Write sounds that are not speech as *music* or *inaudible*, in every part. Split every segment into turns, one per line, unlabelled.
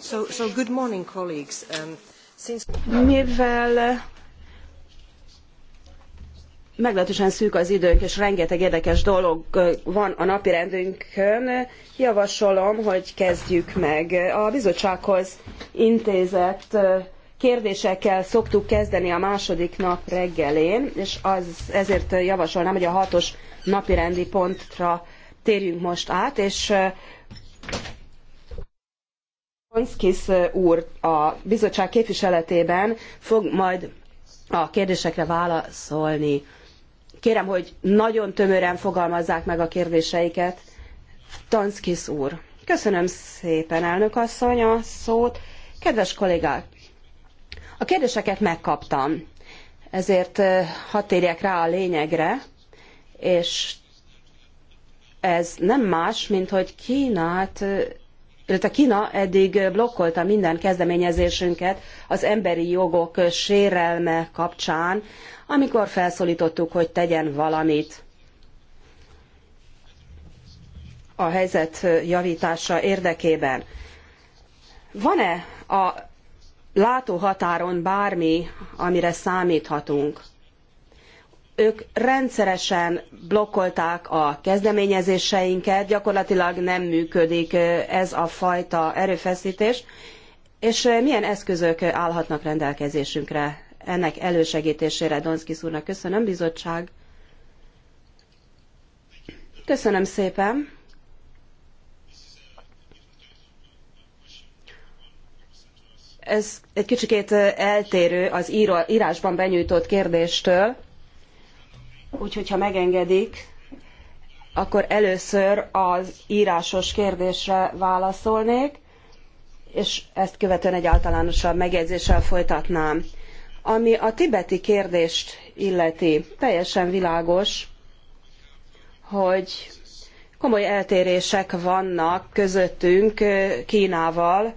So, so good morning, colleagues. Um, since... Mivel
meglehetősen szűk az időnk, és rengeteg érdekes dolog van a napirendünkön, javasolom, hogy kezdjük meg. A bizottsághoz intézett kérdésekkel szoktuk kezdeni a második nap reggelén, és az, ezért javasolnám, hogy a hatos napirendi pontra térjünk most át, és Konszkisz úr a bizottság képviseletében fog majd a kérdésekre válaszolni. Kérem, hogy nagyon tömören fogalmazzák meg a kérdéseiket. Tanszkisz úr. Köszönöm szépen, elnök asszony, a szót. Kedves kollégák, a kérdéseket megkaptam, ezért hadd térjek rá a lényegre, és ez nem más, mint hogy Kínát illetve Kína eddig blokkolta minden kezdeményezésünket az emberi jogok sérelme kapcsán, amikor felszólítottuk, hogy tegyen valamit a helyzet javítása érdekében. Van-e a látóhatáron bármi, amire számíthatunk? ők rendszeresen blokkolták a kezdeményezéseinket, gyakorlatilag nem működik ez a fajta erőfeszítés, és milyen eszközök állhatnak rendelkezésünkre ennek elősegítésére? Donszki úrnak köszönöm, bizottság. Köszönöm szépen. Ez egy kicsikét eltérő az írásban benyújtott kérdéstől. Úgyhogy, ha megengedik, akkor először az írásos kérdésre válaszolnék, és ezt követően egy általánosabb megjegyzéssel folytatnám. Ami a tibeti kérdést illeti, teljesen világos, hogy komoly eltérések vannak közöttünk Kínával,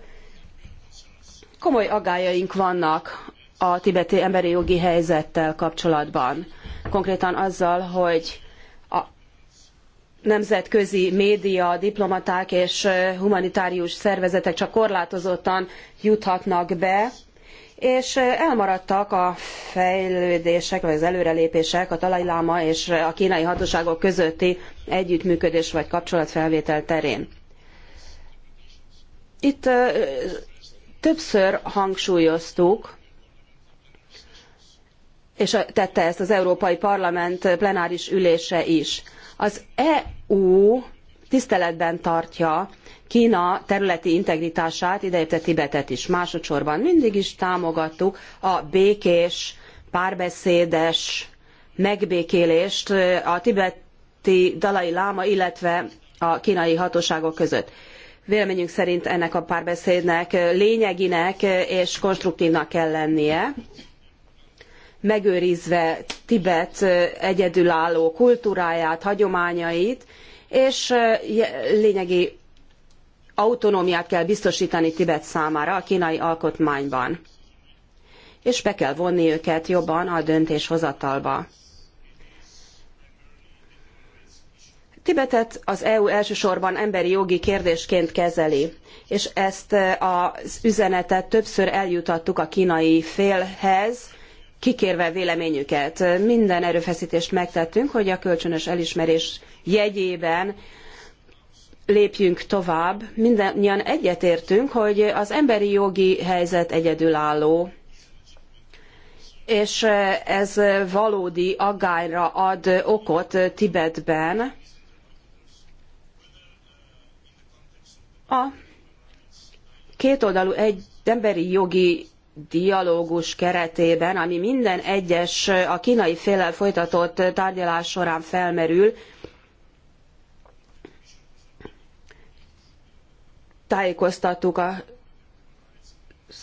komoly agályaink vannak a tibeti emberi jogi helyzettel kapcsolatban konkrétan azzal, hogy a nemzetközi média, diplomaták és humanitárius szervezetek csak korlátozottan juthatnak be, és elmaradtak a fejlődések, vagy az előrelépések a Dalai és a kínai hatóságok közötti együttműködés vagy kapcsolatfelvétel terén. Itt többször hangsúlyoztuk, és tette ezt az Európai Parlament plenáris ülése is. Az EU tiszteletben tartja Kína területi integritását, ideértve Tibetet is. Másodszorban mindig is támogattuk a békés, párbeszédes megbékélést a tibeti dalai láma, illetve a kínai hatóságok között. Véleményünk szerint ennek a párbeszédnek lényeginek és konstruktívnak kell lennie, megőrizve Tibet egyedülálló kultúráját, hagyományait, és lényegi autonómiát kell biztosítani Tibet számára a kínai alkotmányban. És be kell vonni őket jobban a döntéshozatalba. Tibetet az EU elsősorban emberi jogi kérdésként kezeli, és ezt az üzenetet többször eljutattuk a kínai félhez, kikérve véleményüket. Minden erőfeszítést megtettünk, hogy a kölcsönös elismerés jegyében lépjünk tovább. Mindannyian egyetértünk, hogy az emberi jogi helyzet egyedülálló, és ez valódi aggályra ad okot Tibetben. A kétoldalú egy emberi jogi dialógus keretében, ami minden egyes a kínai félel folytatott tárgyalás során felmerül, tájékoztattuk az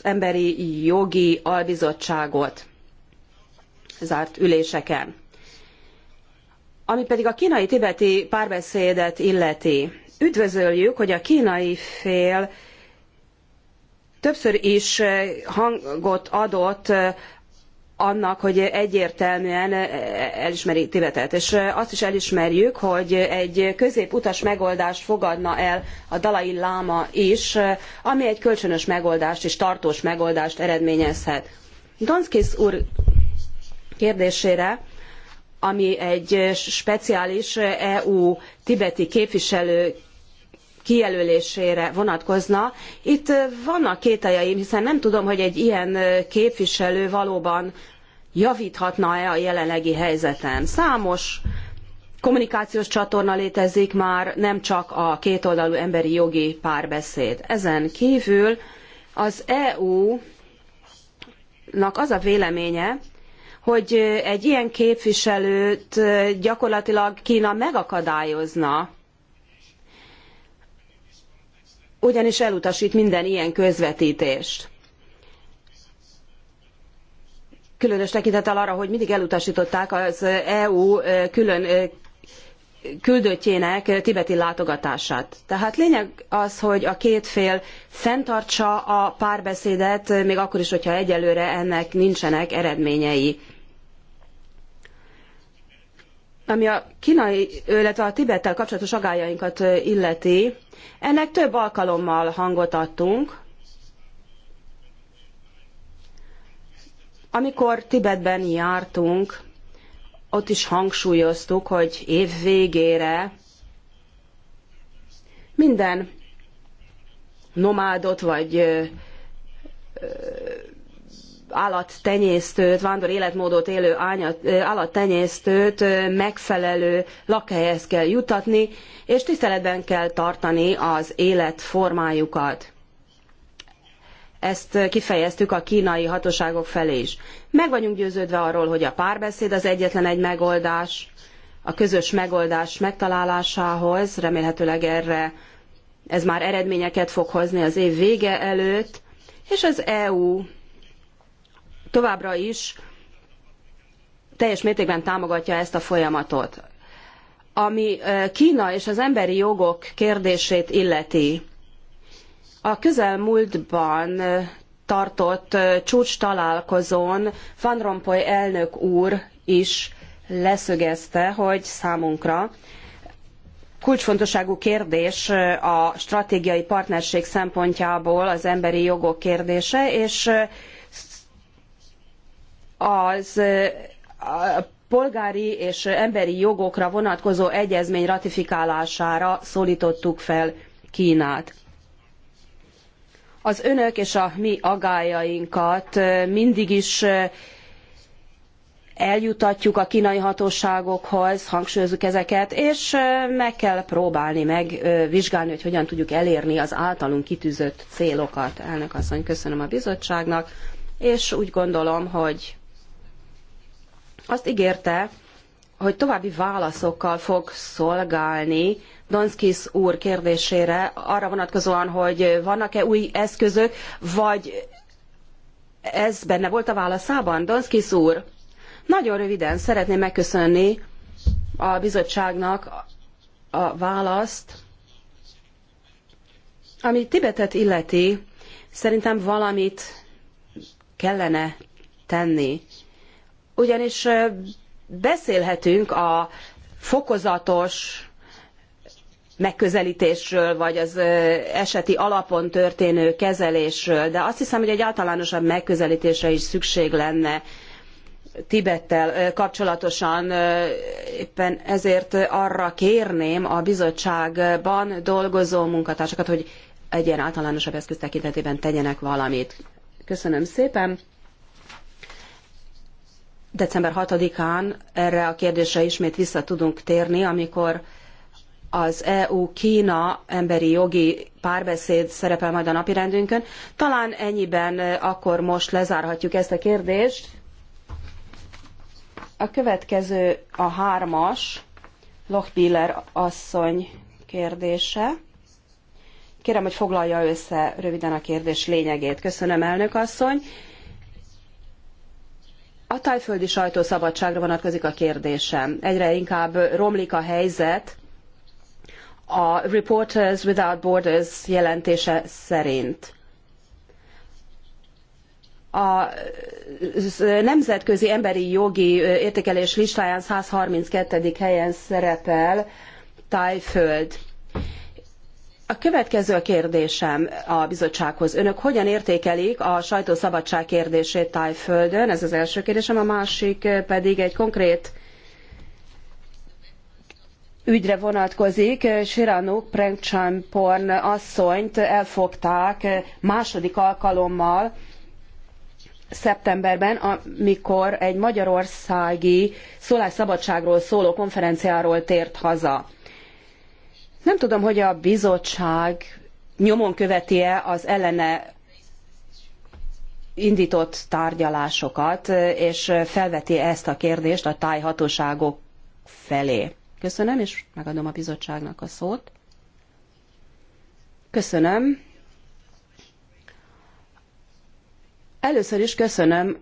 Emberi Jogi Albizottságot zárt üléseken. Ami pedig a kínai-tibeti párbeszédet illeti, üdvözöljük, hogy a kínai fél többször is eh, hangot adott eh, annak, hogy egyértelműen eh, elismeri Tibetet. És azt is elismerjük, hogy egy középutas megoldást fogadna el a Dalai Láma is, ami egy kölcsönös megoldást és tartós megoldást eredményezhet. Donskis úr kérdésére, ami egy speciális EU e tibeti képviselő kijelölésére vonatkozna. Itt vannak kételjeim, hiszen nem tudom, hogy egy ilyen képviselő valóban javíthatna-e a jelenlegi helyzeten. Számos kommunikációs csatorna létezik már, nem csak a kétoldalú emberi jogi párbeszéd. Ezen kívül az EU-nak az a véleménye, hogy egy ilyen képviselőt gyakorlatilag Kína megakadályozna ugyanis elutasít minden ilyen közvetítést. Különös tekintettel arra, hogy mindig elutasították az EU külön küldöttjének tibeti látogatását. Tehát lényeg az, hogy a két fél fenntartsa a párbeszédet, még akkor is, hogyha egyelőre ennek nincsenek eredményei. Ami a kínai, illetve a Tibettel kapcsolatos agályainkat illeti, ennek több alkalommal hangot adtunk. Amikor Tibetben jártunk, ott is hangsúlyoztuk, hogy év végére minden nomádot vagy állattenyésztőt, vándor életmódot élő állattenyésztőt megfelelő lakhelyhez kell juttatni, és tiszteletben kell tartani az életformájukat. Ezt kifejeztük a kínai hatóságok felé is. Meg vagyunk győződve arról, hogy a párbeszéd az egyetlen egy megoldás a közös megoldás megtalálásához, remélhetőleg erre ez már eredményeket fog hozni az év vége előtt, és az EU továbbra is teljes mértékben támogatja ezt a folyamatot. Ami Kína és az emberi jogok kérdését illeti, a közelmúltban tartott csúcs találkozón Van Rompuy elnök úr is leszögezte, hogy számunkra kulcsfontosságú kérdés a stratégiai partnerség szempontjából az emberi jogok kérdése, és az a polgári és emberi jogokra vonatkozó egyezmény ratifikálására szólítottuk fel Kínát. Az önök és a mi agályainkat mindig is eljutatjuk a kínai hatóságokhoz, hangsúlyozzuk ezeket, és meg kell próbálni megvizsgálni, hogy hogyan tudjuk elérni az általunk kitűzött célokat. Elnök asszony, köszönöm a bizottságnak, és úgy gondolom, hogy azt ígérte, hogy további válaszokkal fog szolgálni Donskis úr kérdésére arra vonatkozóan, hogy vannak-e új eszközök, vagy ez benne volt a válaszában? Donskis úr, nagyon röviden szeretném megköszönni a bizottságnak a választ. Ami Tibetet illeti, szerintem valamit kellene tenni ugyanis beszélhetünk a fokozatos megközelítésről, vagy az eseti alapon történő kezelésről, de azt hiszem, hogy egy általánosabb megközelítésre is szükség lenne Tibettel kapcsolatosan. Éppen ezért arra kérném a bizottságban dolgozó munkatársakat, hogy egy ilyen általánosabb eszköz tekintetében tegyenek valamit. Köszönöm szépen! december 6-án erre a kérdésre ismét vissza tudunk térni, amikor az EU-Kína emberi jogi párbeszéd szerepel majd a napirendünkön. Talán ennyiben akkor most lezárhatjuk ezt a kérdést. A következő a hármas, Lochbiller asszony kérdése. Kérem, hogy foglalja össze röviden a kérdés lényegét. Köszönöm, elnök asszony. A tájföldi sajtószabadságra vonatkozik a kérdésem. Egyre inkább romlik a helyzet a Reporters Without Borders jelentése szerint. A nemzetközi emberi jogi értékelés listáján 132. helyen szerepel Tájföld. A következő a kérdésem a bizottsághoz. Önök hogyan értékelik a sajtószabadság kérdését Tájföldön? Ez az első kérdésem, a másik pedig egy konkrét ügyre vonatkozik. Siranuk Prengcsamporn asszonyt elfogták második alkalommal szeptemberben, amikor egy magyarországi szólásszabadságról szóló konferenciáról tért haza. Nem tudom, hogy a bizottság nyomon követi-e az ellene indított tárgyalásokat, és felveti -e ezt a kérdést a tájhatóságok felé. Köszönöm, és megadom a bizottságnak a szót. Köszönöm. Először is köszönöm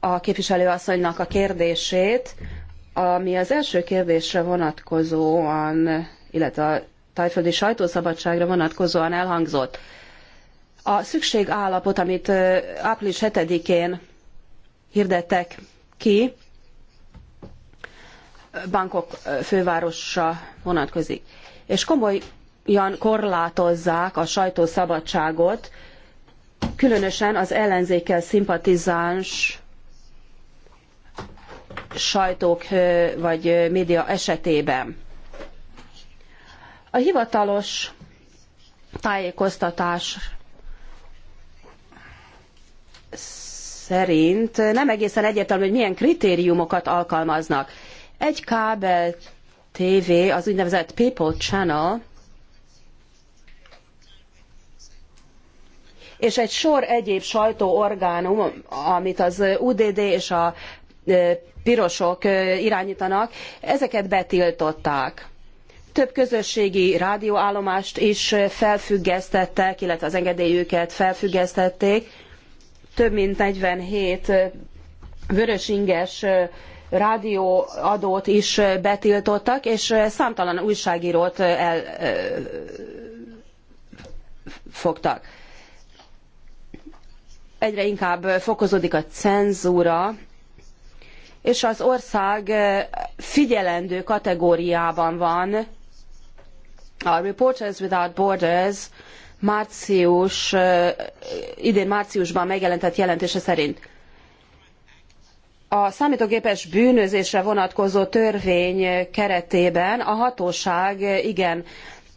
a képviselőasszonynak a kérdését. Ami az első kérdésre vonatkozóan, illetve a tájföldi sajtószabadságra vonatkozóan elhangzott, a szükségállapot, amit április 7-én hirdettek ki, bankok fővárosa vonatkozik. És komolyan korlátozzák a sajtószabadságot, különösen az ellenzékkel szimpatizáns sajtók vagy média esetében. A hivatalos tájékoztatás szerint nem egészen egyértelmű, hogy milyen kritériumokat alkalmaznak. Egy kábel TV, az úgynevezett People Channel, és egy sor egyéb sajtóorgánum, amit az UDD és a pirosok irányítanak, ezeket betiltották. Több közösségi rádióállomást is felfüggesztettek, illetve az engedélyüket felfüggesztették. Több mint 47 vörösinges rádióadót is betiltottak, és számtalan újságírót elfogtak. Egyre inkább fokozódik a cenzúra, és az ország figyelendő kategóriában van. A Reporters Without Borders március, idén márciusban megjelentett jelentése szerint a számítógépes bűnözésre vonatkozó törvény keretében a hatóság igen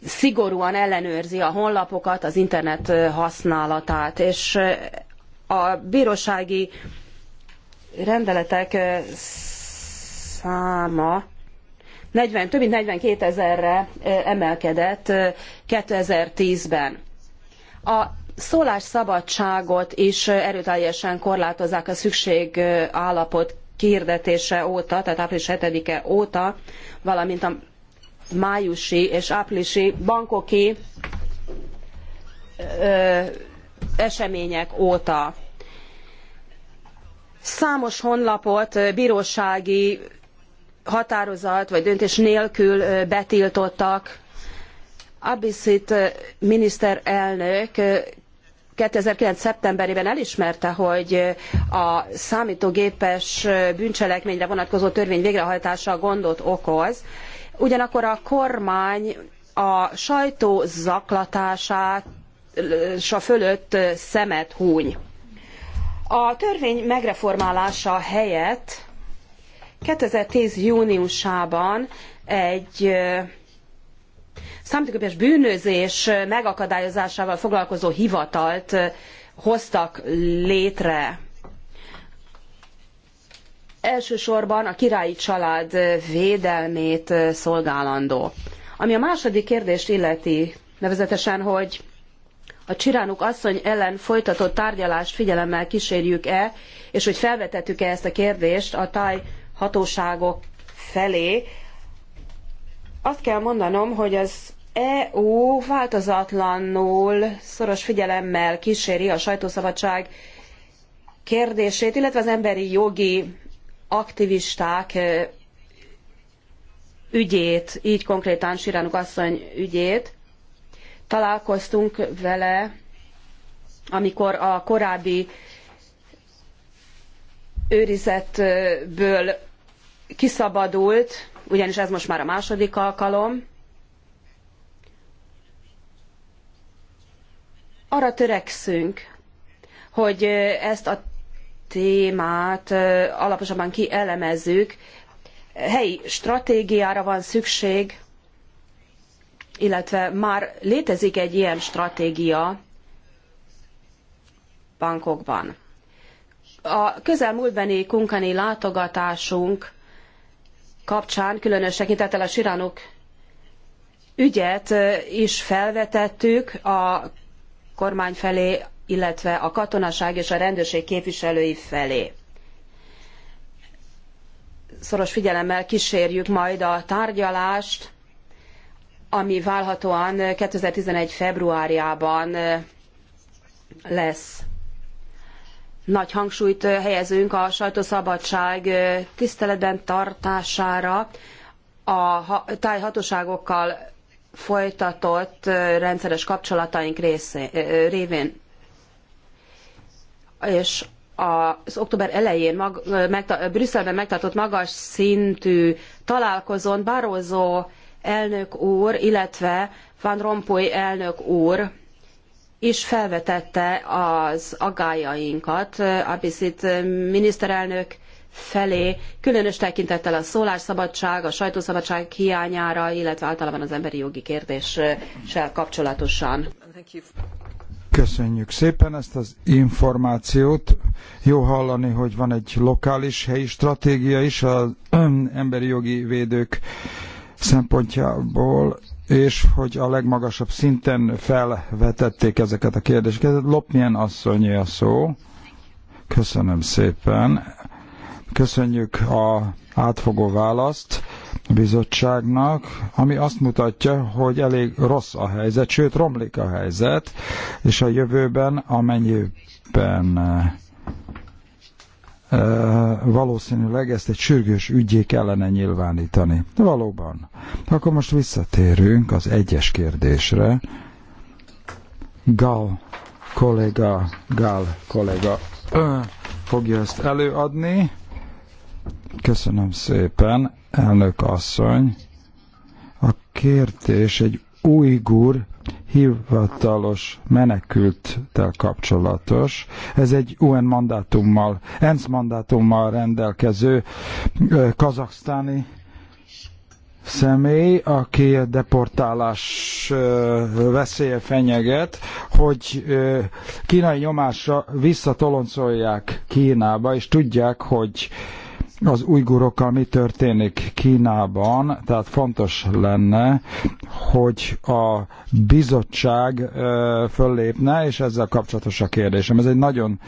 szigorúan ellenőrzi a honlapokat, az internet használatát, és a bírósági rendeletek eh, száma 40, több mint 42 ezerre eh, emelkedett 2010-ben. Eh, a szólásszabadságot is erőteljesen korlátozzák a szükség állapot kérdetése óta, tehát április 7-e óta, valamint a májusi és áprilisi bankoki ö, események óta. Számos honlapot bírósági határozat vagy döntés nélkül betiltottak. Abbisit miniszterelnök 2009. szeptemberében elismerte, hogy a számítógépes bűncselekményre vonatkozó törvény végrehajtása gondot okoz. Ugyanakkor a kormány a sajtó zaklatását fölött szemet húny. A törvény megreformálása helyett 2010. júniusában egy számítógépes bűnözés megakadályozásával foglalkozó hivatalt hoztak létre. Elsősorban a királyi család védelmét szolgálandó. Ami a második kérdést illeti, nevezetesen, hogy a Csiránuk asszony ellen folytatott tárgyalást figyelemmel kísérjük-e, és hogy felvetettük-e ezt a kérdést a táj hatóságok felé. Azt kell mondanom, hogy az EU változatlanul szoros figyelemmel kíséri a sajtószabadság kérdését, illetve az emberi jogi aktivisták eh, ügyét, így konkrétan Siránuk asszony ügyét találkoztunk vele, amikor a korábbi őrizetből kiszabadult, ugyanis ez most már a második alkalom, arra törekszünk, hogy ezt a témát alaposabban kielemezzük. Helyi stratégiára van szükség, illetve már létezik egy ilyen stratégia bankokban. A közelmúltbeni kunkani látogatásunk kapcsán, különös tekintettel a Siránok ügyet is felvetettük a kormány felé, illetve a katonaság és a rendőrség képviselői felé. Szoros figyelemmel kísérjük majd a tárgyalást, ami válhatóan 2011. februárjában lesz. Nagy hangsúlyt helyezünk a sajtószabadság tiszteletben tartására, a tájhatóságokkal folytatott rendszeres kapcsolataink részé, révén. És az október elején mag, megta, Brüsszelben megtartott magas szintű találkozón Barroso elnök úr, illetve Van Rompuy elnök úr is felvetette az aggájainkat Abiszit miniszterelnök felé, különös tekintettel a szólásszabadság, a sajtószabadság hiányára, illetve általában az emberi jogi kérdéssel kapcsolatosan.
Köszönjük szépen ezt az információt. Jó hallani, hogy van egy lokális helyi stratégia is az *clears throat* emberi jogi védők szempontjából, és hogy a legmagasabb szinten felvetették ezeket a kérdéseket. Lopnien asszonyi a szó. Köszönöm szépen. Köszönjük a átfogó választ a bizottságnak, ami azt mutatja, hogy elég rossz a helyzet, sőt romlik a helyzet, és a jövőben amennyiben valószínűleg ezt egy sürgős ügyé kellene nyilvánítani. Valóban. Akkor most visszatérünk az egyes kérdésre. Gal kollega, Gal kollega ö, fogja ezt előadni. Köszönöm szépen, elnök asszony. A kérdés egy újgur hivatalos menekülttel kapcsolatos. Ez egy UN mandátummal, ENSZ mandátummal rendelkező kazaksztáni személy, aki a deportálás veszélye fenyeget, hogy kínai nyomásra visszatoloncolják Kínába, és tudják, hogy az ujgurokkal mi történik Kínában, tehát fontos lenne, hogy a bizottság föllépne, és ezzel kapcsolatos a kérdésem. Ez egy nagyon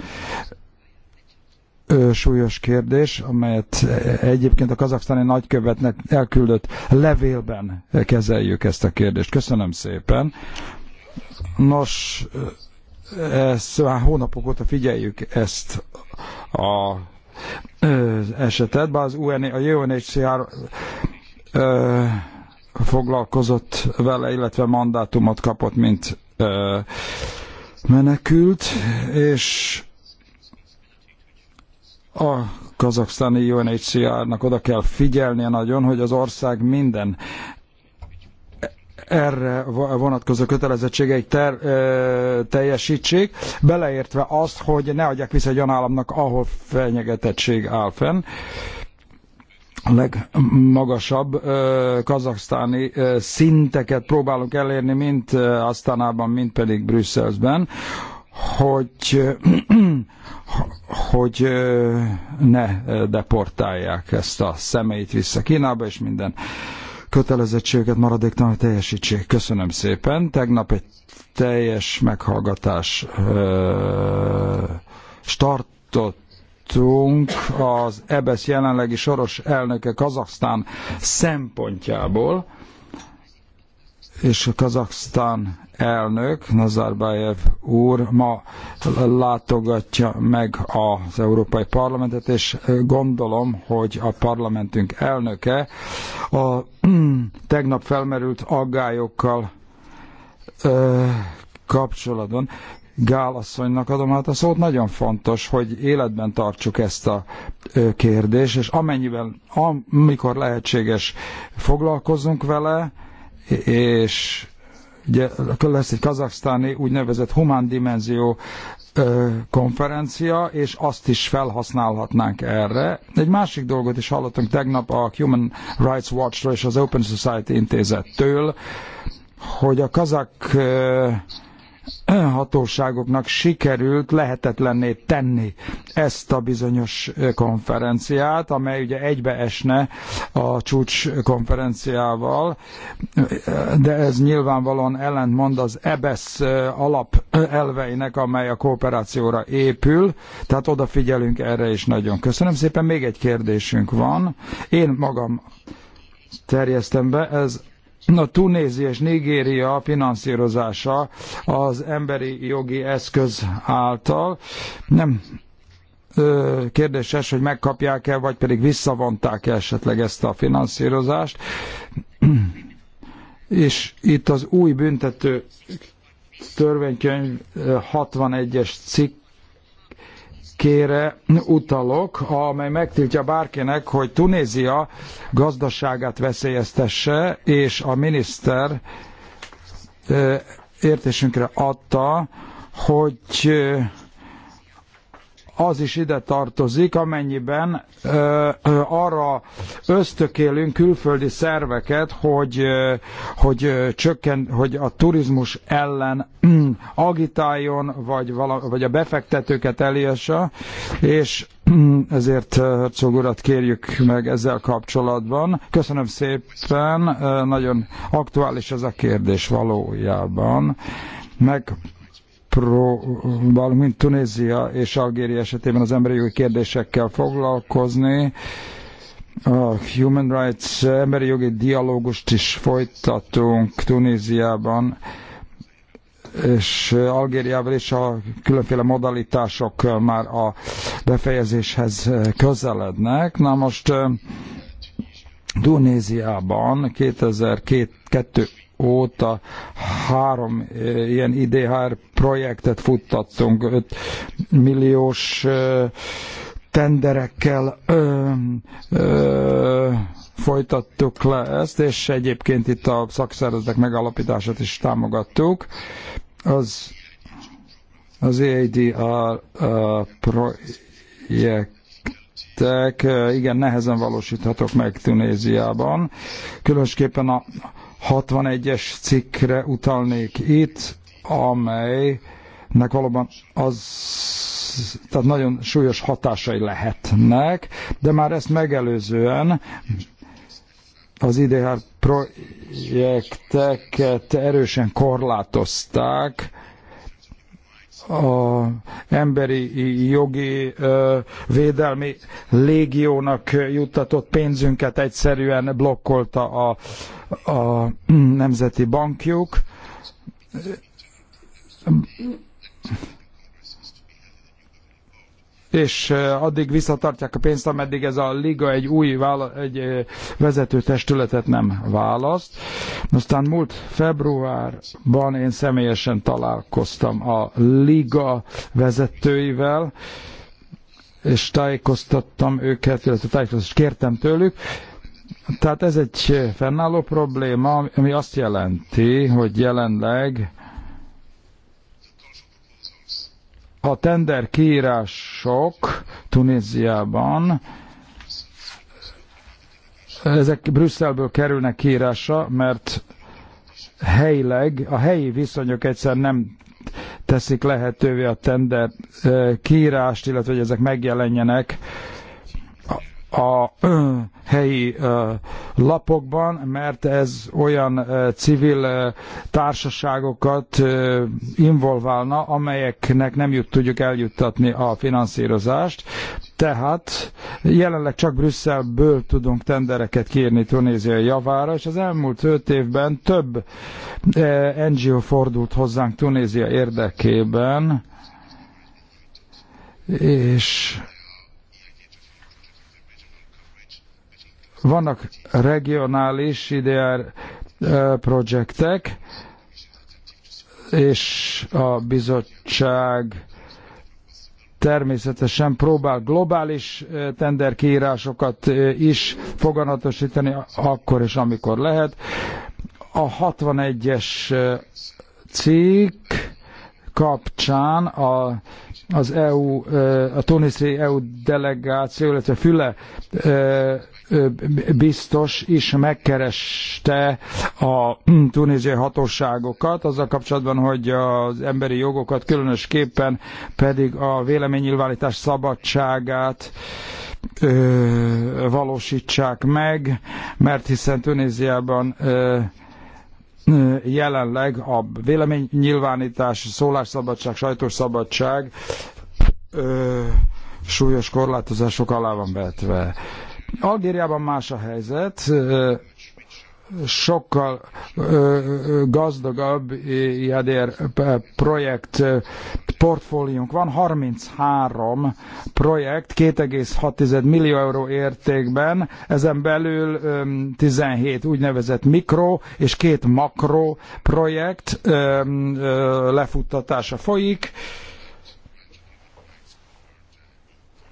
súlyos kérdés, amelyet egyébként a kazaksztáni nagykövetnek elküldött levélben kezeljük ezt a kérdést. Köszönöm szépen. Nos, ezt már hónapok óta figyeljük ezt a esetet, bár az UN, a UNHCR ö, foglalkozott vele, illetve mandátumot kapott, mint ö, menekült, és a kazaksztáni UNHCR-nak oda kell figyelnie nagyon, hogy az ország minden erre vonatkozó kötelezettségeik ter, ö, teljesítsék, beleértve azt, hogy ne adják vissza egy olyan államnak, ahol fenyegetettség áll fenn. A legmagasabb ö, kazaksztáni ö, szinteket próbálunk elérni, mint ö, Asztánában, mint pedig Brüsszelben, hogy ö, *clears throat* hogy ne deportálják ezt a személyt vissza Kínába, és minden ö, kötelezettséget maradéktalanul teljesítsék. Köszönöm szépen. Tegnap egy teljes meghallgatás startot az EBSZ jelenlegi soros elnöke Kazaksztán szempontjából, és a Kazaksztán elnök, Nazarbayev úr ma látogatja meg az Európai Parlamentet, és gondolom, hogy a parlamentünk elnöke a *clears throat* tegnap felmerült aggályokkal ö, kapcsolatban Gál asszonynak adom hát a szót. Nagyon fontos, hogy életben tartsuk ezt a kérdést, és amennyiben, amikor lehetséges, foglalkozunk vele, és Ugye lesz egy kazaksztáni úgynevezett humán dimenzió konferencia, és azt is felhasználhatnánk erre. Egy másik dolgot is hallottunk tegnap a Human Rights Watch-ról és az Open Society intézettől, hogy a kazak hatóságoknak sikerült lehetetlenné tenni ezt a bizonyos konferenciát, amely ugye egybeesne a csúcs konferenciával, de ez nyilvánvalóan ellentmond az EBESZ alap elveinek, amely a kooperációra épül, tehát odafigyelünk erre is nagyon. Köszönöm szépen, még egy kérdésünk van. Én magam terjesztem be, ez a Tunézi és Nigéria finanszírozása az emberi jogi eszköz által nem kérdéses, hogy megkapják-e, vagy pedig visszavonták-e esetleg ezt a finanszírozást. *clears throat* És itt az új büntető törvénykönyv 61-es cikk cikkére utalok, amely megtiltja bárkinek, hogy Tunézia gazdaságát veszélyeztesse, és a miniszter értésünkre adta, hogy az is ide tartozik, amennyiben ö, ö, arra ösztökélünk külföldi szerveket, hogy, ö, hogy, ö, csökken, hogy a turizmus ellen ö, mm, agitáljon, vagy, vala, vagy a befektetőket elérse, és mm, ö, ezért Herzog urat kérjük meg ezzel kapcsolatban. Köszönöm szépen, ö, nagyon aktuális ez a kérdés valójában. Meg pro valamint Tunézia és Algéria esetében az emberi jogi kérdésekkel foglalkozni. A Human Rights emberi jogi dialógust is folytatunk Tunéziában és Algériával és a különféle modalitások már a befejezéshez közelednek. Na most Tunéziában 2002 óta három eh, ilyen IDHR projektet futtattunk, 5 milliós eh, tenderekkel ö, eh, ö, folytattuk le ezt, és egyébként itt a szakszervezetek megalapítását is támogattuk. Az, az EIDR ö, projekt igen, nehezen valósíthatók meg Tunéziában. Különösképpen a 61-es cikkre utalnék itt, amelynek valóban az, tehát nagyon súlyos hatásai lehetnek, de már ezt megelőzően az IDH projekteket erősen korlátozták, a emberi jogi védelmi légiónak juttatott pénzünket egyszerűen blokkolta a, a nemzeti bankjuk és addig visszatartják a pénzt, ameddig ez a liga egy új vála- egy vezető testületet nem választ. Aztán múlt februárban én személyesen találkoztam a liga vezetőivel, és tájékoztattam őket, illetve tájékoztatást kértem tőlük, tehát ez egy fennálló probléma, ami azt jelenti, hogy jelenleg a tender kiírások Tunéziában ezek Brüsszelből kerülnek kiírásra, mert helyileg a helyi viszonyok egyszer nem teszik lehetővé a tender eh, kiírást, illetve hogy ezek megjelenjenek a helyi lapokban, mert ez olyan civil társaságokat involválna, amelyeknek nem jut, tudjuk eljuttatni a finanszírozást. Tehát jelenleg csak Brüsszelből tudunk tendereket kérni Tunézia javára, és az elmúlt öt évben több NGO fordult hozzánk Tunézia érdekében, és vannak regionális IDR eh, projektek, és a bizottság természetesen próbál globális eh, tenderkiírásokat eh, is foganatosítani akkor és amikor lehet. A 61-es cikk kapcsán a az EU, a tuniszi EU delegáció, illetve Füle biztos is megkereste a tunéziai hatóságokat azzal kapcsolatban, hogy az emberi jogokat, különösképpen pedig a véleménynyilvánítás szabadságát valósítsák meg, mert hiszen Tunéziában jelenleg a véleménynyilvánítás, szólásszabadság, sajtószabadság ö, súlyos korlátozások alá van vetve. Algériában más a helyzet, sokkal gazdagabb IADR projekt portfóliónk van, 33 projekt 2,6 millió euró értékben, ezen belül 17 úgynevezett mikro és két makro projekt lefuttatása folyik,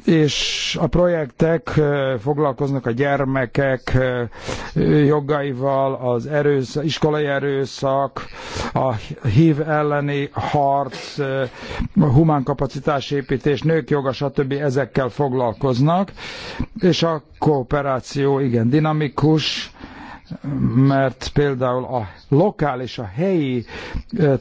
és a projektek foglalkoznak a gyermekek jogaival, az erősz, iskolai erőszak, a hív elleni harc, a humán kapacitásépítés, nők joga, stb. ezekkel foglalkoznak, és a kooperáció igen dinamikus, mert például a lokális, a helyi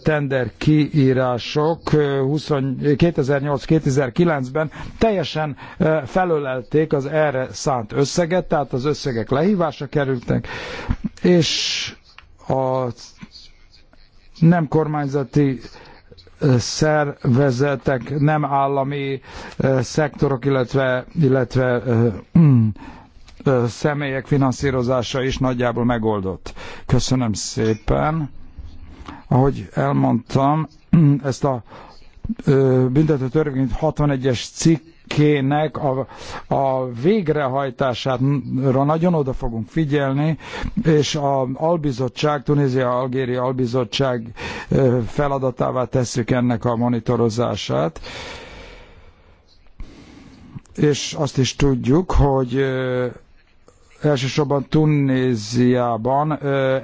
tender kiírások 2008-2009-ben teljesen felölelték az erre szánt összeget, tehát az összegek lehívásra kerültek, és a nem kormányzati szervezetek, nem állami szektorok, illetve, illetve személyek finanszírozása is nagyjából megoldott. Köszönöm szépen. Ahogy elmondtam, *clears throat* ezt a büntető törvényt 61-es cikkének a, a végrehajtására nagyon oda fogunk figyelni, és a albizottság, Tunézia Algéria albizottság feladatává tesszük ennek a monitorozását és azt is tudjuk, hogy elsősorban Tunéziában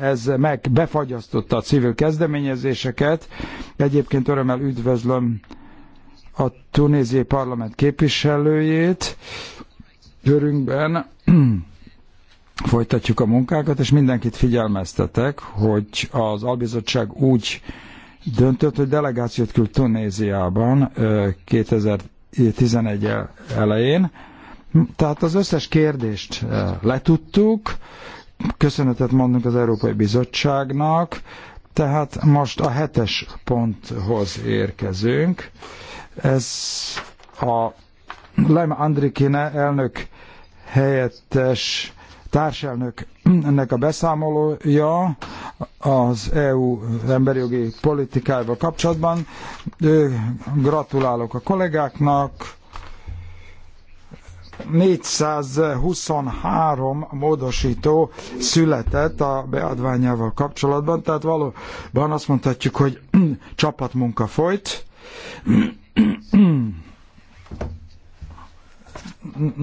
ez meg befagyasztotta a civil kezdeményezéseket. Egyébként örömmel üdvözlöm a tunéziai parlament képviselőjét Örünkben *clears throat* Folytatjuk a munkákat, és mindenkit figyelmeztetek, hogy az albizottság úgy döntött, hogy delegációt küld Tunéziában 2011 elején, tehát az összes kérdést eh, letudtuk, köszönetet mondunk az Európai Bizottságnak, tehát most a hetes ponthoz érkezünk. Ez a Lem Andrikine elnök helyettes társelnök ennek a beszámolója az EU emberi jogi politikájával kapcsolatban. Gratulálok a kollégáknak, 423 módosító született a beadványával kapcsolatban, tehát valóban azt mondhatjuk, hogy *clears throat* csapatmunka folyt.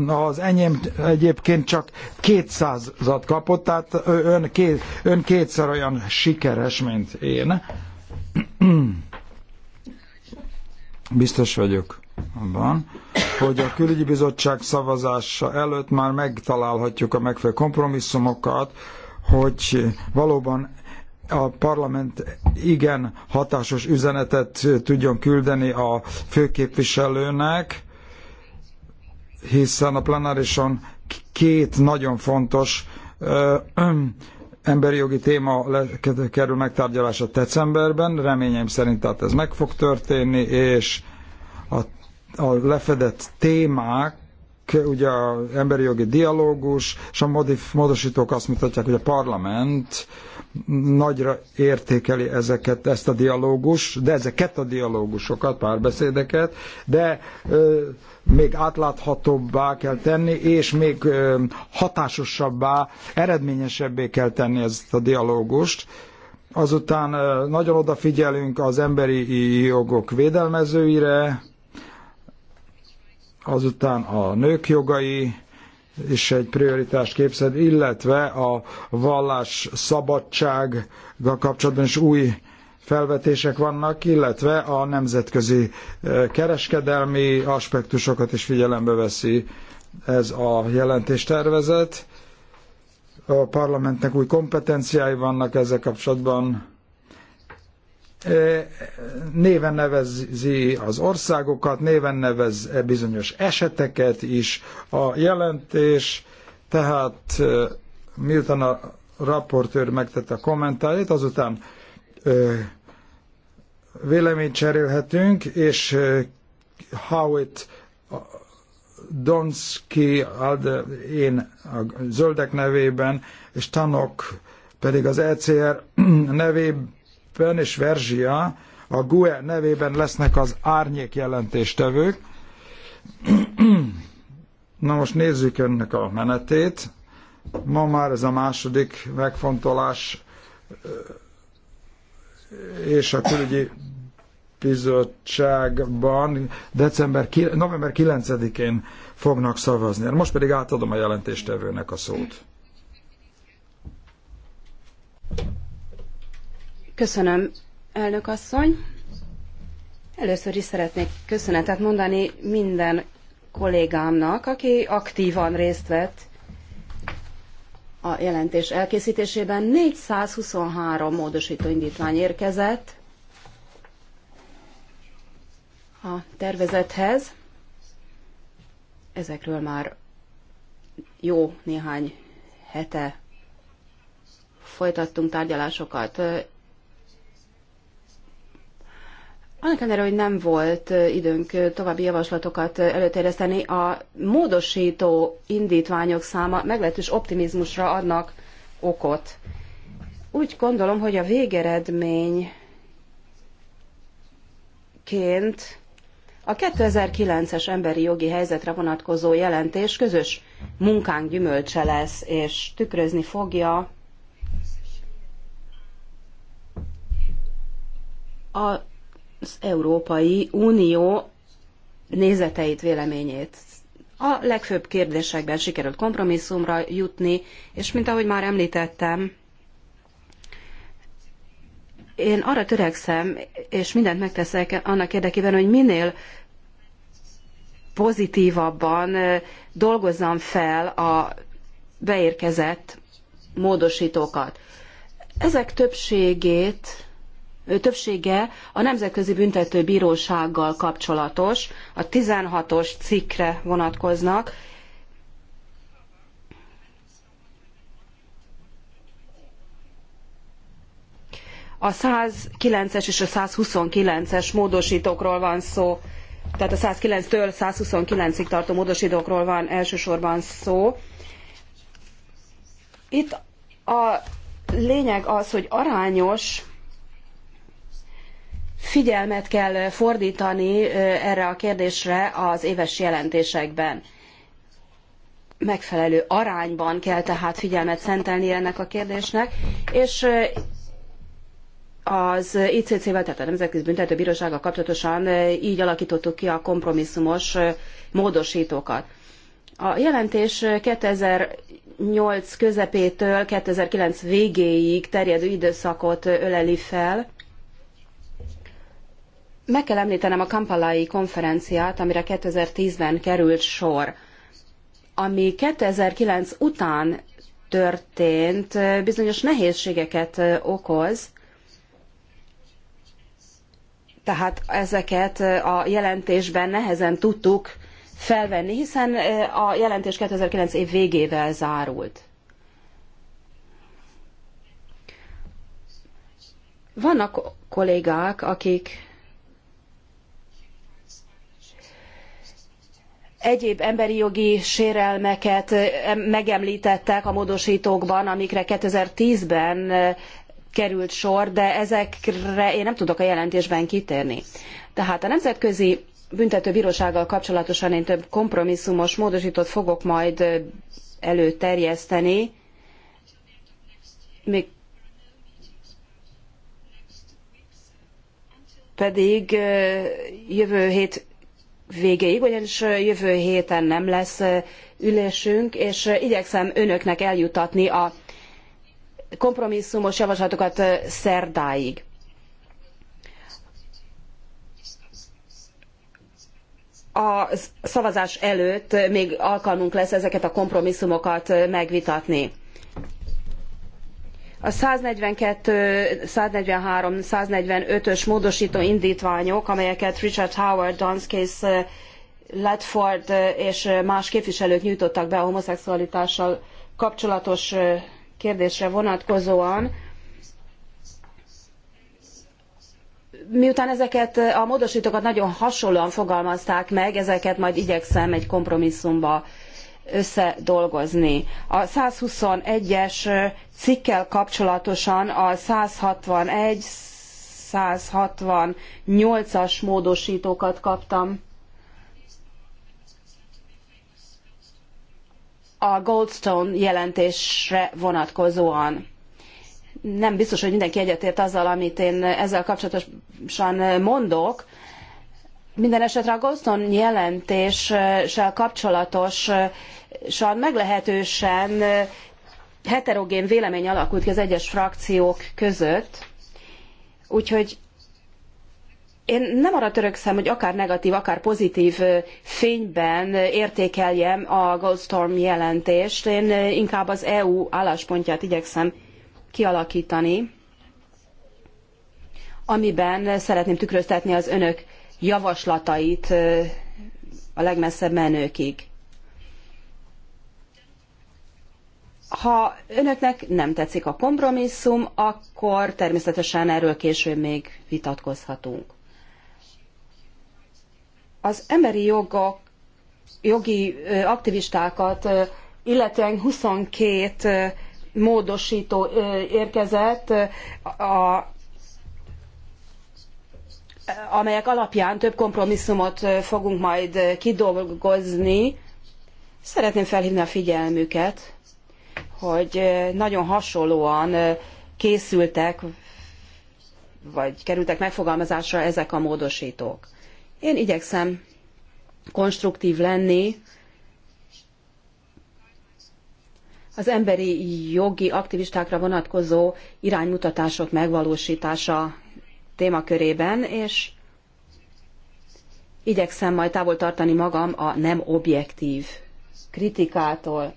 Az enyém egyébként csak 200-at kapott, tehát ön, két, ön kétszer olyan sikeres, mint én. *clears throat* Biztos vagyok abban, hogy a külügyi bizottság szavazása előtt már megtalálhatjuk a megfelelő kompromisszumokat, hogy valóban a parlament igen hatásos üzenetet tudjon küldeni a főképviselőnek, hiszen a plenárison két nagyon fontos ö, ö, emberi jogi téma le, kerül megtárgyalásra decemberben, reményeim szerint tehát ez meg fog történni, és a a lefedett témák, ugye az emberi jogi dialógus, és a modif, módosítók azt mutatják, hogy a parlament nagyra értékeli ezeket, ezt a dialógus, de ezeket a dialógusokat, párbeszédeket, de ö, még átláthatóbbá kell tenni, és még ö, hatásosabbá, eredményesebbé kell tenni ezt a dialógust. Azután ö, nagyon odafigyelünk az emberi jogok védelmezőire, azután a nők jogai is egy prioritást képzel, illetve a vallás szabadsággal kapcsolatban is új felvetések vannak, illetve a nemzetközi eh, kereskedelmi aspektusokat is figyelembe veszi ez a jelentéstervezet. A parlamentnek új kompetenciái vannak ezzel kapcsolatban néven nevezi az országokat, néven nevez e bizonyos eseteket is a jelentés, tehát miután a raportőr megtette a kommentárét, azután véleményt cserélhetünk, és Howitt Donski, én a zöldek nevében, és Tanok pedig az ECR nevében Pen és Verzsia a GUE nevében lesznek az árnyék jelentéstevők. Na most nézzük önnek a menetét. Ma már ez a második megfontolás és a külügyi bizottságban december, november 9-én fognak szavazni. Hát most pedig átadom a jelentéstevőnek a szót.
Köszönöm, elnök asszony. Először is szeretnék köszönetet mondani minden kollégámnak, aki aktívan részt vett a jelentés elkészítésében. 423 módosító indítvány érkezett a tervezethez. Ezekről már jó néhány hete folytattunk tárgyalásokat. Annak ellenére, hogy nem volt időnk további javaslatokat előterjeszteni, a módosító indítványok száma meglehetős optimizmusra adnak okot. Úgy gondolom, hogy a végeredményként a 2009-es emberi jogi helyzetre vonatkozó jelentés közös munkánk gyümölcse lesz, és tükrözni fogja a az Európai Unió nézeteit, véleményét. A legfőbb kérdésekben sikerült kompromisszumra jutni, és mint ahogy már említettem, én arra törekszem, és mindent megteszek annak érdekében, hogy minél pozitívabban dolgozzam fel a beérkezett módosítókat. Ezek többségét többsége a Nemzetközi Büntető Bírósággal kapcsolatos, a 16-os cikkre vonatkoznak. A 109-es és a 129-es módosítókról van szó, tehát a 109-től 129-ig tartó módosítókról van elsősorban szó. Itt a lényeg az, hogy arányos figyelmet kell fordítani erre a kérdésre az éves jelentésekben. Megfelelő arányban kell tehát figyelmet szentelni ennek a kérdésnek, és az ICC-vel, tehát a Nemzetközi Büntetőbírósággal kapcsolatosan így alakítottuk ki a kompromisszumos módosítókat. A jelentés 2008 közepétől 2009 végéig terjedő időszakot öleli fel, meg kell említenem a Kampalai konferenciát, amire 2010-ben került sor. Ami 2009 után történt, bizonyos nehézségeket okoz, tehát ezeket a jelentésben nehezen tudtuk felvenni, hiszen a jelentés 2009 év végével zárult. Vannak kollégák, akik egyéb emberi jogi sérelmeket eh, megemlítettek a módostókban, amikre 2010-ben eh, került sor, de ezekre én nem tudok a jelentésben kitérni. Tehát a Nemzetközi Büntetőbírósággal kapcsolatosan én több kompromisszumos módosítót fogok majd eh, előterjeszteni, még pedig jövő hét végéig, ugyanis jövő héten nem lesz ülésünk, és igyekszem önöknek eljutatni a kompromisszumos javaslatokat szerdáig. A szavazás előtt még alkalmunk lesz ezeket a kompromisszumokat megvitatni. A 142, 143, 145-ös módosító indítványok, amelyeket Richard Howard, Danskis, eh, Ledford eh, és eh, más képviselők nyújtottak be a homoszexualitással kapcsolatos kérdésre vonatkozóan, miután ezeket a módosítókat nagyon hasonlóan fogalmazták meg, ezeket majd igyekszem egy kompromisszumba összedolgozni. A 121-es cikkel kapcsolatosan a 161, 168-as módosítókat kaptam. a Goldstone jelentésre vonatkozóan. Nem biztos, hogy mindenki egyetért azzal, amit én ezzel kapcsolatosan mondok. Minden esetre a Goldstone jelentéssel kapcsolatos meglehetősen heterogén vélemény alakult ki az egyes frakciók között, úgyhogy én nem arra törökszem, hogy akár negatív, akár pozitív fényben értékeljem a Goldstorm jelentést. Én inkább az EU álláspontját igyekszem kialakítani, amiben szeretném tükröztetni az önök javaslatait a legmesszebb menőkig. Ha önöknek nem tetszik a kompromisszum, akkor természetesen erről később még vitatkozhatunk. Az emberi jogok, jogi aktivistákat illetően 22 módosító érkezett, a, amelyek alapján több kompromisszumot fogunk majd kidolgozni. Szeretném felhívni a figyelmüket hogy nagyon hasonlóan készültek, vagy kerültek megfogalmazásra ezek a módosítók. Én igyekszem konstruktív lenni, az emberi jogi aktivistákra vonatkozó iránymutatások megvalósítása témakörében, és igyekszem majd távol tartani magam a nem objektív kritikától.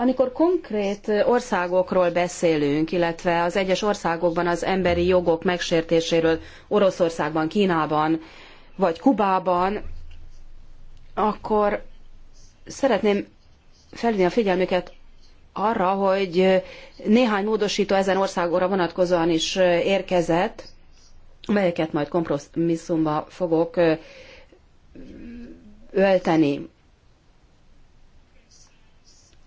Amikor konkrét országokról beszélünk, illetve az egyes országokban az emberi jogok megsértéséről, Oroszországban, Kínában vagy Kubában, akkor szeretném felhívni a figyelmüket arra, hogy néhány módosító ezen országokra vonatkozóan is érkezett, melyeket majd kompromisszumba fogok ölteni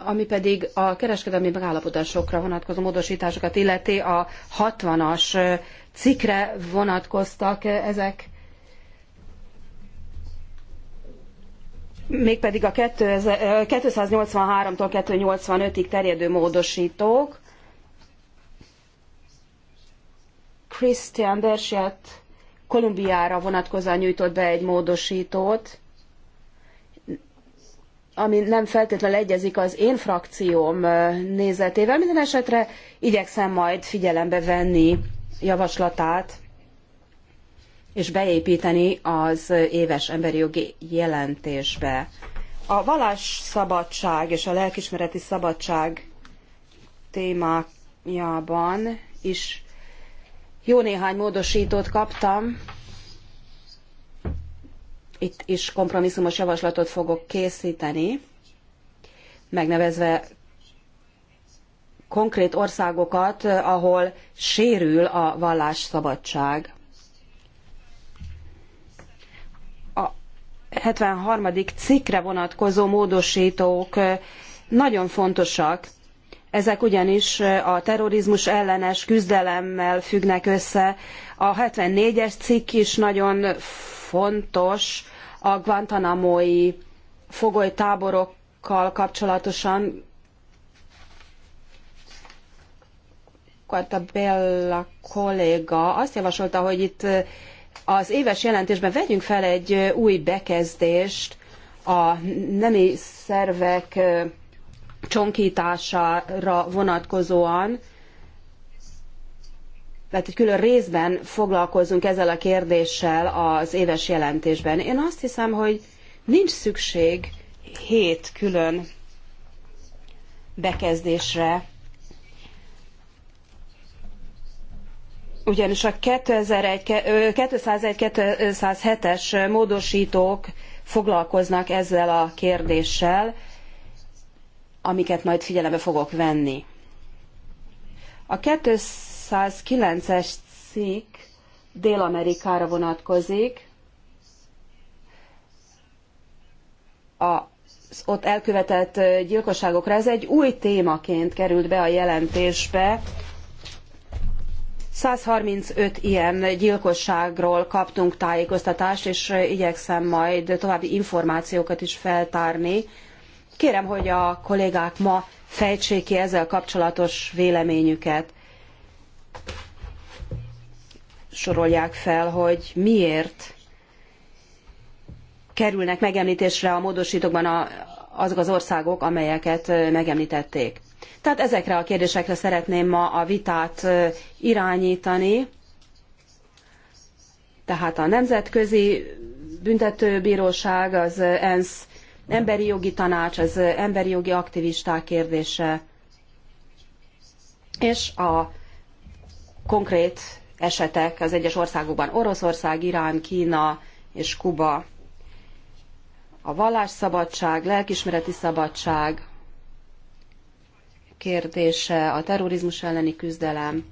ami pedig a kereskedelmi megállapodásokra vonatkozó módosításokat illeti, a 60-as cikre vonatkoztak
ezek,
mégpedig a 283-tól 285-ig terjedő módosítók. Christian Berset Kolumbiára vonatkozóan nyújtott be egy módosítót, ami nem feltétlenül egyezik az én frakcióm nézetével. Minden esetre igyekszem majd figyelembe venni javaslatát, és beépíteni az éves emberi jogi jelentésbe. A vallásszabadság és a lelkismereti szabadság témájában is jó néhány módosítót kaptam, itt is kompromisszumos javaslatot fogok készíteni, megnevezve konkrét országokat, ahol sérül a vallásszabadság. A 73. cikkre vonatkozó módosítók eh, nagyon fontosak, ezek ugyanis eh, a terrorizmus ellenes küzdelemmel függnek össze. A 74-es cikk is nagyon fontos, a guantanamo fogolytáborokkal kapcsolatosan Bella kolléga azt javasolta, hogy itt az éves jelentésben vegyünk fel egy új bekezdést a nemi szervek csonkítására vonatkozóan, tehát hogy külön részben foglalkozunk ezzel a kérdéssel az éves jelentésben. Én azt hiszem, hogy nincs szükség hét külön bekezdésre, ugyanis a 201-207-es módosítók foglalkoznak ezzel a kérdéssel, amiket majd figyelembe fogok venni. A 200 109-es cikk Dél-Amerikára vonatkozik, az ott elkövetett gyilkosságokra. Ez egy új témaként került be a jelentésbe. 135 ilyen gyilkosságról kaptunk tájékoztatást, és igyekszem majd további információkat is feltárni. Kérem, hogy a kollégák ma fejtsék ki ezzel kapcsolatos véleményüket sorolják fel, hogy miért kerülnek megemlítésre a módosítókban a, azok az országok, amelyeket megemlítették. Tehát ezekre a kérdésekre szeretném ma a vitát irányítani. Tehát a Nemzetközi Büntetőbíróság, az ENSZ emberi jogi tanács, az emberi jogi aktivisták kérdése, és a konkrét esetek az egyes országokban Oroszország, Irán, Kína és Kuba. A vallásszabadság, lelkismereti szabadság kérdése, a terrorizmus elleni küzdelem.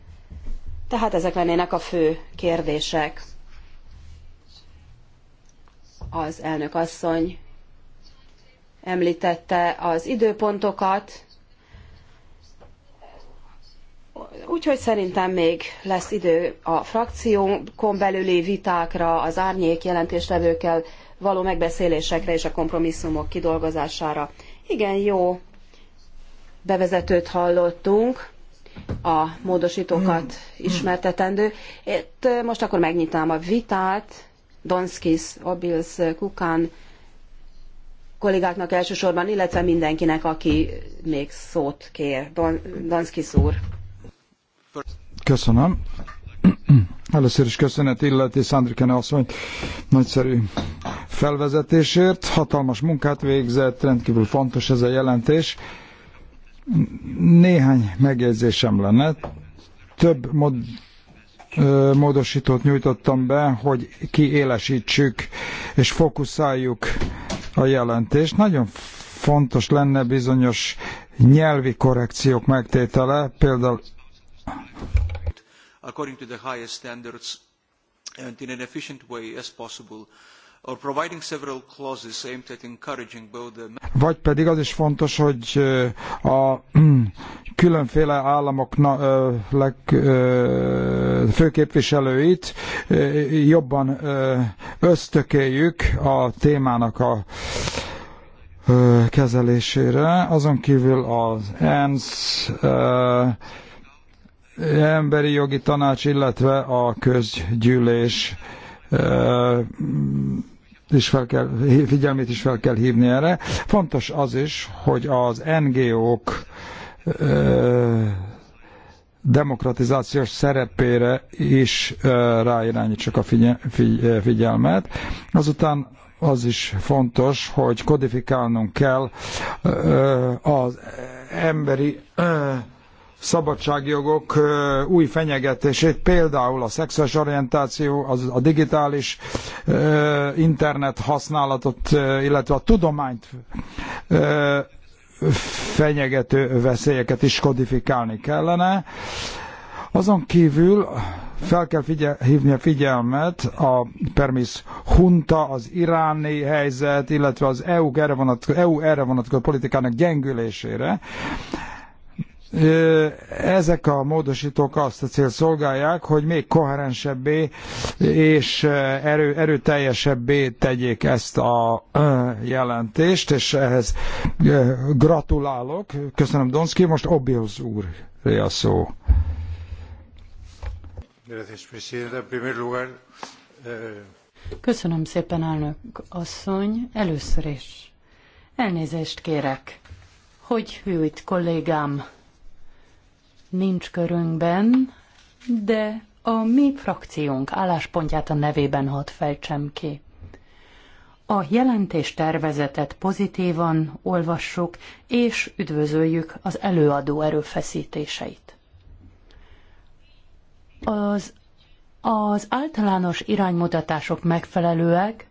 Tehát ezek lennének a fő kérdések. Az elnök asszony említette az időpontokat, Úgyhogy szerintem még lesz idő a frakciókon belüli vitákra, az árnyék jelentéstevőkkel való megbeszélésekre és a kompromisszumok kidolgozására. Igen, jó bevezetőt hallottunk, a módosítókat mm. ismertetendő. Itt most akkor megnyitnám a vitát. Donskis, Obils, Kukán kollégáknak elsősorban, illetve mindenkinek, aki még szót kér. Don, Donskis úr.
Köszönöm. *clears throat* Először is köszönet illeti Szándrikene asszony nagyszerű felvezetésért. Hatalmas munkát végzett, rendkívül fontos ez a jelentés. Néhány megjegyzésem lenne. Több mod, módosítót nyújtottam be, hogy kiélesítsük és fókuszáljuk a jelentést. Nagyon fontos lenne bizonyos nyelvi korrekciók megtétele, például according to the highest standards and in an efficient way as possible, or providing several clauses aimed at encouraging both the... Vagy pedig az is fontos, hogy a *clears throat* különféle államok leg, főképviselőit jobban ösztökéljük a témának a kezelésére. Azon kívül az ENSZ emberi jogi tanács, illetve a közgyűlés is fel kell, figyelmét is fel kell hívni erre. Fontos az is, hogy az NGO-k demokratizációs szerepére is ráirányítsak a figyelmet. Azután az is fontos, hogy kodifikálnunk kell az emberi szabadságjogok új fenyegetését, például a szexuális orientáció, az, a digitális internet használatot, illetve a tudományt fenyegető veszélyeket is kodifikálni kellene. Azon kívül fel kell figyel, hívni a figyelmet a Permis Hunta, az iráni helyzet, illetve az EU erre vonatkozó, EU erre vonatkozó politikának gyengülésére ezek a módosítók azt a célt szolgálják, hogy még koherensebbé és erő, erőteljesebbé tegyék ezt a jelentést, és ehhez gratulálok. Köszönöm, Donszki. Most Obiols úr a szó.
Köszönöm szépen, elnök asszony. Először is elnézést kérek, hogy hűlt kollégám nincs körünkben, de a mi frakciónk álláspontját a nevében hadd fejtsem ki. A jelentés tervezetet pozitívan olvassuk, és üdvözöljük az előadó erőfeszítéseit. Az, az általános iránymutatások megfelelőek,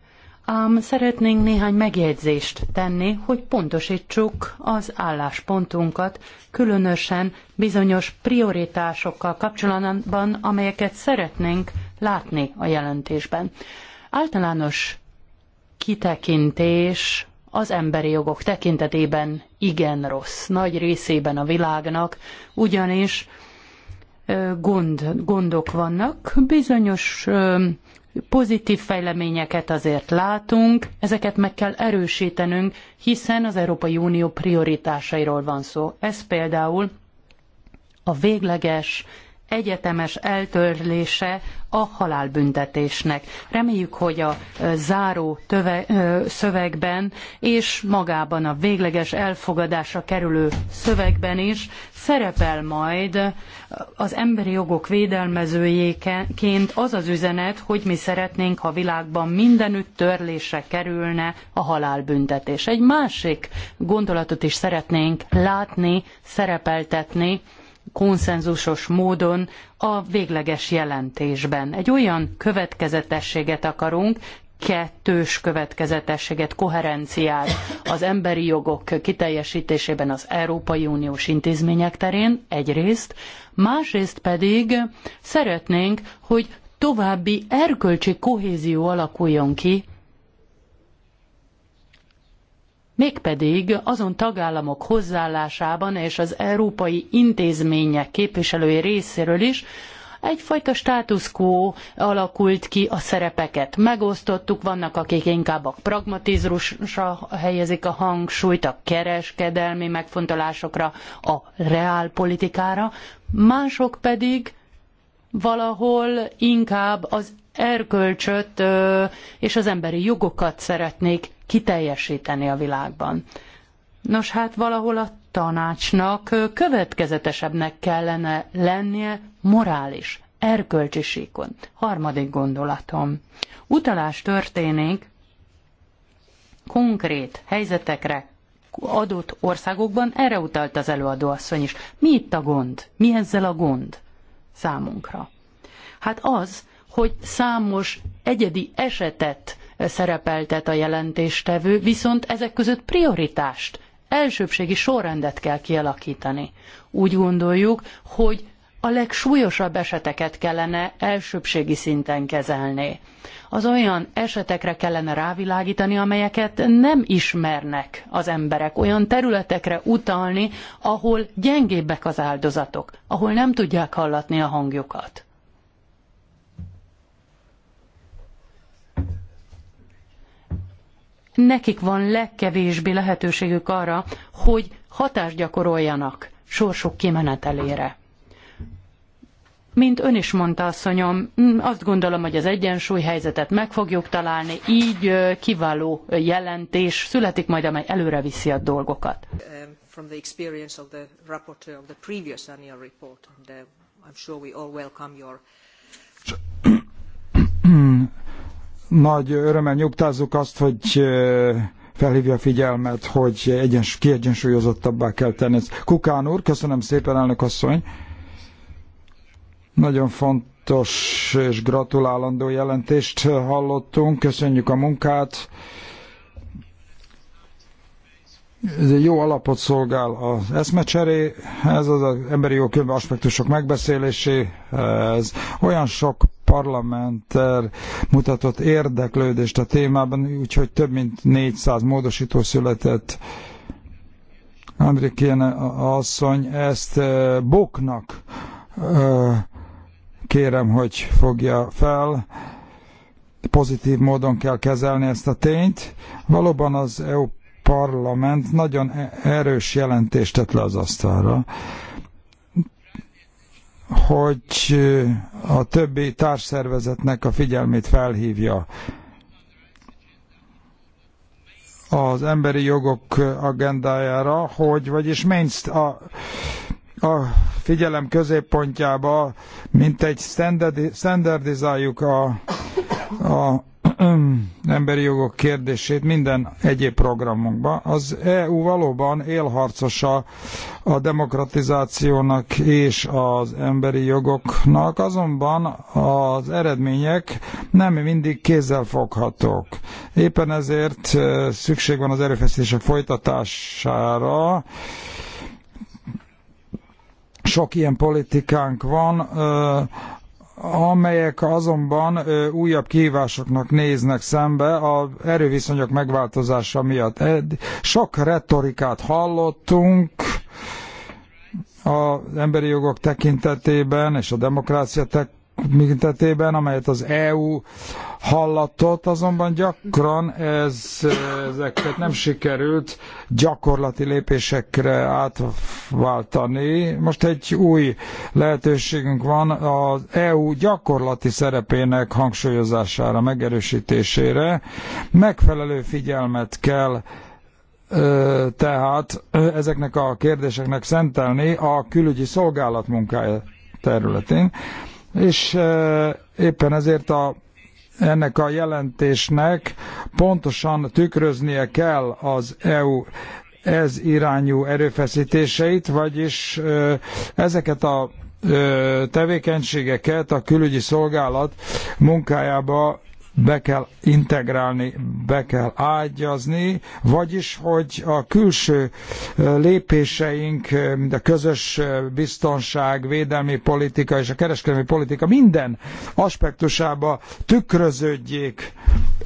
Ám szeretnénk néhány megjegyzést tenni, hogy pontosítsuk az álláspontunkat, különösen bizonyos prioritásokkal kapcsolatban, amelyeket szeretnénk látni a jelentésben. Általános kitekintés az emberi jogok tekintetében igen rossz, nagy részében a világnak, ugyanis gond, gondok vannak, bizonyos pozitív fejleményeket azért látunk, ezeket meg kell erősítenünk, hiszen az Európai Unió prioritásairól van szó. Ez például a végleges egyetemes eltörlése a halálbüntetésnek. Reméljük, hogy a záró töve, szövegben és magában a végleges elfogadásra kerülő szövegben is szerepel majd az emberi jogok védelmezőjéként az az üzenet, hogy mi szeretnénk, ha világban mindenütt törlésre kerülne a halálbüntetés. Egy másik gondolatot is szeretnénk látni, szerepeltetni, konszenzusos módon a végleges jelentésben. Egy olyan következetességet akarunk, kettős következetességet, koherenciát az emberi jogok kiteljesítésében az Európai Uniós intézmények terén egyrészt, másrészt pedig szeretnénk, hogy további erkölcsi kohézió alakuljon ki mégpedig azon tagállamok hozzáállásában és az európai intézmények képviselői részéről is, egyfajta status quo alakult ki a szerepeket. Megosztottuk, vannak akik inkább a pragmatizmusra helyezik a hangsúlyt, a kereskedelmi megfontolásokra, a reálpolitikára, mások pedig valahol inkább az erkölcsöt és az emberi jogokat szeretnék kiteljesíteni a világban. Nos hát valahol a tanácsnak következetesebbnek kellene lennie morális, erkölcsi síkon. Harmadik gondolatom. Utalás történik konkrét helyzetekre adott országokban, erre utalt az előadó asszony is. Mi itt a gond? Mi ezzel a gond számunkra? Hát az, hogy számos egyedi esetet szerepeltet a jelentéstevő, viszont ezek között prioritást, elsőbségi sorrendet kell kialakítani. Úgy gondoljuk, hogy a legsúlyosabb eseteket kellene elsőbségi szinten kezelni. Az olyan esetekre kellene rávilágítani, amelyeket nem ismernek az emberek, olyan területekre utalni, ahol gyengébbek az áldozatok, ahol nem tudják hallatni a hangjukat. nekik van legkevésbé lehetőségük arra, hogy hatást gyakoroljanak sorsuk kimenetelére. Mint ön is mondta, asszonyom, azt gondolom, hogy az egyensúly helyzetet meg fogjuk találni, így kiváló jelentés születik majd, amely előre viszi a dolgokat.
Um, from the experience of the rapporteur of the previous annual report, and, uh, I'm sure we all welcome your
nagy örömmel nyugtázzuk azt, hogy felhívja a figyelmet, hogy egyens, kiegyensúlyozottabbá kell tenni. Kukán úr, köszönöm szépen, elnök asszony. Nagyon fontos és gratulálandó jelentést hallottunk. Köszönjük a munkát ez egy jó alapot szolgál az eszmecseréhez, az, az emberi jogkönyv aspektusok megbeszéléséhez. Olyan sok parlamenter mutatott érdeklődést a témában, úgyhogy több mint 400 módosító született. Andrikén asszony ezt Boknak kérem, hogy fogja fel pozitív módon kell kezelni ezt a tényt. Valóban az EU Parlament nagyon e- erős jelentést tett le az asztalra, hogy a többi társszervezetnek a figyelmét felhívja az emberi jogok agendájára, hogy vagyis mainst a a figyelem középpontjába, mint egy standardizáljuk a, a *clears throat* emberi jogok kérdését minden egyéb programunkban. Az EU valóban élharcosa a demokratizációnak és az emberi jogoknak, azonban az eredmények nem mindig kézzelfoghatók. Éppen ezért eh, szükség van az erőfeszítések folytatására, sok ilyen politikánk van, amelyek azonban újabb kihívásoknak néznek szembe a erőviszonyok megváltozása miatt. Sok retorikát hallottunk, az emberi jogok tekintetében és a demokrácia tekintetében mintetében, amelyet az EU hallatott, azonban gyakran ez, ezeket nem sikerült gyakorlati lépésekre átváltani. Most egy új lehetőségünk van az EU gyakorlati szerepének hangsúlyozására, megerősítésére. Megfelelő figyelmet kell tehát ezeknek a kérdéseknek szentelni a külügyi szolgálat munkája területén és éppen ezért a, ennek a jelentésnek pontosan tükröznie kell az EU ez irányú erőfeszítéseit, vagyis ezeket a tevékenységeket a külügyi szolgálat munkájába be kell integrálni, be kell ágyazni, vagyis, hogy a külső lépéseink, mint a közös biztonság, védelmi politika és a kereskedelmi politika minden aspektusába tükröződjék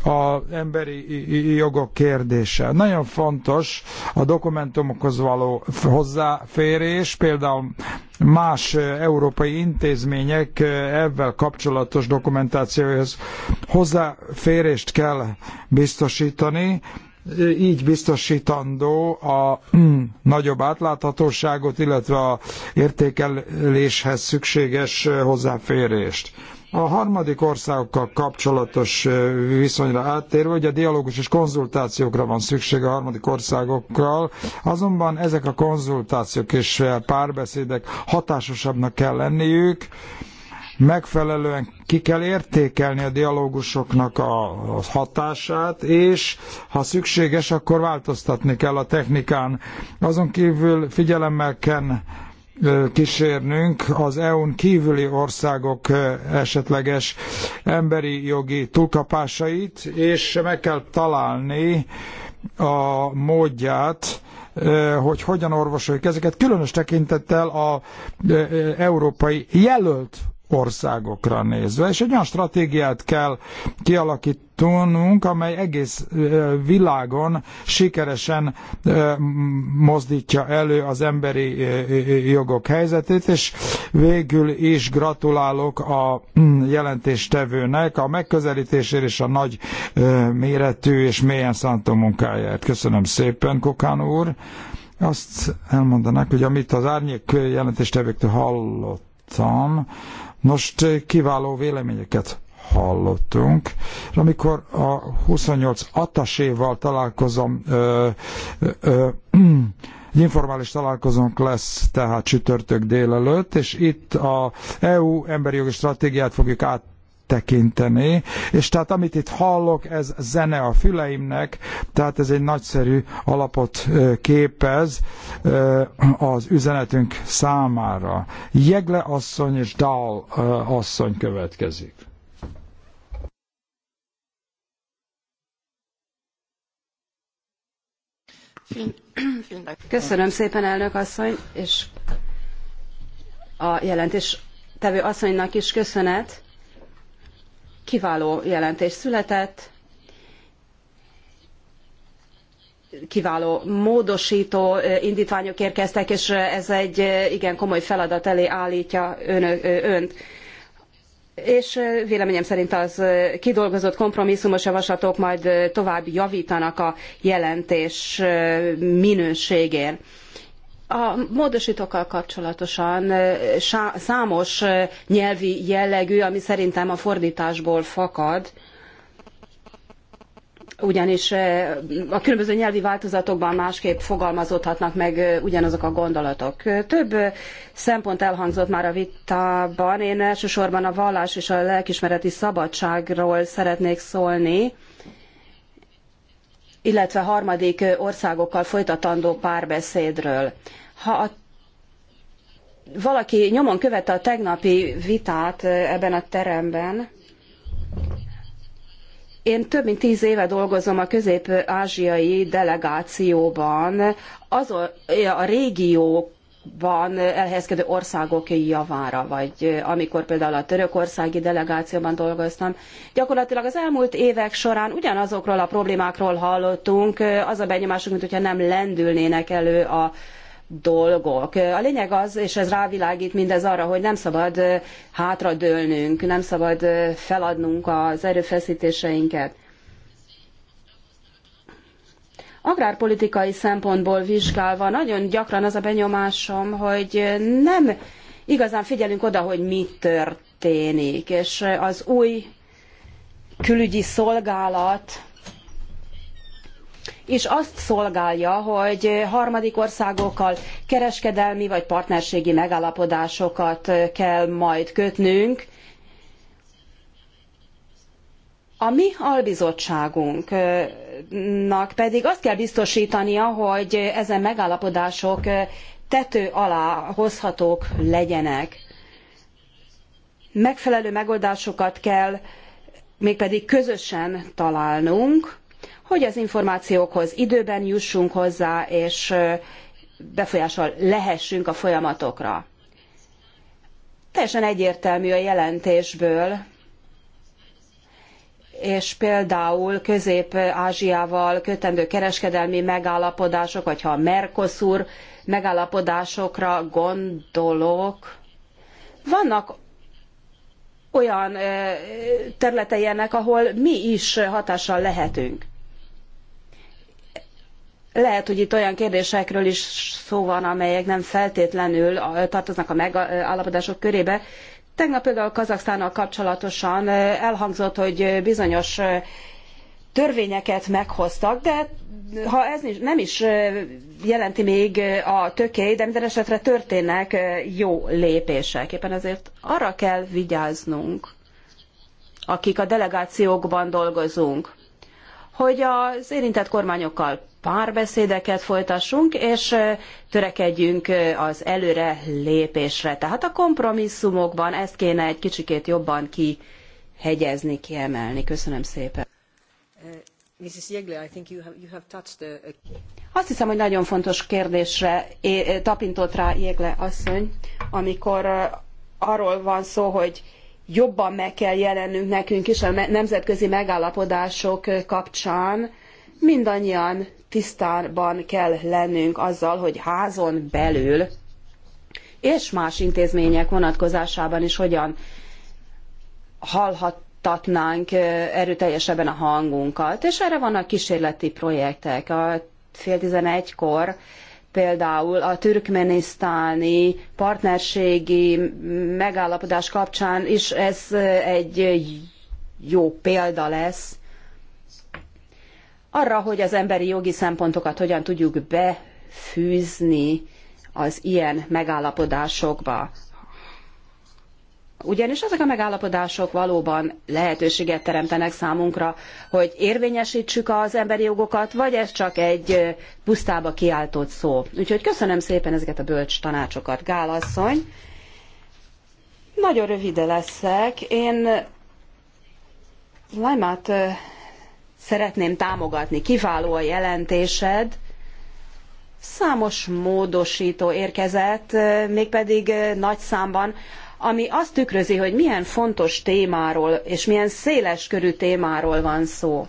az emberi jogok kérdése. Nagyon fontos a dokumentumokhoz való hozzáférés, például más európai intézmények ebben kapcsolatos dokumentációhoz hozzáférést kell biztosítani, így biztosítandó a hmm, nagyobb átláthatóságot, illetve a értékeléshez szükséges hozzáférést. A harmadik országokkal kapcsolatos viszonyra áttérve, hogy a dialógus és konzultációkra van szükség a harmadik országokkal, azonban ezek a konzultációk és párbeszédek hatásosabbnak kell lenniük, megfelelően ki kell értékelni a dialógusoknak a hatását, és ha szükséges, akkor változtatni kell a technikán. Azon kívül figyelemmel kell kísérnünk az EU-n kívüli országok esetleges emberi jogi túlkapásait, és meg kell találni a módját, hogy hogyan orvosoljuk ezeket, különös tekintettel az európai jelölt országokra nézve. És egy olyan stratégiát kell kialakítanunk, amely egész világon sikeresen mozdítja elő az emberi jogok helyzetét, és végül is gratulálok a mm, jelentéstevőnek a megközelítésért és a nagy méretű és mélyen szántó munkáját. Köszönöm szépen, Kokán úr. Azt elmondanák, hogy amit az árnyék jelentéstevőktől hallottam, most eh, kiváló véleményeket hallottunk. Amikor a 28 ataséval találkozom, ö, ö, ö, egy informális találkozónk lesz tehát csütörtök délelőtt, és itt a EU emberi jogi stratégiát fogjuk át tekinteni, és tehát amit itt hallok, ez zene a füleimnek, tehát ez egy nagyszerű alapot képez az üzenetünk számára. Jegle asszony és Dál asszony következik.
Köszönöm
szépen, elnök asszony, és a jelentés tevő asszonynak is köszönet. Kiváló jelentés született, kiváló módosító indítványok érkeztek, és ez egy igen komoly feladat elé állítja önök, önt. És véleményem szerint az kidolgozott kompromisszumos javaslatok majd tovább javítanak a jelentés minőségén. A módosítókkal kapcsolatosan számos nyelvi jellegű, ami szerintem a fordításból fakad, ugyanis a különböző nyelvi változatokban másképp fogalmazódhatnak meg ugyanazok a gondolatok. Több szempont elhangzott már a vitában, én elsősorban a vallás és a lelkismereti szabadságról szeretnék szólni illetve harmadik országokkal folytatandó párbeszédről. Ha a valaki nyomon követte a tegnapi vitát ebben a teremben, én több mint tíz éve dolgozom a közép-ázsiai delegációban, az a, a régió van elhelyezkedő országok javára, vagy amikor például a törökországi delegációban dolgoztam, gyakorlatilag az elmúlt évek során ugyanazokról a problémákról hallottunk, az a benyomásunk, mintha nem lendülnének elő a dolgok. A lényeg az, és ez rávilágít mindez arra, hogy nem szabad hátradőlnünk, nem szabad feladnunk az erőfeszítéseinket agrárpolitikai szempontból vizsgálva nagyon gyakran az a benyomásom, hogy nem igazán figyelünk oda, hogy mi történik, és az új külügyi szolgálat és azt szolgálja, hogy harmadik országokkal kereskedelmi vagy partnerségi megállapodásokat kell majd kötnünk. A mi albizottságunk nak pedig azt kell biztosítania, hogy ezen megállapodások tető alá hozhatók legyenek. Megfelelő megoldásokat kell mégpedig közösen találnunk, hogy az információkhoz időben jussunk hozzá, és befolyással lehessünk a folyamatokra. Teljesen egyértelmű a jelentésből, és például Közép-Ázsiával kötendő kereskedelmi megállapodások, vagy ha a Mercosur megállapodásokra gondolok, vannak olyan területei ennek, ahol mi is hatással lehetünk. Lehet, hogy itt olyan kérdésekről is szó van, amelyek nem feltétlenül tartoznak a megállapodások körébe, Tegnap például Kazaksztánnal kapcsolatosan elhangzott, hogy bizonyos törvényeket meghoztak, de ha ez nem is jelenti még a tökély, de minden esetre történnek jó lépések. Éppen ezért arra kell vigyáznunk, akik a delegációkban dolgozunk, hogy az érintett kormányokkal párbeszédeket folytassunk, és törekedjünk az előre lépésre. Tehát a kompromisszumokban ezt kéne egy kicsikét jobban kihegyezni, kiemelni. Köszönöm szépen. Azt hiszem, hogy nagyon fontos kérdésre tapintott rá Jégle asszony, amikor arról van szó, hogy jobban meg kell jelennünk nekünk is a nemzetközi megállapodások kapcsán. Mindannyian tisztában kell lennünk azzal, hogy házon belül és más intézmények vonatkozásában is hogyan tatnánk erőteljesebben a hangunkat. És erre vannak kísérleti projektek. A fél tizenegykor például a türkmenisztáni partnerségi megállapodás kapcsán is ez egy jó példa lesz arra, hogy az emberi jogi szempontokat hogyan tudjuk befűzni az ilyen megállapodásokba. Ugyanis ezek a megállapodások valóban lehetőséget teremtenek számunkra, hogy érvényesítsük az emberi jogokat, vagy ez csak egy pusztába kiáltott szó. Úgyhogy köszönöm szépen ezeket a bölcs tanácsokat, Gál asszony. Nagyon rövide leszek. Én Leimát szeretném támogatni. Kiváló a jelentésed. Számos módosító érkezett, mégpedig nagy számban, ami azt tükrözi, hogy milyen fontos témáról és milyen széles körű témáról van szó.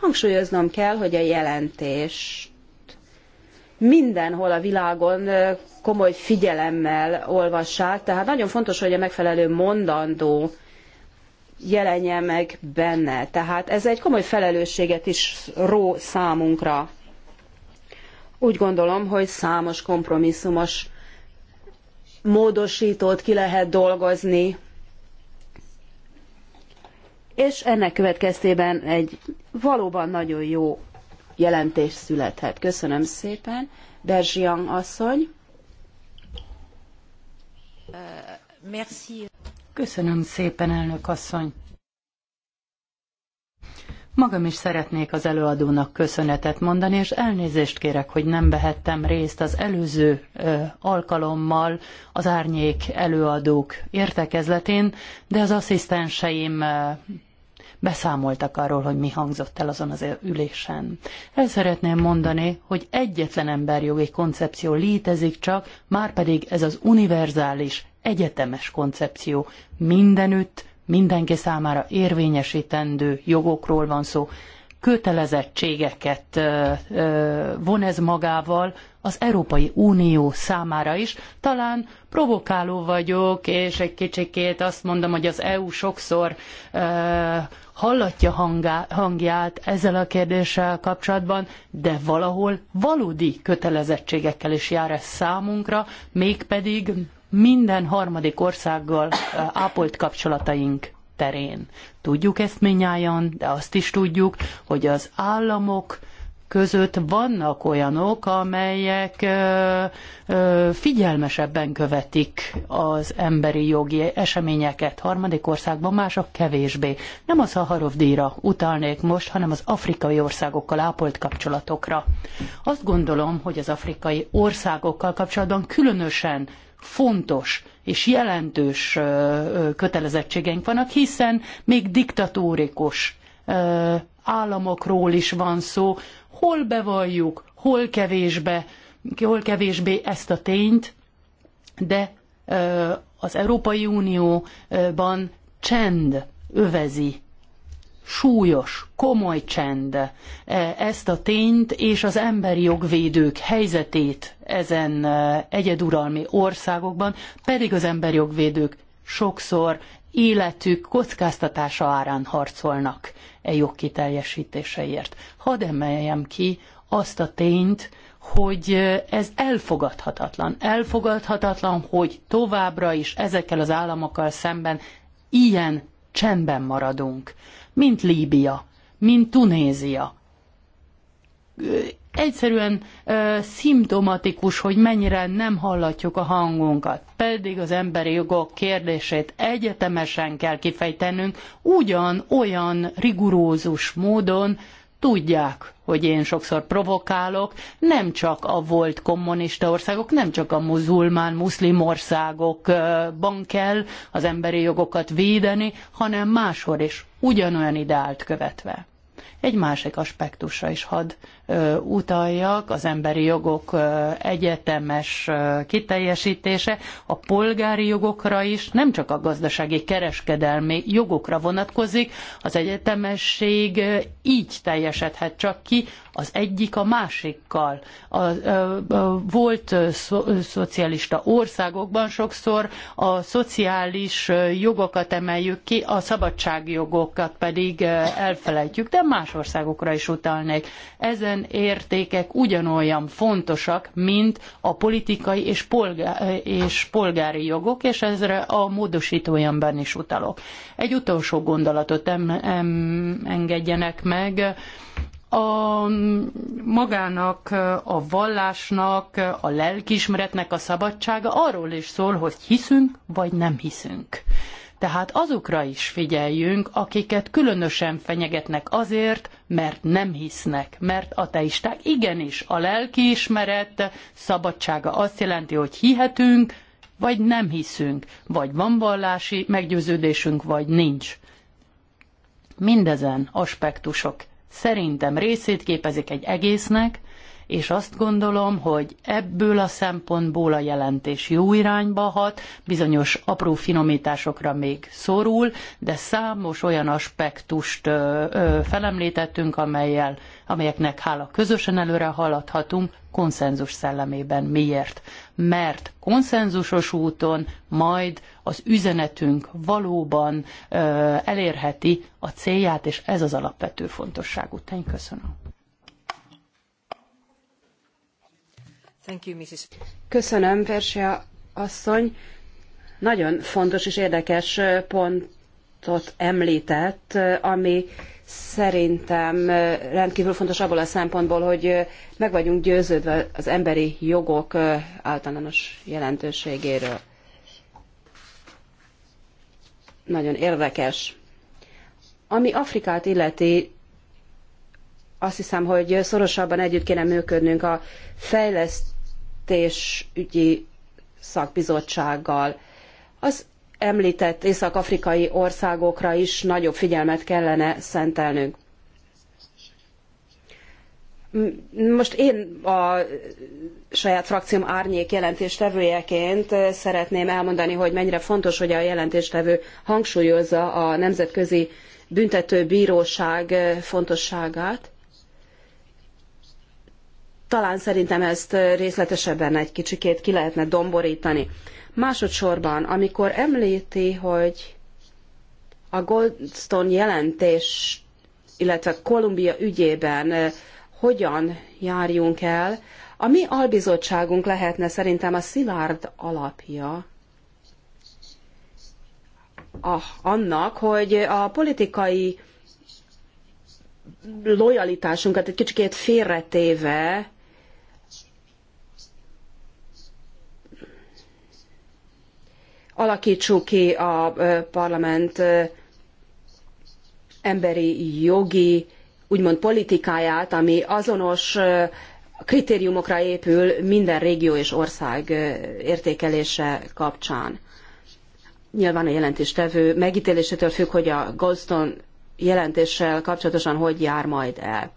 Hangsúlyoznom kell, hogy a jelentést mindenhol a világon komoly figyelemmel olvassák, tehát nagyon fontos, hogy a megfelelő mondandó jelenjen meg benne. Tehát ez egy komoly felelősséget is ró számunkra. Úgy gondolom, hogy számos kompromisszumos módosítót ki lehet dolgozni, és ennek következtében egy valóban nagyon jó jelentés születhet. Köszönöm szépen,
Berzsian asszony.
Uh,
merci.
Köszönöm szépen, elnök asszony. Magam is szeretnék az előadónak köszönetet mondani, és elnézést kérek, hogy nem vehettem részt az előző ö, alkalommal az árnyék előadók értekezletén, de az asszisztenseim ö, beszámoltak arról, hogy mi hangzott el azon az e- ülésen. El szeretném mondani, hogy egyetlen emberjogi koncepció létezik csak, már pedig ez az univerzális, egyetemes koncepció. Mindenütt, mindenki számára érvényesítendő jogokról van szó, kötelezettségeket von ez magával az Európai Unió számára is. Talán provokáló vagyok, és egy kicsikét azt mondom, hogy az EU sokszor hallatja hangá, hangját ezzel a kérdéssel kapcsolatban, de valahol valódi kötelezettségekkel is jár ez számunkra, mégpedig minden harmadik országgal ápolt kapcsolataink terén. Tudjuk ezt minnyáján, de azt is tudjuk, hogy az államok között vannak olyanok, amelyek figyelmesebben követik az emberi jogi eseményeket. Harmadik országban mások kevésbé. Nem a Szaharov díjra utalnék most, hanem az afrikai országokkal ápolt kapcsolatokra. Azt gondolom, hogy az afrikai országokkal kapcsolatban különösen fontos és jelentős kötelezettségeink vannak, hiszen még diktatórikus államokról is van szó, hol bevalljuk, hol kevésbé, hol kevésbé ezt a tényt, de az Európai Unióban csend övezi súlyos, komoly csend ezt a tényt és az emberi jogvédők helyzetét ezen egyeduralmi országokban, pedig az emberi jogvédők sokszor életük kockáztatása árán harcolnak e jog kiteljesítéseért. Hadd emeljem ki azt a tényt, hogy ez elfogadhatatlan. Elfogadhatatlan, hogy továbbra is ezekkel az államokkal szemben ilyen csendben maradunk, mint Líbia, mint Tunézia egyszerűen ö, szimptomatikus, hogy mennyire nem hallatjuk a hangunkat. Pedig az emberi jogok kérdését egyetemesen kell kifejtenünk, ugyan olyan rigorózus módon, tudják, hogy én sokszor provokálok, nem csak a volt kommunista országok, nem csak a muzulmán, muszlim országokban kell az emberi jogokat védeni, hanem máshol is, ugyanolyan ideált követve. Egy másik aspektusra is hadd utaljak, az emberi jogok egyetemes kiteljesítése, a polgári jogokra is, nem csak a gazdasági kereskedelmi jogokra vonatkozik, az egyetemesség így teljesedhet csak ki, az egyik a másikkal. A, a, a volt szo, szocialista országokban sokszor a szociális jogokat emeljük ki, a szabadságjogokat pedig elfelejtjük, de más országokra is utalnék. Ezen értékek ugyanolyan fontosak, mint a politikai és, polgá- és polgári jogok, és ezre a módosítójamban is utalok. Egy utolsó gondolatot em- em- engedjenek meg a magának, a vallásnak, a lelkiismeretnek a szabadsága arról is szól, hogy hiszünk vagy nem hiszünk. Tehát azokra is figyeljünk, akiket különösen fenyegetnek azért, mert nem hisznek, mert ateisták. Igenis, a lelkiismeret szabadsága azt jelenti, hogy hihetünk, vagy nem hiszünk, vagy van vallási meggyőződésünk, vagy nincs. Mindezen aspektusok szerintem részét képezik egy egésznek, és azt gondolom, hogy ebből a szempontból a jelentés jó irányba hat, bizonyos apró finomításokra még szorul, de számos olyan aspektust felemlítettünk, amelyel, amelyeknek hála közösen előre haladhatunk, konszenzus szellemében. Miért? Mert konszenzusos úton majd az üzenetünk valóban ö, elérheti a célját, és ez az alapvető fontosságú tény. Köszönöm.
Köszönöm, Persia asszony. Nagyon fontos és érdekes pontot említett, ami szerintem rendkívül fontos abból a szempontból, hogy meg vagyunk győződve az emberi jogok általános jelentőségéről. Nagyon érdekes. Ami Afrikát illeti, azt hiszem, hogy szorosabban együtt kéne működnünk a fejlesztő fejlesztésügyi szakbizottsággal. Az említett észak-afrikai országokra is nagyobb figyelmet kellene szentelnünk. Most én a saját frakcióm árnyék jelentéstevőjeként szeretném elmondani, hogy mennyire fontos, hogy a jelentéstevő hangsúlyozza a Nemzetközi Büntetőbíróság fontosságát talán szerintem ezt részletesebben egy kicsikét ki lehetne domborítani. Másodszorban, amikor említi, hogy a Goldstone jelentés, illetve Kolumbia ügyében eh, hogyan járjunk el, a mi albizottságunk lehetne szerintem a szilárd alapja a, annak, hogy a politikai lojalitásunkat egy kicsikét félretéve alakítsuk ki a parlament emberi jogi, úgymond politikáját, ami azonos kritériumokra épül minden régió és ország értékelése kapcsán. Nyilván a jelentéstevő megítélésétől függ, hogy a Goldstone jelentéssel kapcsolatosan hogy jár majd el.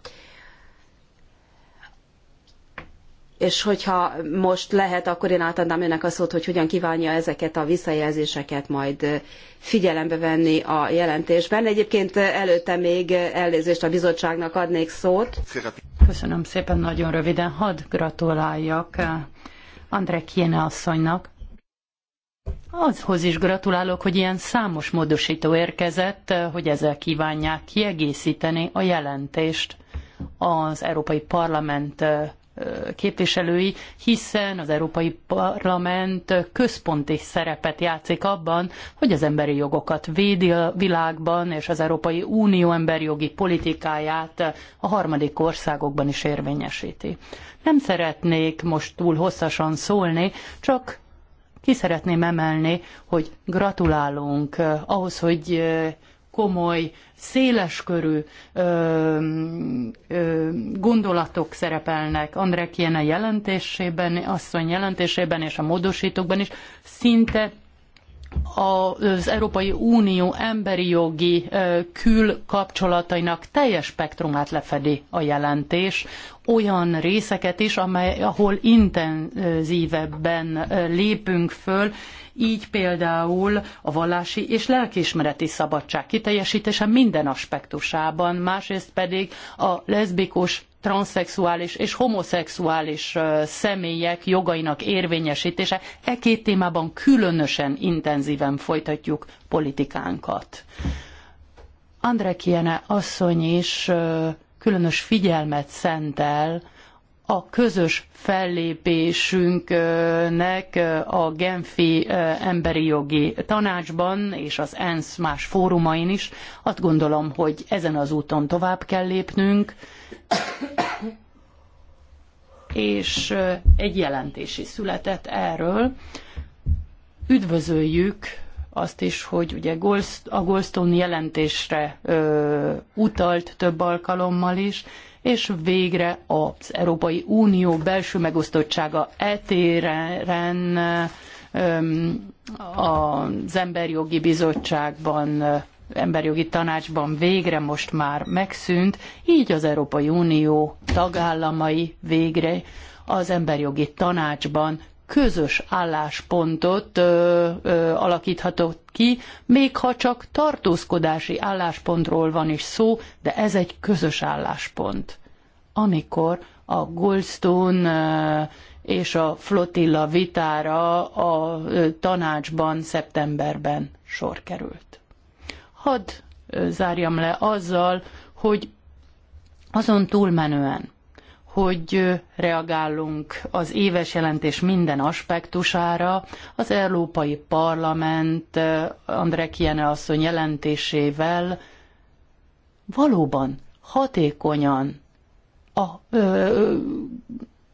és hogyha most lehet, akkor én átadnám önnek a szót, hogy hogyan kívánja ezeket a visszajelzéseket majd figyelembe venni a jelentésben. Egyébként előtte még elnézést a
bizottságnak adnék szót. Köszönöm szépen, nagyon röviden. Hadd gratuláljak André Kiene asszonynak. Azhoz is gratulálok, hogy ilyen számos módosító érkezett, hogy ezzel kívánják kiegészíteni a jelentést az Európai Parlament képviselői, hiszen az Európai Parlament központi szerepet játszik abban, hogy az emberi jogokat védi a világban, és az Európai Unió emberi jogi politikáját a harmadik országokban is érvényesíti. Nem szeretnék most túl hosszasan szólni, csak ki szeretném emelni, hogy gratulálunk eh, ahhoz, hogy eh, komoly, széleskörű ö, ö, gondolatok szerepelnek André Kiene jelentésében, asszony jelentésében és a módosítókban is, szinte az Európai Unió emberi jogi külkapcsolatainak teljes spektrumát lefedi a jelentés, olyan részeket is, amely, ahol intenzívebben lépünk föl, így például a vallási és lelkiismereti szabadság kiteljesítése minden aspektusában, másrészt pedig a leszbikus transzszexuális és homoszexuális személyek jogainak érvényesítése. E két témában különösen intenzíven folytatjuk politikánkat. André Kiene asszony is különös figyelmet szentel a közös fellépésünknek a Genfi Emberi Jogi Tanácsban és az ENSZ más fórumain is. Azt gondolom, hogy ezen az úton tovább kell lépnünk, és egy jelentés is született erről. Üdvözöljük azt is, hogy ugye a Goldstone jelentésre utalt több alkalommal is, és végre az Európai Unió belső megosztottsága etéren az Emberjogi Bizottságban emberjogi tanácsban végre most már megszűnt, így az Európai Unió tagállamai végre az emberjogi tanácsban közös álláspontot ö, ö, alakíthatott ki, még ha csak tartózkodási álláspontról van is szó, de ez egy közös álláspont. Amikor a Goldstone ö, és a flotilla vitára a ö, tanácsban szeptemberben sor került. Hadd zárjam le azzal, hogy azon túlmenően, hogy reagálunk az éves jelentés minden aspektusára. Az Európai Parlament André Kiene asszony jelentésével valóban hatékonyan a, ö, ö,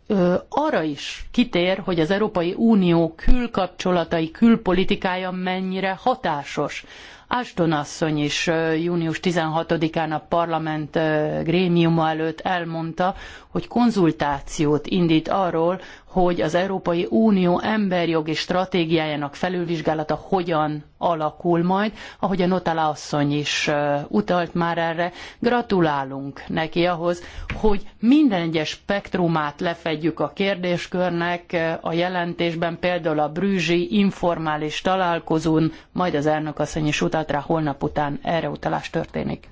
ö, arra is kitér, hogy az Európai Unió külkapcsolatai, külpolitikája mennyire hatásos. Ashton asszony is június 16-án a parlament grémiuma előtt elmondta, hogy konzultációt indít arról, hogy az Európai Unió emberjogi stratégiájának felülvizsgálata hogyan alakul majd, ahogy a Notala asszony is utalt már erre. Gratulálunk neki ahhoz, hogy minden egyes spektrumát lefedjük a kérdéskörnek a jelentésben, például a brűzsi informális találkozón, majd az elnök asszony is utalt oldalt holnap után. Erre utalás történik.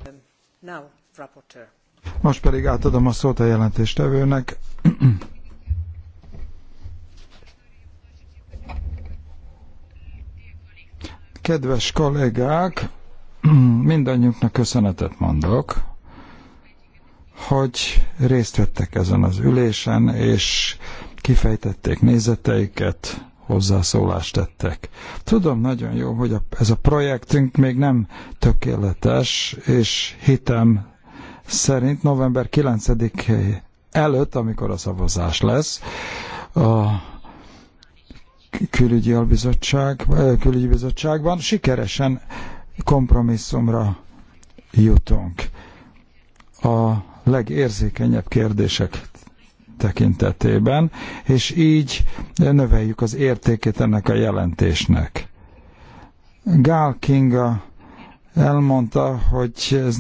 Most pedig átadom a szót a jelentéstevőnek. Kedves kollégák, mindannyiunknak köszönetet mondok, hogy részt vettek ezen az ülésen, és kifejtették nézeteiket, hozzászólást tettek. Tudom nagyon jó, hogy a, ez a projektünk még nem tökéletes, és hitem szerint november 9 előtt, amikor a szavazás lesz, a külügyi, albizottság, külügyi bizottságban sikeresen kompromisszumra jutunk. A legérzékenyebb kérdések tekintetében, és így növeljük az értékét ennek a jelentésnek. Gál Kinga elmondta, hogy ez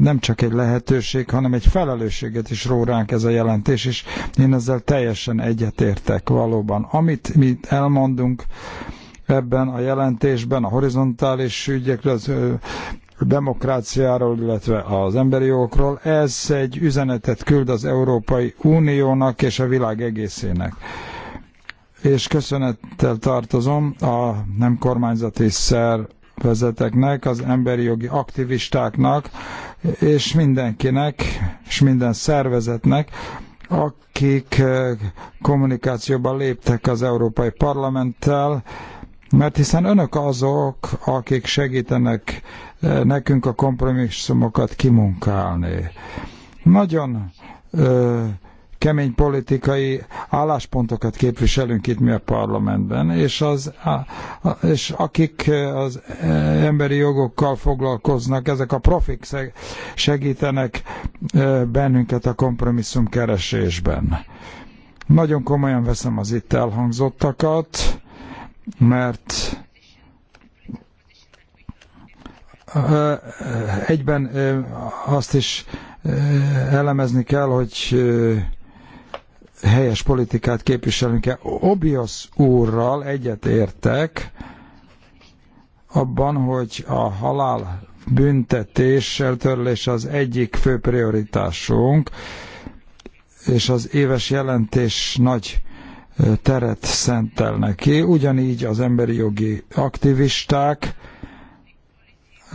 nem csak egy lehetőség, hanem egy felelősséget is ró ránk ez a jelentés, és én ezzel teljesen egyetértek valóban. Amit mi elmondunk ebben a jelentésben, a horizontális ügyekről, az demokráciáról, illetve az emberi jogokról. Ez egy üzenetet küld az Európai Uniónak és a világ egészének. És köszönettel tartozom a nem kormányzati szervezeteknek, az emberi jogi aktivistáknak, és mindenkinek, és minden szervezetnek, akik eh, kommunikációban léptek az Európai Parlamenttel, mert hiszen önök azok, akik segítenek nekünk a kompromisszumokat kimunkálni. Nagyon ö, kemény politikai álláspontokat képviselünk itt mi a parlamentben, és, az, a, és akik az emberi jogokkal foglalkoznak, ezek a profik segítenek bennünket a kompromisszum keresésben. Nagyon komolyan veszem az itt elhangzottakat, mert Egyben azt is elemezni kell, hogy helyes politikát képviselünk-e. Obios úrral egyetértek abban, hogy a halál büntetéssel törlés az egyik fő prioritásunk, és az éves jelentés nagy teret szentel neki. Ugyanígy az emberi jogi aktivisták,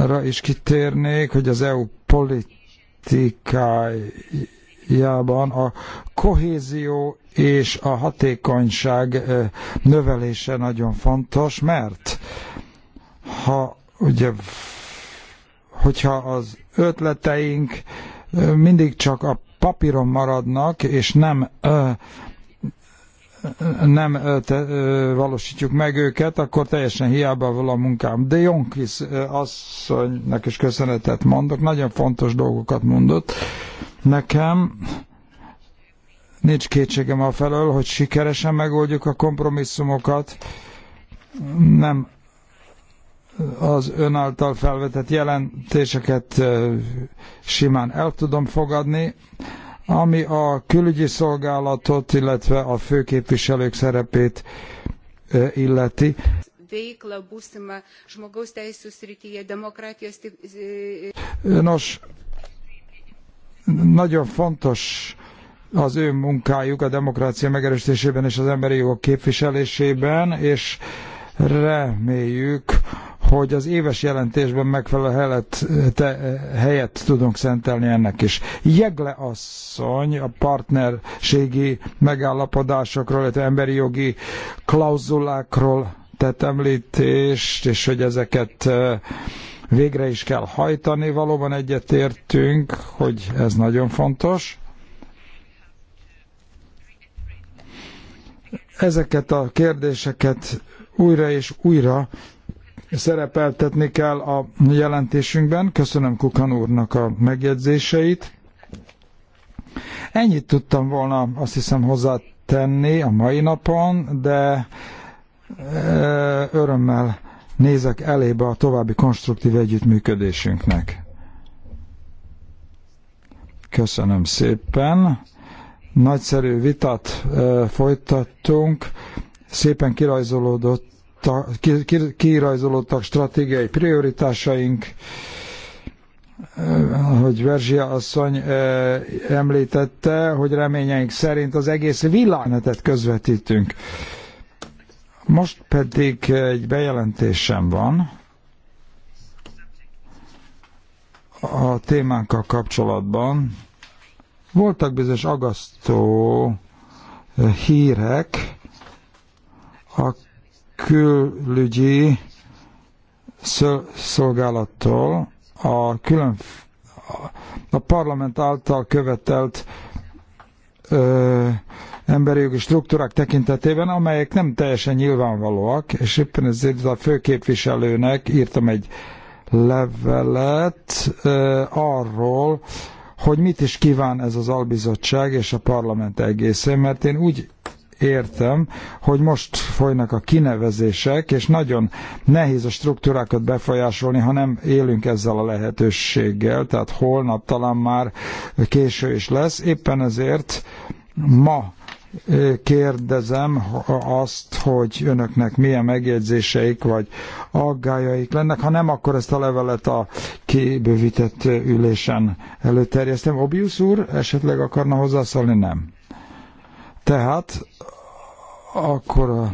ra is kitérnék, hogy az EU politikájában a kohézió és a hatékonyság növelése nagyon fontos, mert ha ugye hogyha az ötleteink mindig csak a papíron maradnak, és nem uh, nem te, valósítjuk meg őket, akkor teljesen hiába van a munkám. De Jonkvisz asszonynak is köszönetet mondok, nagyon fontos dolgokat mondott. Nekem nincs kétségem a felől, hogy sikeresen megoldjuk a kompromisszumokat. Nem az ön által felvetett jelentéseket simán el tudom fogadni, ami a külügyi szolgálatot, illetve a főképviselők szerepét illeti. Nos, nagyon fontos az ő munkájuk a demokrácia megerősítésében és az emberi jogok képviselésében, és reméljük, hogy az éves jelentésben megfelelő helyet, te, helyet tudunk szentelni ennek is. Jegle asszony a partnerségi megállapodásokról, illetve emberi jogi klauzulákról tett említést, és hogy ezeket végre is kell hajtani. Valóban egyetértünk, hogy ez nagyon fontos. Ezeket a kérdéseket újra és újra szerepeltetni kell a jelentésünkben. Köszönöm Kukan úrnak a megjegyzéseit. Ennyit tudtam volna azt hiszem hozzátenni a mai napon, de eh, örömmel nézek elébe a további konstruktív együttműködésünknek. Köszönöm szépen. Nagyszerű vitat eh, folytattunk. Szépen kirajzolódott kirajzolódtak stratégiai prioritásaink, eh, hogy Verzsia asszony eh, említette, hogy reményeink szerint az egész világnetet közvetítünk. Most pedig egy bejelentésem van a témánkkal kapcsolatban. Voltak bizonyos agasztó eh, hírek a külügyi szolgálattól a, külön, a parlament által követelt ö, emberi jogi struktúrák tekintetében, amelyek nem teljesen nyilvánvalóak, és éppen ezért a főképviselőnek írtam egy levelet ö, arról, hogy mit is kíván ez az albizottság és a parlament egészen, mert én úgy értem, hogy most folynak a kinevezések, és nagyon nehéz a struktúrákat befolyásolni, ha nem élünk ezzel a lehetőséggel, tehát holnap talán már késő is lesz. Éppen ezért ma eh, kérdezem azt, hogy önöknek milyen megjegyzéseik vagy aggájaik lennek. Ha nem, akkor ezt a levelet a kibővített ülésen előterjesztem. Obius úr esetleg akarna hozzászólni? Nem. Tehát akkor a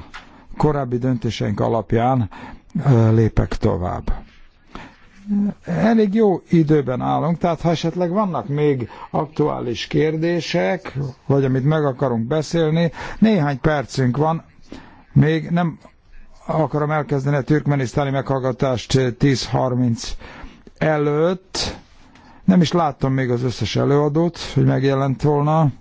korábbi döntéseink alapján lépek tovább. Elég jó időben állunk, tehát ha esetleg vannak még aktuális kérdések, vagy amit meg akarunk beszélni, néhány percünk van, még nem akarom elkezdeni a türkmenisztáni meghallgatást 10.30 előtt. Nem is láttam még az összes előadót, hogy megjelent volna.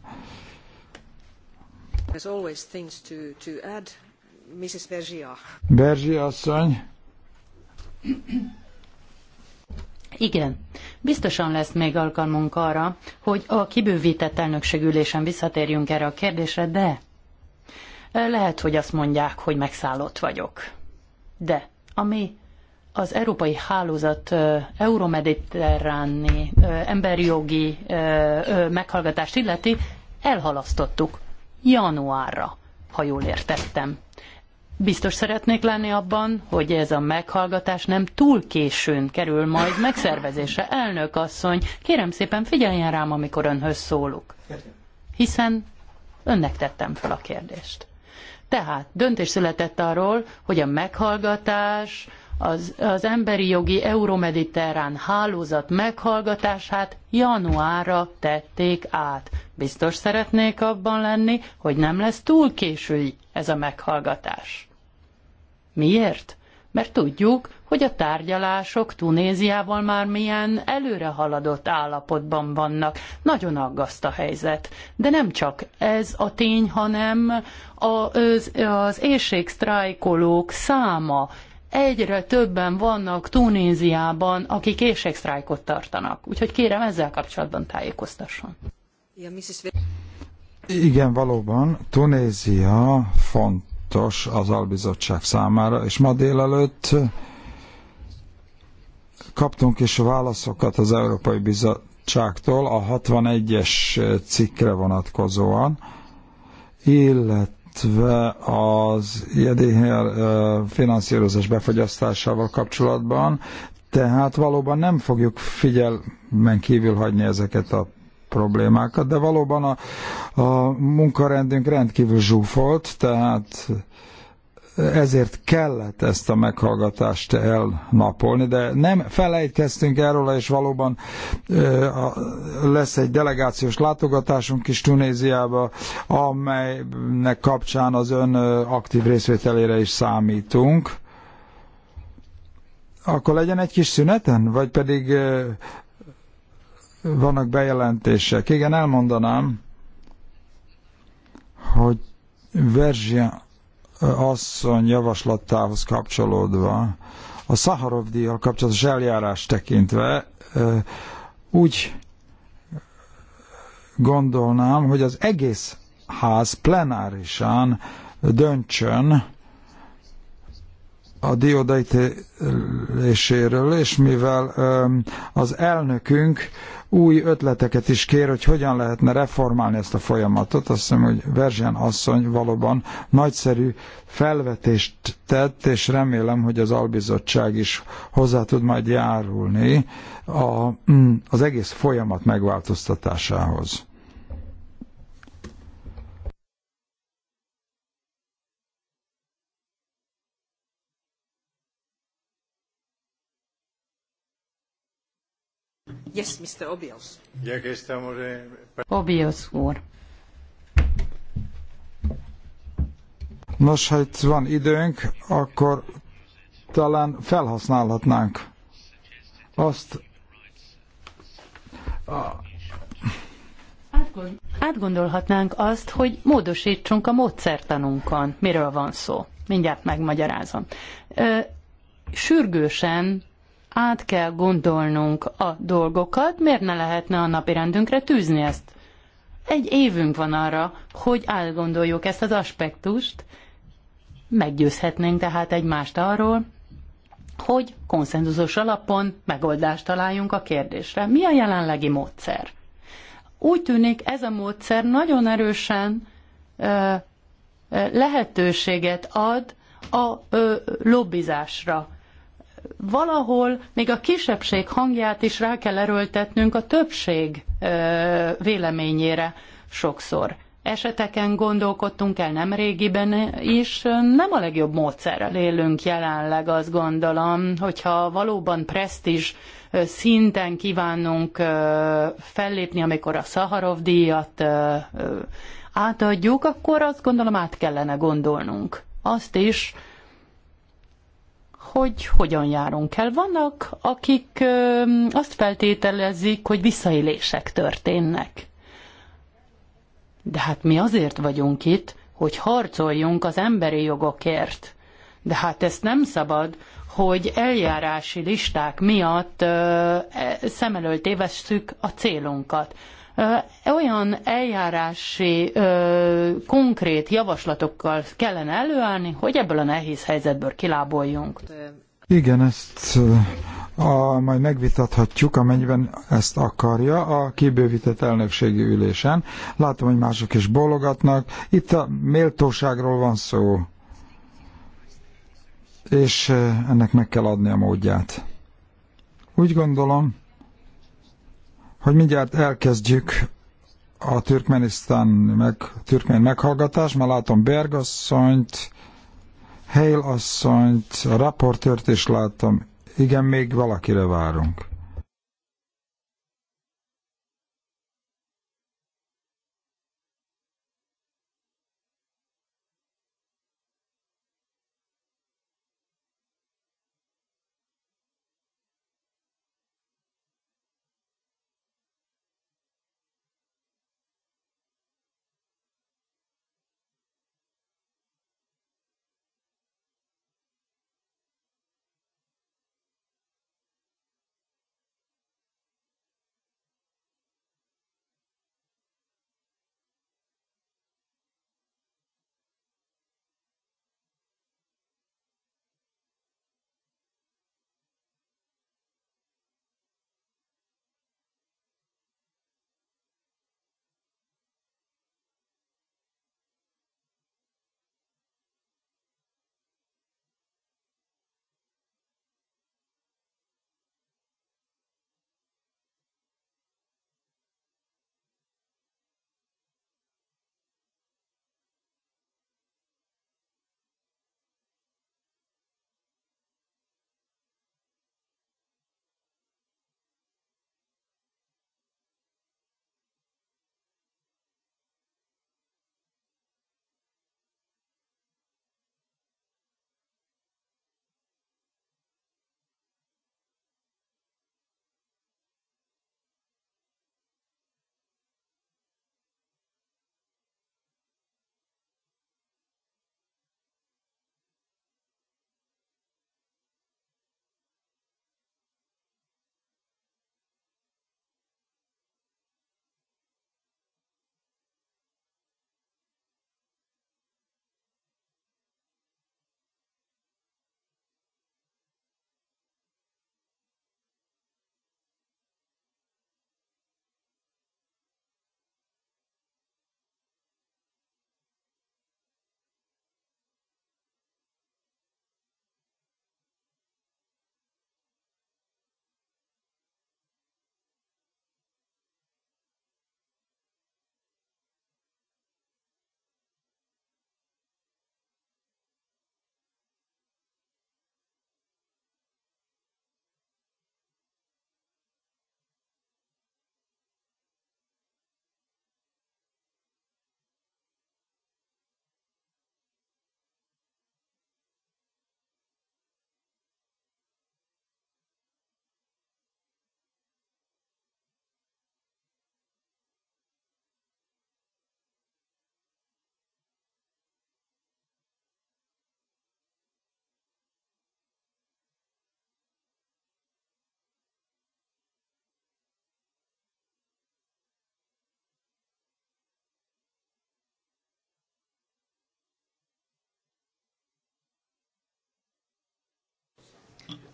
Mrs. asszony.
Igen. Biztosan lesz még alkalmunk arra, hogy a kibővített elnökségülésen visszatérjünk erre a kérdésre, de lehet, hogy azt mondják, hogy megszállott vagyok. De ami az európai hálózat euromediterráni emberi jogi meghallgatást illeti, elhalasztottuk januárra, ha jól értettem. Biztos szeretnék lenni abban, hogy ez a meghallgatás nem túl későn kerül majd megszervezésre. Elnök asszony, kérem szépen figyeljen rám, amikor önhöz szólok. Hiszen önnek tettem fel a kérdést. Tehát döntés született arról, hogy a meghallgatás az, az emberi jogi euromediterrán hálózat meghallgatását januárra tették át. Biztos szeretnék abban lenni, hogy nem lesz túl késői ez a meghallgatás. Miért? Mert tudjuk, hogy a tárgyalások Tunéziával már milyen előre haladott állapotban vannak. Nagyon aggaszt a helyzet. De nem csak ez a tény, hanem az, az éjségsztrájkolók száma egyre többen vannak Tunéziában, akik éjségsztrájkot tartanak. Úgyhogy kérem ezzel kapcsolatban tájékoztasson.
Igen, valóban Tunézia fontos az albizottság számára, és ma délelőtt kaptunk is válaszokat az Európai Bizottságtól a 61-es cikkre vonatkozóan, illetve illetve az IEDHR finanszírozás befogyasztásával kapcsolatban, tehát valóban nem fogjuk figyelmen kívül hagyni ezeket a problémákat, de valóban a, a munkarendünk rendkívül zsúfolt, tehát ezért kellett ezt a meghallgatást elnapolni, de nem felejtkeztünk erről, és valóban lesz egy delegációs látogatásunk is Tunéziába, amelynek kapcsán az ön aktív részvételére is számítunk. Akkor legyen egy kis szüneten, vagy pedig vannak bejelentések. Igen, elmondanám, hogy Verzsia asszony javaslatához kapcsolódva, a Szaharov díjjal kapcsolatos eljárás tekintve úgy gondolnám, hogy az egész ház plenárisan döntsön a dioda és mivel az elnökünk új ötleteket is kér, hogy hogyan lehetne reformálni ezt a folyamatot, azt hiszem, hogy Verzsen asszony valóban nagyszerű felvetést tett, és remélem, hogy az albizottság is hozzá tud majd járulni a, mm, az egész folyamat megváltoztatásához.
Yes, Mr. Obios. Ya que estamos en...
Obios úr.
Nos, ha itt van időnk, akkor talán felhasználhatnánk azt
Átgondolhatnánk azt, hogy módosítsunk a módszertanunkon. Miről van szó? Mindjárt megmagyarázom. sürgősen át kell gondolnunk a dolgokat, miért ne lehetne a napi rendünkre tűzni ezt? Egy évünk van arra, hogy átgondoljuk ezt az aspektust, meggyőzhetnénk tehát egymást arról, hogy konszenzusos alapon megoldást találjunk a kérdésre. Mi a jelenlegi módszer? Úgy tűnik, ez a módszer nagyon erősen ö, lehetőséget ad a ö, lobbizásra, valahol még a kisebbség hangját is rá kell erőltetnünk a többség véleményére sokszor. Eseteken gondolkodtunk el nem régiben is, nem a legjobb módszerrel élünk jelenleg, azt gondolom, hogyha valóban presztízs szinten kívánunk fellépni, amikor a Szaharov díjat átadjuk, akkor azt gondolom át kellene gondolnunk. Azt is, hogy hogyan járunk el. Vannak, akik azt feltételezik, hogy visszaélések történnek. De hát mi azért vagyunk itt, hogy harcoljunk az emberi jogokért. De hát ezt nem szabad, hogy eljárási listák miatt ö, e, szem előtt a célunkat olyan eljárási konkrét javaslatokkal kellene előállni, hogy ebből a nehéz helyzetből kiláboljunk.
Igen, ezt a, majd megvitathatjuk, amennyiben ezt akarja, a kibővített elnökségi ülésen. Látom, hogy mások is bologatnak. Itt a méltóságról van szó, és ennek meg kell adni a módját. Úgy gondolom, hogy mindjárt elkezdjük a Türkmenisztán meg, türkmen meghallgatás, Már látom Bergasszonyt, Hale asszonyt, a raportőrt is látom. Igen, még valakire várunk.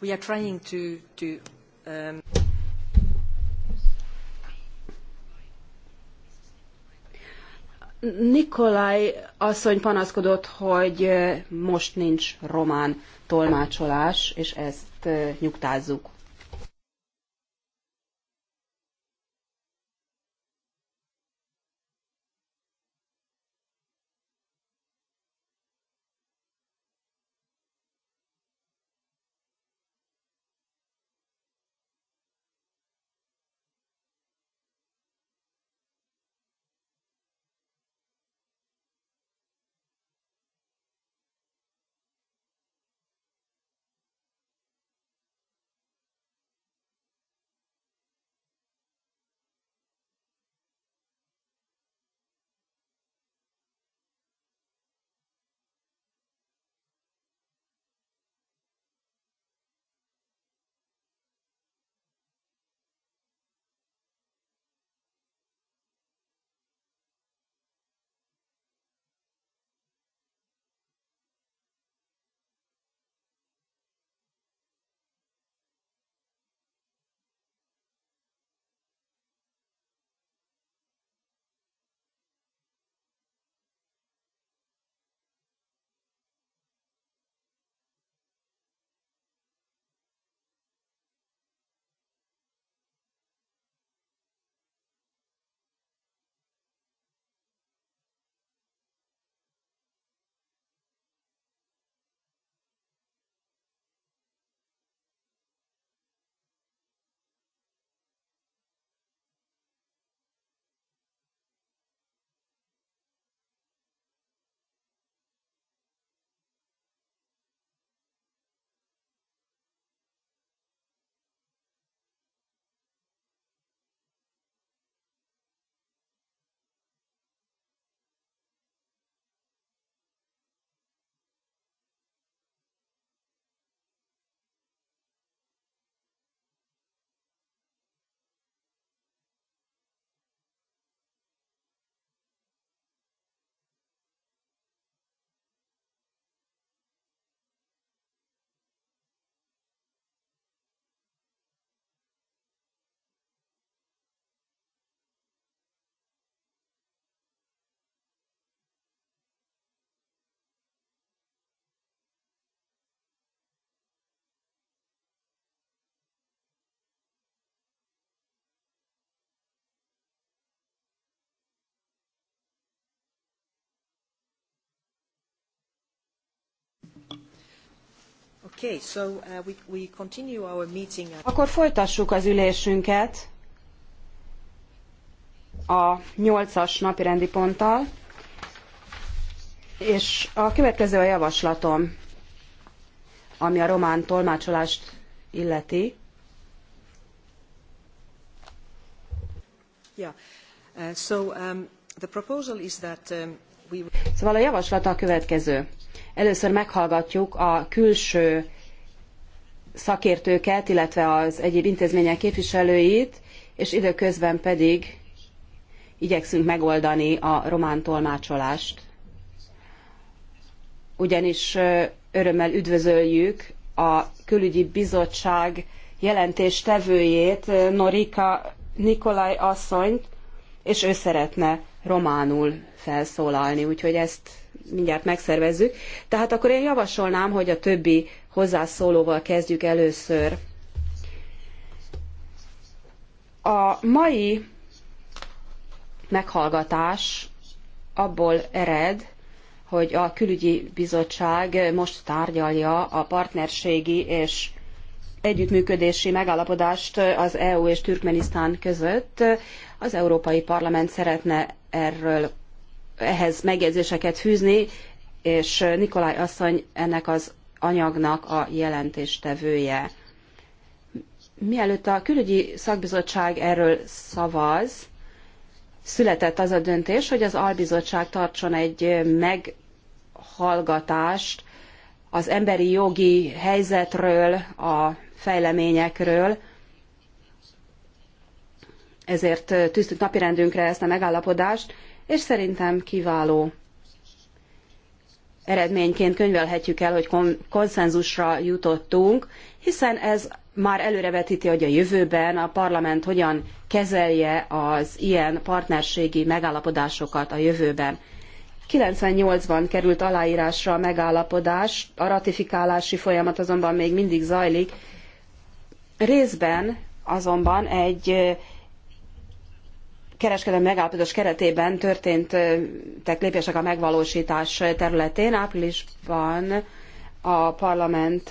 we are trying to, to um...
Nikolaj asszony panaszkodott, hogy uh, most nincs román tolmácsolás, és ezt uh, nyugtázzuk.
Okay, so, uh, we, we continue our meeting.
Akkor folytassuk az ülésünket a nyolcas napirendi ponttal, és a következő a javaslatom, ami a román tolmácsolást illeti.
Yeah. Uh, so, um, the proposal is that, um, we...
Szóval a javaslat a következő Először meghallgatjuk a külső szakértőket, illetve az egyéb intézmények képviselőit, és időközben pedig igyekszünk megoldani a román tolmácsolást. Ugyanis örömmel üdvözöljük a külügyi bizottság jelentés tevőjét, Norika Nikolaj asszonyt, és ő szeretne románul felszólalni, úgyhogy ezt mindjárt megszervezzük. Tehát akkor én javasolnám, hogy a többi hozzászólóval kezdjük először. A mai meghallgatás abból ered, hogy a külügyi bizottság most tárgyalja a partnerségi és együttműködési megállapodást az EU és Türkmenisztán között. Az Európai Parlament szeretne erről ehhez megjegyzéseket fűzni, és Nikolaj asszony ennek az anyagnak a jelentéstevője. Mielőtt a külügyi szakbizottság erről szavaz, született az a döntés, hogy az albizottság tartson egy meghallgatást az emberi jogi helyzetről, a fejleményekről. Ezért tűztük napirendünkre ezt a megállapodást, és szerintem kiváló eredményként könyvelhetjük el, hogy konszenzusra jutottunk, hiszen ez már előrevetíti, hogy a jövőben a parlament hogyan kezelje az ilyen partnerségi megállapodásokat a jövőben. 98-ban került aláírásra a megállapodás, a ratifikálási folyamat azonban még mindig zajlik. Részben azonban egy kereskedelmi megállapodás keretében történtek lépések a megvalósítás területén. Áprilisban a parlament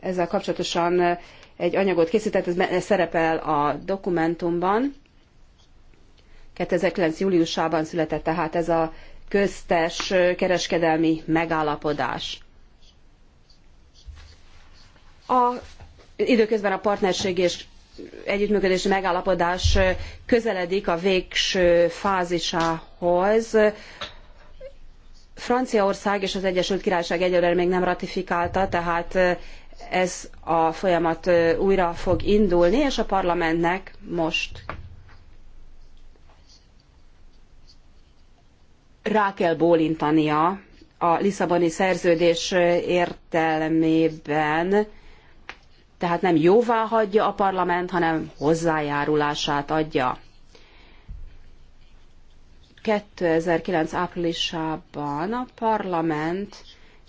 ezzel kapcsolatosan egy anyagot készített, ez szerepel a dokumentumban. 2009. júliusában született tehát ez a köztes kereskedelmi megállapodás. A, időközben a partnerség és együttműködési megállapodás közeledik a végső fázisához. Franciaország és az Egyesült Királyság egyelőre még nem ratifikálta, tehát ez a folyamat újra fog indulni, és a parlamentnek most rá kell bólintania a Lisszaboni szerződés értelmében tehát nem jóvá hagyja a parlament, hanem hozzájárulását adja. 2009. áprilisában a parlament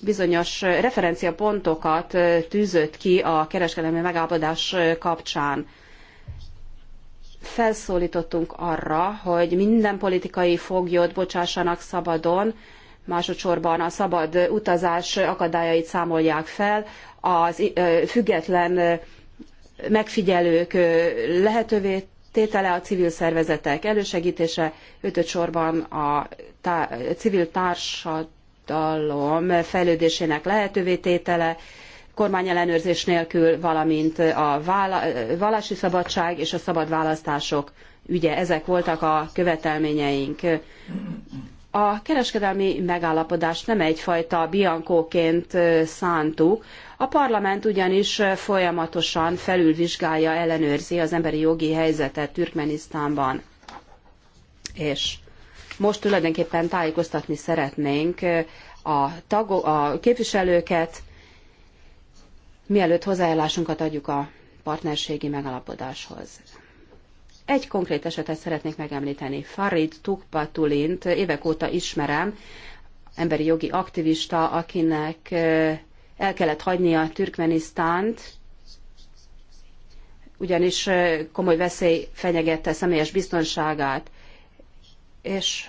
bizonyos referenciapontokat tűzött ki a kereskedelmi megállapodás kapcsán. Felszólítottunk arra, hogy minden politikai foglyot bocsássanak szabadon, másodszorban a szabad utazás akadályait számolják fel, az független megfigyelők lehetővé tétele a civil szervezetek elősegítése, ötöt sorban a tá- civil társadalom fejlődésének lehetővé tétele, kormányellenőrzés nélkül, valamint a vála- vallási szabadság és a szabad választások ügye. Ezek voltak a követelményeink. A kereskedelmi megállapodást nem egyfajta biankóként szántuk, a parlament ugyanis folyamatosan felülvizsgálja, ellenőrzi az emberi jogi helyzetet Türkmenisztánban. És most tulajdonképpen tájékoztatni szeretnénk a, tagok, a képviselőket, mielőtt hozzájárulásunkat adjuk a partnerségi megalapodáshoz. Egy konkrét esetet szeretnék megemlíteni. Farid Tukpatulint évek óta ismerem, emberi jogi aktivista, akinek el kellett hagynia Türkmenisztánt, ugyanis komoly veszély fenyegette személyes biztonságát, és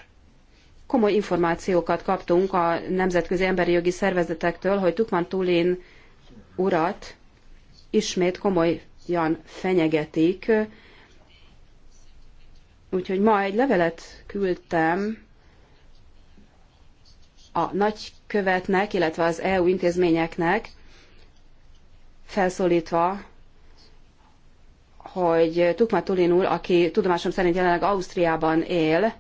komoly információkat kaptunk a nemzetközi emberi jogi szervezetektől, hogy Tukman Tulin urat ismét komolyan fenyegetik, Úgyhogy ma egy levelet küldtem a nagykövetnek, illetve az EU intézményeknek, felszólítva, hogy Tukma Tulin úr, aki tudomásom szerint jelenleg Ausztriában él,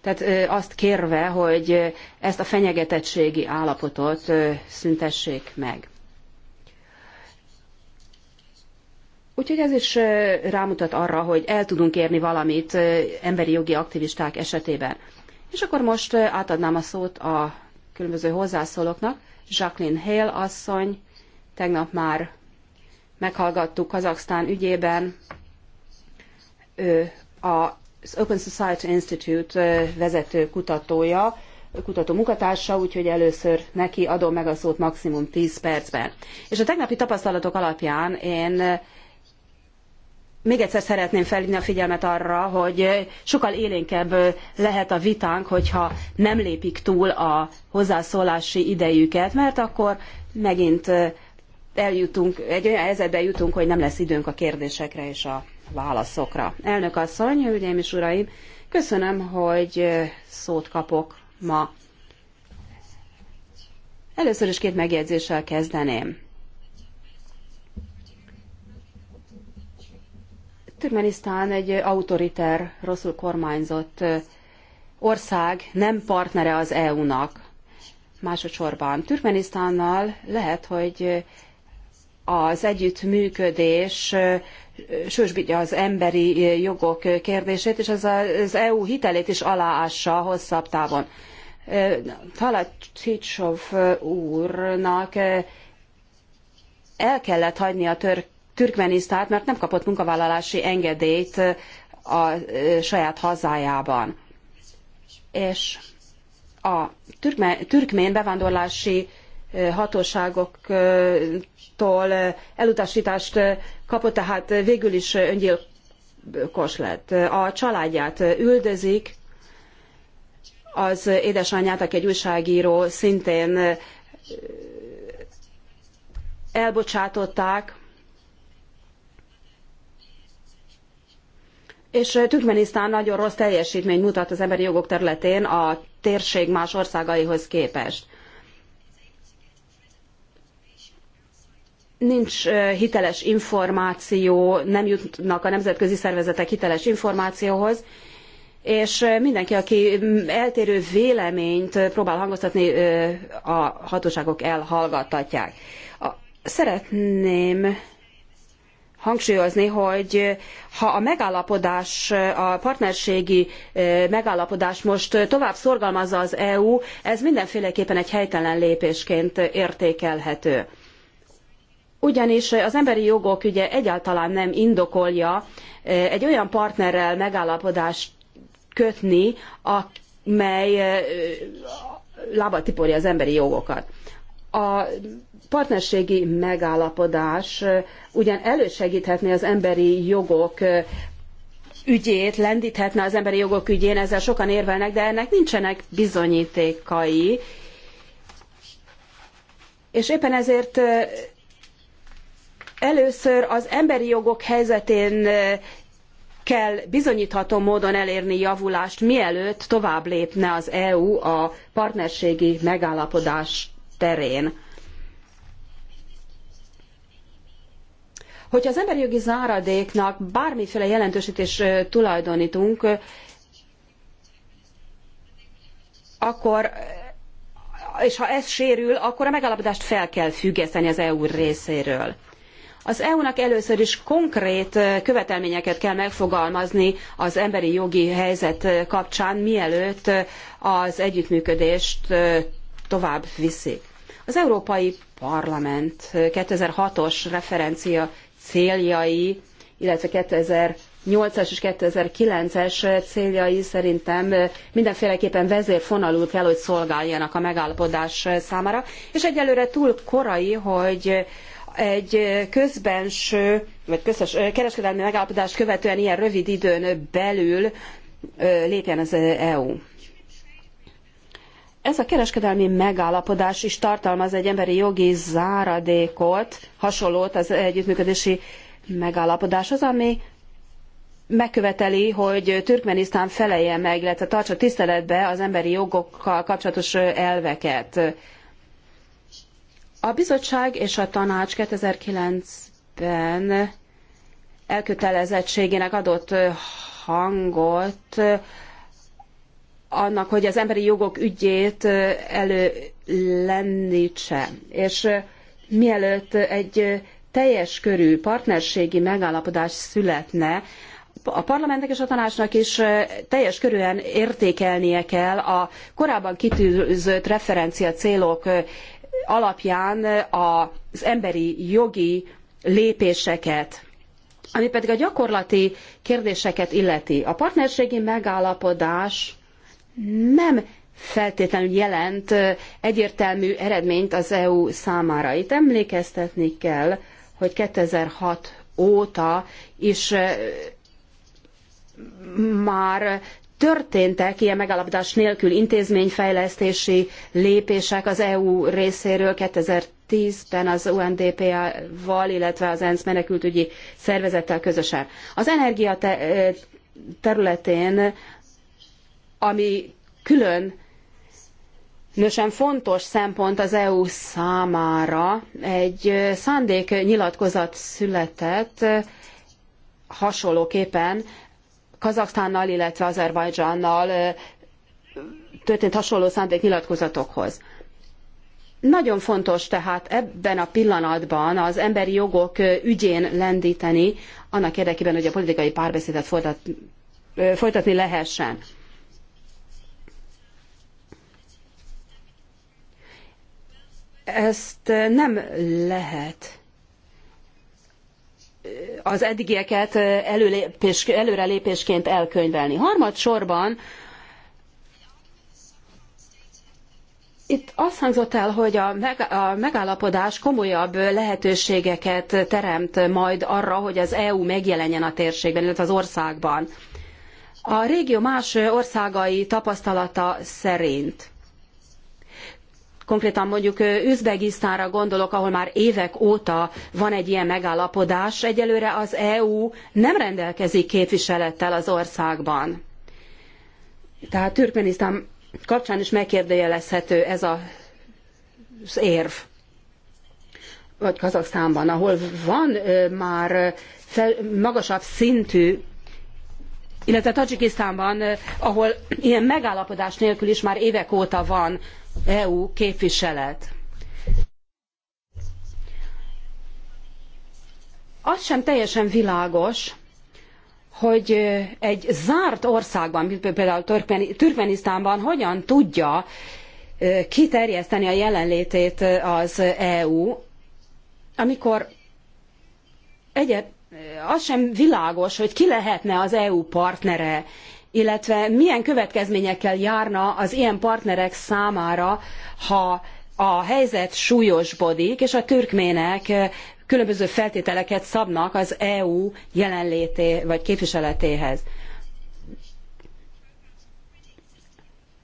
tehát azt kérve, hogy ezt a fenyegetettségi állapotot szüntessék meg. Úgyhogy ez is rámutat arra, hogy el tudunk érni valamit emberi jogi aktivisták esetében. És akkor most átadnám a szót a különböző hozzászólóknak. Jacqueline Hale asszony, tegnap már meghallgattuk Kazaksztán ügyében. Ő az Open Society Institute vezető kutatója, kutató munkatársa, úgyhogy először neki adom meg a szót maximum 10 percben. És a tegnapi tapasztalatok alapján én még egyszer szeretném felhívni a figyelmet arra, hogy sokkal élénkebb lehet a vitánk, hogyha nem lépik túl a hozzászólási idejüket, mert akkor megint eljutunk, egy olyan helyzetbe jutunk, hogy nem lesz időnk a kérdésekre és a válaszokra. Elnök asszony, hölgyeim és uraim, köszönöm, hogy szót kapok ma. Először is két megjegyzéssel kezdeném. Türkmenisztán egy autoriter, rosszul kormányzott ország, nem partnere az EU-nak. Másodszorban Türkmenisztánnal lehet, hogy az együttműködés sősbítja az emberi jogok kérdését, és ez az EU hitelét is aláássa hosszabb távon. Talacsicsov úrnak el kellett hagyni a tör Türkmenisztát, mert nem kapott munkavállalási engedélyt a saját hazájában. És a türkmén bevándorlási hatóságoktól elutasítást kapott, tehát végül is öngyilkos lett. A családját üldözik, az édesanyját, aki egy újságíró, szintén elbocsátották, És Türkmenisztán nagyon rossz teljesítményt mutat az emberi jogok területén a térség más országaihoz képest. nincs hiteles információ, nem jutnak a nemzetközi szervezetek hiteles információhoz, és mindenki, aki eltérő véleményt próbál hangoztatni, a hatóságok elhallgattatják. Szeretném hangsúlyozni, hogy ha a megállapodás, a partnerségi megállapodás most tovább szorgalmazza az EU, ez mindenféleképpen egy helytelen lépésként értékelhető. Ugyanis az emberi jogok ügye egyáltalán nem indokolja egy olyan partnerrel megállapodást kötni, amely lábat tiporja az emberi jogokat. A partnerségi megállapodás ugyan elősegíthetné az emberi jogok ügyét,
lendíthetne
az emberi jogok ügyén, ezzel sokan érvelnek, de ennek nincsenek bizonyítékai. És éppen ezért először az emberi jogok helyzetén kell bizonyítható módon elérni javulást, mielőtt tovább lépne az EU a partnerségi megállapodás terén. Hogyha az emberi jogi záradéknak bármiféle jelentősítés tulajdonítunk, akkor és ha ez sérül, akkor a megállapodást fel kell függeszteni az EU részéről. Az EU-nak először is konkrét követelményeket kell megfogalmazni az emberi jogi helyzet kapcsán, mielőtt az együttműködést tovább viszik. Az Európai Parlament 2006-os referencia céljai, illetve 2008-as és 2009-es céljai szerintem mindenféleképpen vezérfonalul kell, hogy szolgáljanak a megállapodás számára, és egyelőre túl korai, hogy egy közbenső, vagy közös kereskedelmi megállapodást követően ilyen rövid időn belül lépjen az EU. Ez a kereskedelmi megállapodás is tartalmaz egy emberi jogi záradékot, hasonlót az együttműködési megállapodáshoz, ami megköveteli, hogy Türkmenisztán felelje meg, illetve tartsa tiszteletbe az emberi jogokkal kapcsolatos elveket. A bizottság és a tanács 2009-ben elkötelezettségének adott hangot annak, hogy az emberi jogok ügyét elő lendítse. És mielőtt egy teljes körű partnerségi megállapodás születne, a parlamentnek és a tanácsnak is teljes körűen értékelnie kell a korábban kitűzött referencia célok alapján az emberi jogi lépéseket. Ami pedig a gyakorlati kérdéseket illeti. A partnerségi megállapodás nem feltétlenül jelent egyértelmű eredményt az EU számára. Itt emlékeztetni kell, hogy 2006 óta is már történtek ilyen megalapodás nélkül intézményfejlesztési lépések az EU részéről 2010-ben az UNDP-val, illetve az ENSZ menekültügyi szervezettel közösen. Az energia területén ami külön Nősen fontos szempont az EU számára egy szándéknyilatkozat született hasonlóképpen Kazaksztánnal, illetve Azerbajdzsánnal történt hasonló szándéknyilatkozatokhoz. Nagyon fontos tehát ebben a pillanatban az emberi jogok ügyén lendíteni, annak érdekében, hogy a politikai párbeszédet folytatni lehessen. Ezt nem lehet az eddigieket előlépés, előrelépésként elkönyvelni. Harmadsorban Itt azt hangzott el, hogy a, megállapodás komolyabb lehetőségeket teremt majd arra, hogy az EU megjelenjen a térségben, illetve az országban. A régió más országai tapasztalata szerint konkrétan mondjuk Üzbegisztánra gondolok, ahol már évek óta van egy ilyen megállapodás, egyelőre az EU nem rendelkezik képviselettel az országban. Tehát Türkmenisztán kapcsán is megkérdőjelezhető ez a, az érv. Vagy Kazaksztánban, ahol van már fel, magasabb szintű illetve tadzsikisztánban eh, ahol ilyen megállapodás nélkül is már évek óta van EU képviselet. Az sem teljesen világos, hogy eh, egy zárt országban, mint például Türkmenisztánban hogyan tudja eh, kiterjeszteni a jelenlétét az EU, amikor egyet az sem világos, hogy ki lehetne az EU partnere, illetve milyen következményekkel járna az ilyen partnerek számára, ha a helyzet súlyosbodik, és a türkmének különböző feltételeket szabnak az EU jelenlété vagy képviseletéhez.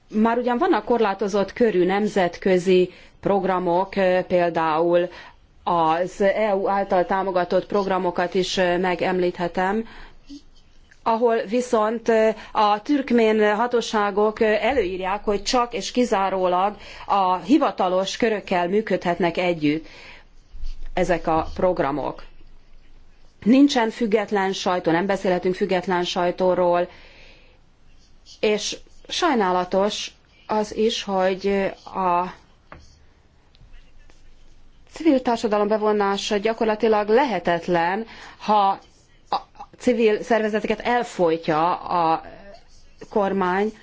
Már ugyan vannak korlátozott körű nemzetközi programok, például az EU által támogatott programokat is megemlíthetem, ahol viszont a türkmén hatóságok előírják, hogy csak és kizárólag a hivatalos körökkel működhetnek együtt ezek a programok. Nincsen független sajtó, nem beszélhetünk független sajtóról, és sajnálatos az is, hogy a civil társadalom bevonása gyakorlatilag lehetetlen, ha a civil szervezeteket elfolytja a kormány,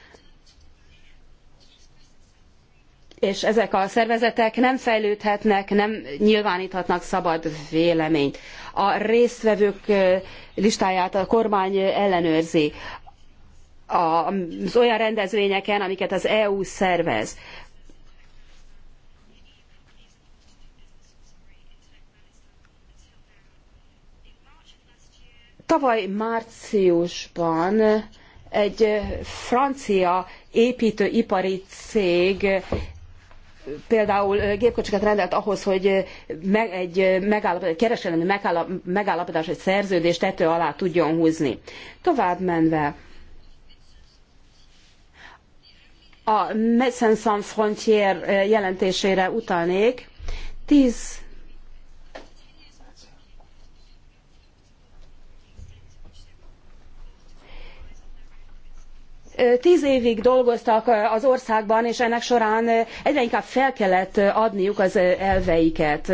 és ezek a szervezetek nem fejlődhetnek, nem nyilváníthatnak szabad véleményt. A résztvevők listáját a kormány ellenőrzi az olyan rendezvényeken, amiket az EU szervez. Tavaly márciusban egy francia építőipari cég például gépkocsikat rendelt ahhoz, hogy meg, egy megállapodás, kereselemi megállapodás, egy szerződés tető alá tudjon húzni. Tovább menve, a Médecins Sans Frontières jelentésére utalnék, tíz tíz évig dolgoztak az országban, és ennek során egyre inkább fel kellett adniuk az elveiket.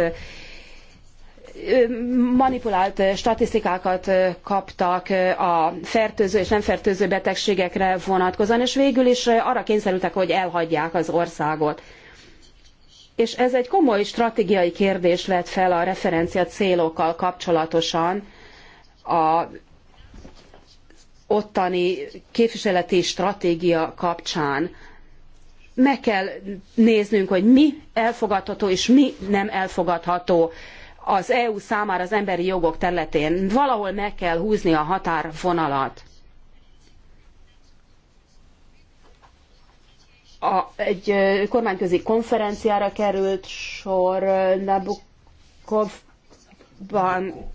Manipulált statisztikákat kaptak a fertőző és nem fertőző betegségekre vonatkozóan, és végül is arra kényszerültek, hogy elhagyják az országot. És ez egy komoly stratégiai kérdés lett fel a referencia célokkal kapcsolatosan a ottani képviseleti stratégia kapcsán meg kell néznünk, hogy mi elfogadható és mi nem elfogadható az EU számára az emberi jogok területén. Valahol meg kell húzni a határvonalat. A, egy kormányközi konferenciára került sor Nabukovban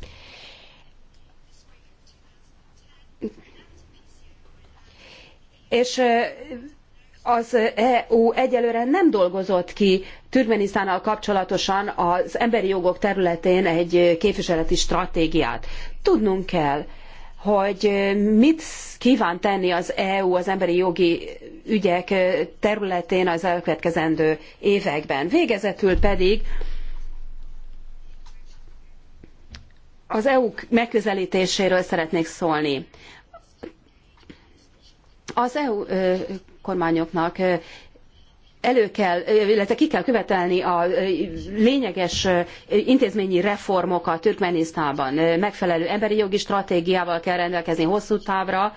és az EU egyelőre nem dolgozott ki Türkmenisztánnal kapcsolatosan az emberi jogok területén egy képviseleti stratégiát. Tudnunk kell, hogy mit kíván tenni az EU az emberi jogi ügyek területén az elkövetkezendő években. Végezetül pedig az EU megközelítéséről szeretnék szólni. Az EU kormányoknak elő kell, illetve ki kell követelni a lényeges intézményi reformokat Türkmenisztában. Megfelelő emberi jogi stratégiával kell rendelkezni hosszú távra,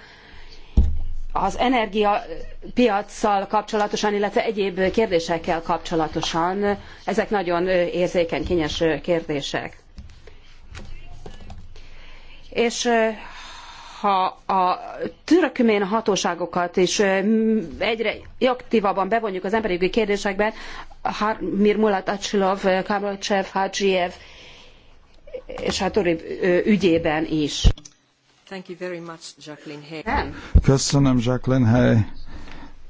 az energiapiacsal kapcsolatosan, illetve egyéb kérdésekkel kapcsolatosan. Ezek nagyon érzékeny, kényes kérdések. És ha a törökmén hatóságokat is egyre aktívabban bevonjuk az emberi jogi kérdésekben, Mir Mulat Acsilov, Kamolcsev, Hadzsiev
és hát Orib ügyében is. Much, Jacqueline
Köszönöm, Jacqueline Hay.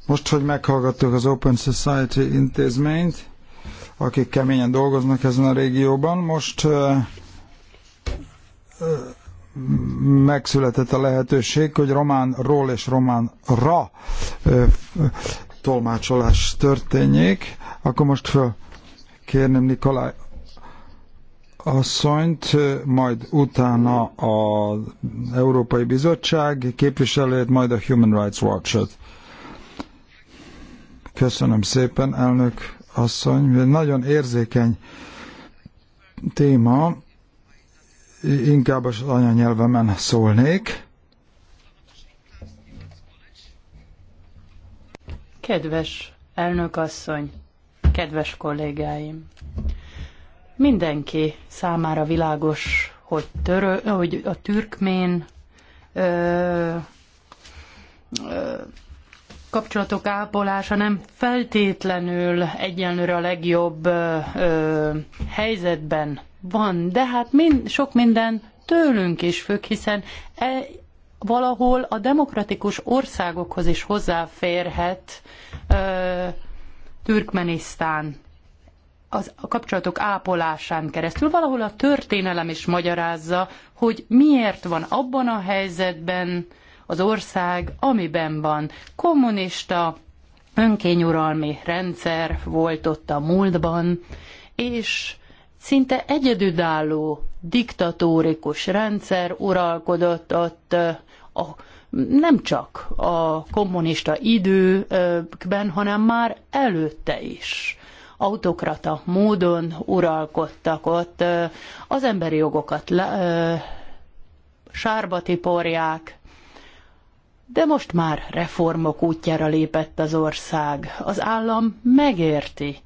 Most, hogy meghallgattuk az Open Society intézményt, akik keményen dolgoznak ezen a régióban, most uh, uh, megszületett a lehetőség, hogy románról és románra tolmácsolás történjék, akkor most föl kérném Nikolaj asszonyt, majd utána az Európai Bizottság képviselőjét, majd a Human Rights Watch-ot. Köszönöm szépen, elnök asszony. Nagyon érzékeny téma, inkább az anyanyelvemen szólnék.
Kedves elnökasszony, kedves kollégáim! Mindenki számára világos, hogy, törő, hogy a türkmén ö, ö, kapcsolatok ápolása nem feltétlenül egyenlőre a legjobb ö, helyzetben van, de hát mind, sok minden tőlünk is függ, hiszen e, valahol a demokratikus országokhoz is hozzáférhet e, Türkmenisztán az, a kapcsolatok ápolásán keresztül. Valahol a történelem is magyarázza, hogy miért van abban a helyzetben az ország, amiben van. Kommunista, önkényuralmi rendszer volt ott a múltban, és Szinte egyedülálló diktatórikus rendszer uralkodott ott a, nem csak a kommunista időkben, hanem már előtte is autokrata módon uralkodtak ott, az emberi jogokat le, sárba tiporják, de most már reformok útjára lépett az ország. Az állam megérti,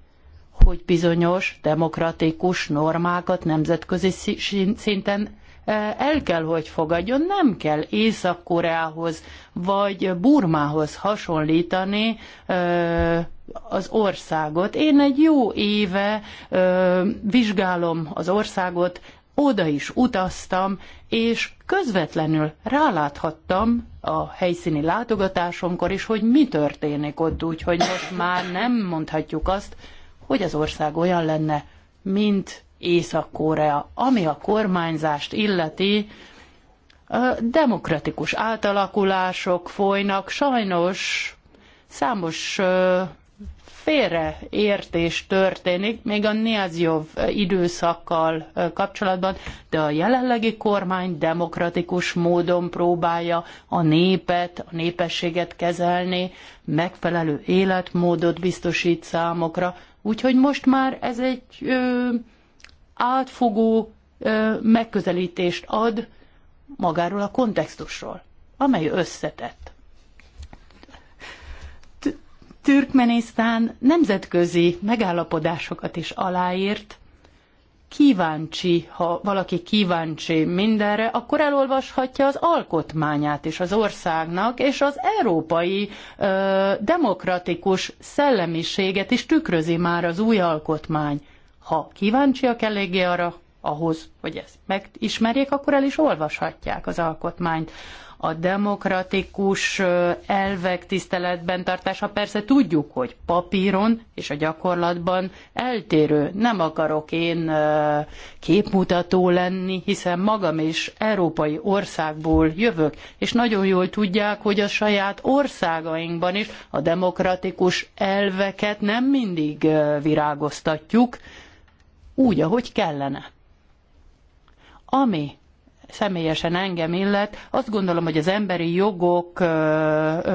hogy bizonyos demokratikus normákat nemzetközi szinten e, el kell, hogy fogadjon, nem kell Észak-Koreához vagy Burmához hasonlítani e, az országot. Én egy jó éve e, vizsgálom az országot, oda is utaztam, és közvetlenül ráláthattam a helyszíni látogatásomkor is, hogy mi történik ott, úgyhogy most már nem mondhatjuk azt, hogy az ország olyan lenne, mint Észak-Korea, ami a kormányzást illeti, demokratikus átalakulások folynak, sajnos számos félreértés történik, még a Niazjov időszakkal kapcsolatban, de a jelenlegi kormány demokratikus módon próbálja a népet, a népességet kezelni, megfelelő életmódot biztosít számokra, Úgyhogy most már ez egy ö, átfogó ö, megközelítést ad magáról a kontextusról, amely összetett. Türkmenisztán nemzetközi megállapodásokat is aláírt, kíváncsi, ha valaki kíváncsi mindenre, akkor elolvashatja az alkotmányát is az országnak, és az európai ö, demokratikus szellemiséget is tükrözi már az új alkotmány. Ha kíváncsiak eléggé arra, ahhoz, hogy ezt megismerjék, akkor el is olvashatják az alkotmányt a demokratikus elvek tiszteletben tartása. Persze tudjuk, hogy papíron és a gyakorlatban eltérő. Nem akarok én képmutató lenni, hiszen magam is európai országból jövök, és nagyon jól tudják, hogy a saját országainkban is a demokratikus elveket nem mindig virágoztatjuk úgy, ahogy kellene. Ami személyesen engem illet, azt gondolom, hogy az emberi jogok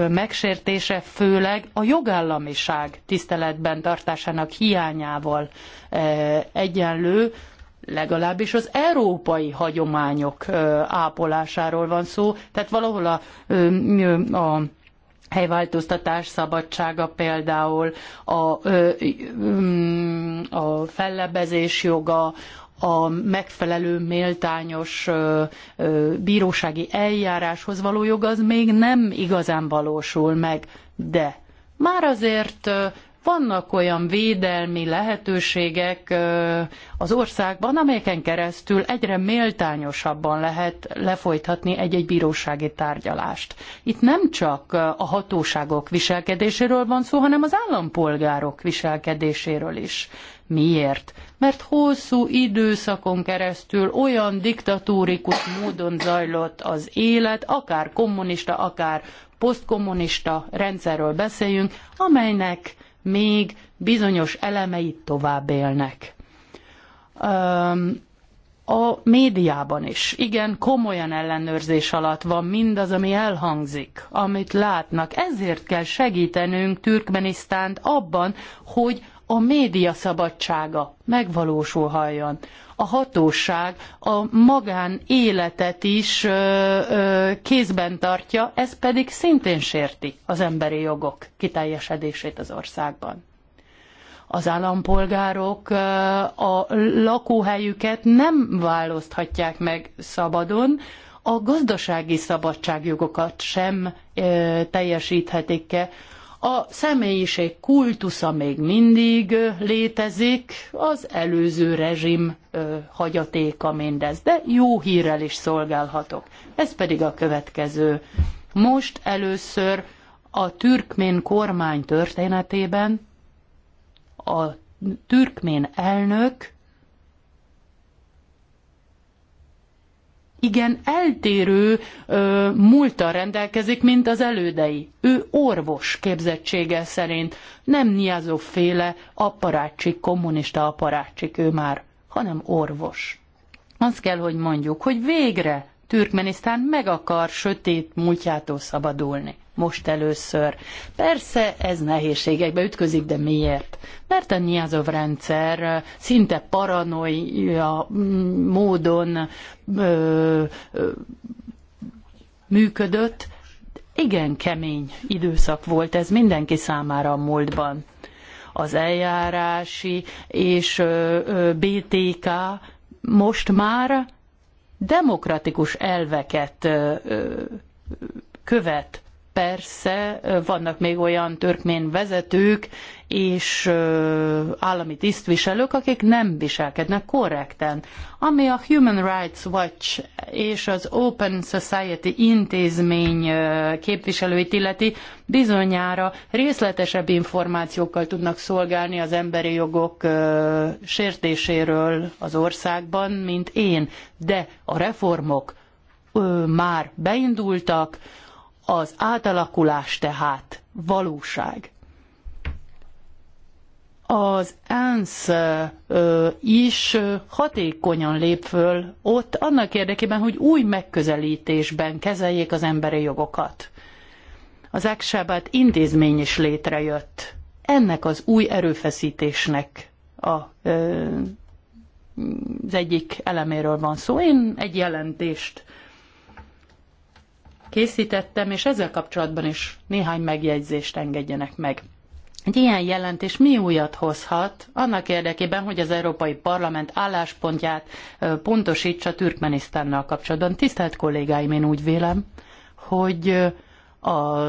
megsértése főleg a jogállamiság tiszteletben tartásának hiányával egyenlő, legalábbis az európai hagyományok ápolásáról van szó, tehát valahol a, a helyváltoztatás szabadsága például, a, a fellebbezés joga, a megfelelő méltányos bírósági eljáráshoz való jog az még nem igazán valósul meg, de már azért vannak olyan védelmi lehetőségek az országban, amelyeken keresztül egyre méltányosabban lehet lefolytatni egy-egy bírósági tárgyalást. Itt nem csak a hatóságok viselkedéséről van szó, hanem az állampolgárok viselkedéséről is. Miért? Mert hosszú időszakon keresztül olyan diktatórikus módon zajlott az élet, akár kommunista, akár posztkommunista rendszerről beszéljünk, amelynek még bizonyos elemei tovább élnek. Um, a médiában is. Igen, komolyan ellenőrzés alatt van mindaz, ami elhangzik, amit látnak. Ezért kell segítenünk Türkmenisztánt abban, hogy a média szabadsága megvalósulhasson. A hatóság a magán életet is kézben tartja, ez pedig szintén sérti az emberi jogok kiteljesedését az országban az állampolgárok a lakóhelyüket nem választhatják meg szabadon, a gazdasági szabadságjogokat sem teljesíthetik -e a személyiség kultusza még mindig létezik, az előző rezsim hagyatéka mindez, de jó hírrel is szolgálhatok. Ez pedig a következő. Most először a türkmén kormány történetében a türkmén elnök igen eltérő ö, múltal rendelkezik, mint az elődei. Ő orvos képzettsége szerint, nem Niazov féle apparátsik, kommunista apparátsik ő már, hanem orvos. Azt kell, hogy mondjuk, hogy végre Türkmenisztán meg akar sötét múltjától szabadulni most először. Persze ez nehézségekbe ütközik, de miért? Mert a Niazov rendszer szinte paranoia módon ö, ö, működött. Igen kemény időszak volt ez mindenki számára a múltban. Az eljárási és ö, ö, BTK most már demokratikus elveket ö, ö, követ persze vannak még olyan törkmén vezetők és állami tisztviselők, akik nem viselkednek korrekten. Ami a Human Rights Watch és az Open Society intézmény képviselőit illeti, bizonyára részletesebb információkkal tudnak szolgálni az emberi jogok sértéséről az országban, mint én. De a reformok már beindultak, az átalakulás tehát valóság. Az ENSZ is hatékonyan lép föl ott annak érdekében, hogy új megközelítésben kezeljék az emberi jogokat. Az Aksabát intézmény is létrejött. Ennek az új erőfeszítésnek a az egyik eleméről van szó. Én egy jelentést készítettem, és ezzel kapcsolatban is néhány megjegyzést engedjenek meg. Egy ilyen jelentés mi újat hozhat annak érdekében, hogy az Európai Parlament álláspontját pontosítsa Türkmenisztánnal kapcsolatban. Tisztelt kollégáim, én úgy vélem, hogy a,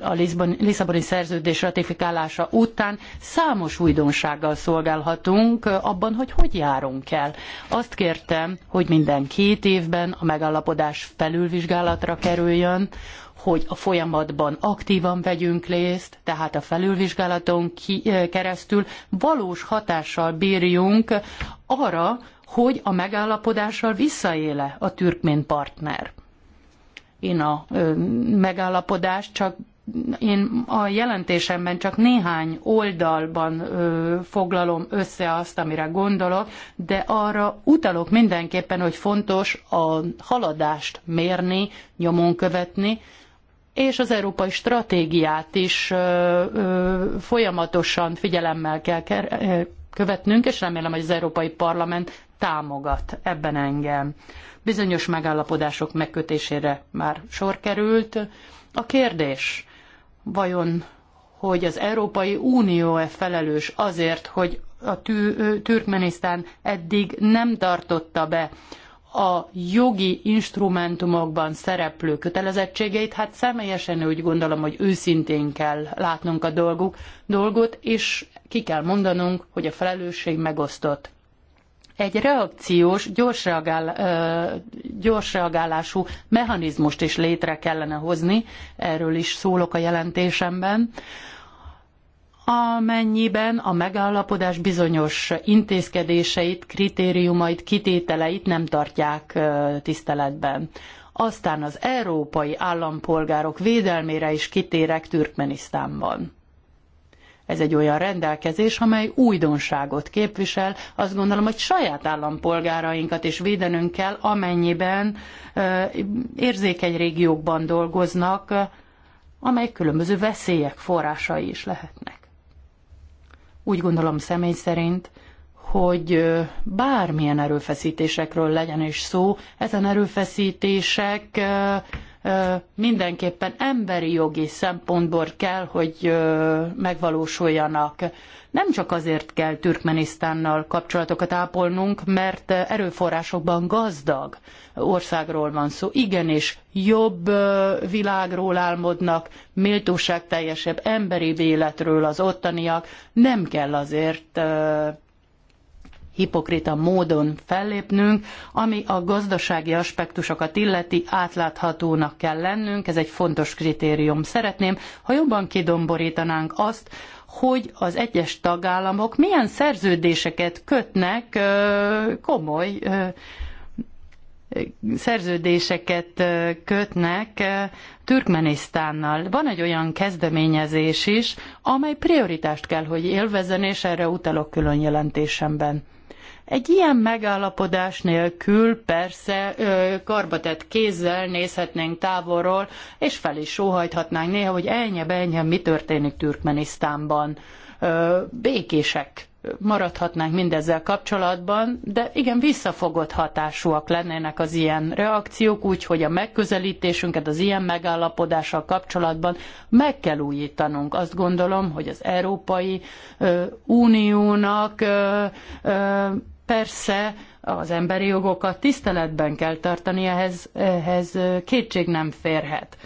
a Lisszaboni szerződés ratifikálása után számos újdonsággal szolgálhatunk abban, hogy hogy járunk el. Azt kértem, hogy minden két évben a megállapodás felülvizsgálatra kerüljön, hogy a folyamatban aktívan vegyünk részt, tehát a felülvizsgálaton keresztül valós hatással bírjunk arra, hogy a megállapodással visszaéle a türkmén partner én a megállapodást csak én a jelentésemben csak néhány oldalban ö, foglalom össze azt, amire gondolok, de arra utalok mindenképpen, hogy fontos a haladást mérni, nyomon követni, és az európai stratégiát is ö, ö, folyamatosan figyelemmel kell követnünk, és remélem, hogy az Európai Parlament támogat ebben engem. Bizonyos megállapodások megkötésére már sor került. A kérdés, vajon, hogy az Európai Unió-e felelős azért, hogy a tű, Türkmenisztán eddig nem tartotta be a jogi instrumentumokban szereplő kötelezettségeit, hát személyesen úgy gondolom, hogy őszintén kell látnunk a dolguk, dolgot, és ki kell mondanunk, hogy a felelősség megosztott egy reakciós, gyors, reagál, gyors reagálású mechanizmust is létre kellene hozni, erről is szólok a jelentésemben, amennyiben a megállapodás bizonyos intézkedéseit, kritériumait, kitételeit nem tartják tiszteletben. Aztán az európai állampolgárok védelmére is kitérek Türkmenisztánban. Ez egy olyan rendelkezés, amely újdonságot képvisel. Azt gondolom, hogy saját állampolgárainkat is védenünk kell, amennyiben érzékeny régiókban dolgoznak, amely különböző veszélyek forrásai is lehetnek. Úgy gondolom személy szerint, hogy bármilyen erőfeszítésekről legyen is szó, ezen erőfeszítések mindenképpen emberi jogi szempontból kell, hogy megvalósuljanak. Nem csak azért kell Türkmenisztánnal kapcsolatokat ápolnunk, mert erőforrásokban gazdag országról van szó. Igenis, jobb világról álmodnak, méltóságteljesebb emberi életről az ottaniak. Nem kell azért hipokrita módon fellépnünk, ami a gazdasági aspektusokat illeti, átláthatónak kell lennünk, ez egy fontos kritérium. Szeretném, ha jobban kidomborítanánk azt, hogy az egyes tagállamok milyen szerződéseket kötnek komoly szerződéseket kötnek Türkmenisztánnal. Van egy olyan kezdeményezés is, amely prioritást kell, hogy élvezzen, és erre utalok külön jelentésemben. Egy ilyen megállapodás nélkül persze karbatett kézzel nézhetnénk távolról, és fel is sóhajthatnánk néha, hogy enyhe ennyi mi történik Türkmenisztánban. Békések maradhatnánk mindezzel kapcsolatban, de igen, visszafogott hatásúak lennének az ilyen reakciók, úgyhogy a megközelítésünket az ilyen megállapodással kapcsolatban meg kell újítanunk. Azt gondolom, hogy az Európai Uniónak Persze az emberi jogokat tiszteletben kell tartani, ehhez, ehhez kétség nem férhet.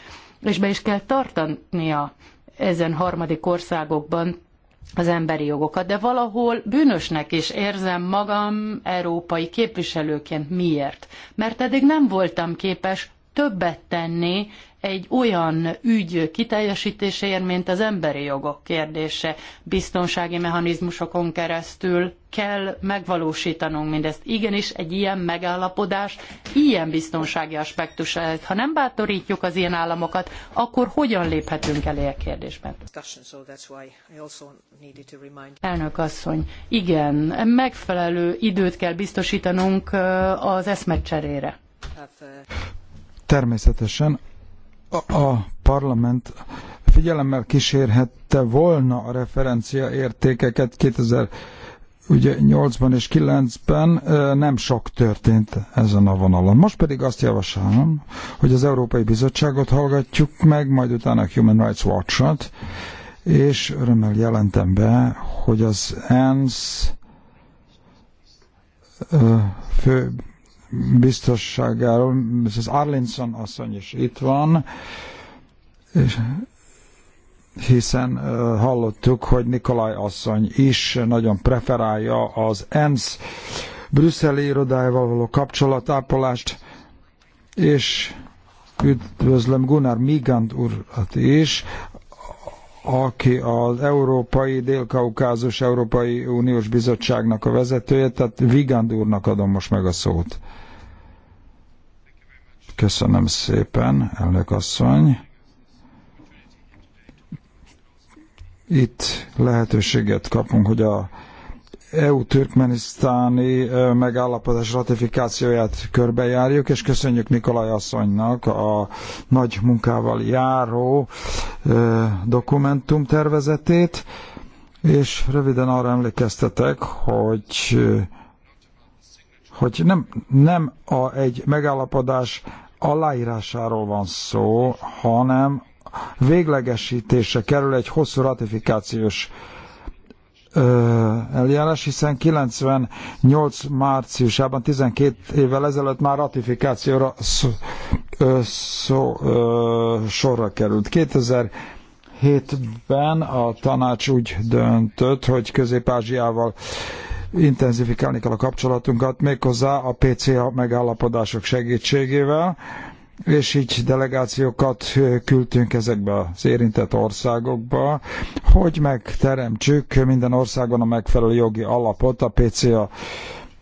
És be is kell tartania ezen harmadik országokban az emberi jogokat, de valahol bűnösnek is érzem magam európai képviselőként. Miért? Mert eddig nem voltam képes többet tenni egy olyan ügy kiteljesítéséért, mint az emberi jogok kérdése. Biztonsági mechanizmusokon keresztül kell megvalósítanunk mindezt. Igenis, egy ilyen megállapodás, ilyen biztonsági aspektus. Ha nem bátorítjuk az ilyen államokat, akkor hogyan léphetünk elé a e kérdésben? Elnök asszony, igen, megfelelő időt kell biztosítanunk az eszmecserére. Uh,
Természetesen a parlament figyelemmel kísérhette volna a referencia értékeket 2008-ban és 2009-ben, nem sok történt ezen a vonalon. Most pedig azt javaslom, hogy az Európai Bizottságot hallgatjuk meg, majd utána a Human Rights Watch-ot, és örömmel jelentem be, hogy az ENSZ fő biztosságáról, Mrs. Arlinson asszony is itt van, és hiszen hallottuk, hogy Nikolaj asszony is nagyon preferálja az ENSZ brüsszeli irodájával való kapcsolatápolást, és üdvözlöm Gunnar Migand urat is, aki az Európai Dél-Kaukázus Európai Uniós Bizottságnak a vezetője, tehát Vigand úrnak adom most meg a szót. Köszönöm szépen, elnök asszony. Itt lehetőséget kapunk, hogy a EU-Türkmenisztáni megállapodás ratifikációját körbejárjuk, és köszönjük Nikolaj asszonynak a nagy munkával járó dokumentum tervezetét, és röviden arra emlékeztetek, hogy hogy nem, nem a, egy megállapodás aláírásáról van szó, hanem véglegesítése kerül egy hosszú ratifikációs eljárás, hiszen 98 márciusában, 12 évvel ezelőtt már ratifikációra ö, szó, ö, sorra került. 2007-ben a tanács úgy döntött, hogy Közép-Ázsiával intenzifikálni kell a kapcsolatunkat, méghozzá a PCA megállapodások segítségével, és így delegációkat küldtünk ezekbe az érintett országokba, hogy megteremtsük minden országban a megfelelő jogi alapot a PCA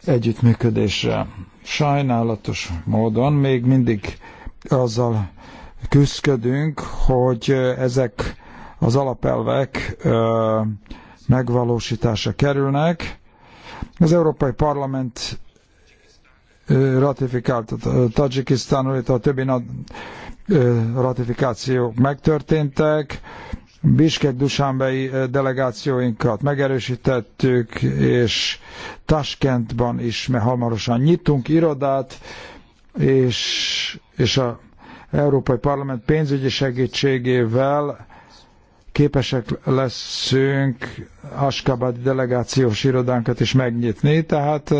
együttműködésre. Sajnálatos módon még mindig azzal küzdködünk, hogy ezek az alapelvek megvalósítása kerülnek, az Európai Parlament ratifikált Tajikisztánról, illetve a többi ratifikációk megtörténtek. Biskek Dusánbei delegációinkat megerősítettük, és Taskentban is hamarosan nyitunk irodát, és, és a Európai Parlament pénzügyi segítségével képesek leszünk Askabad delegációs irodánkat is megnyitni, tehát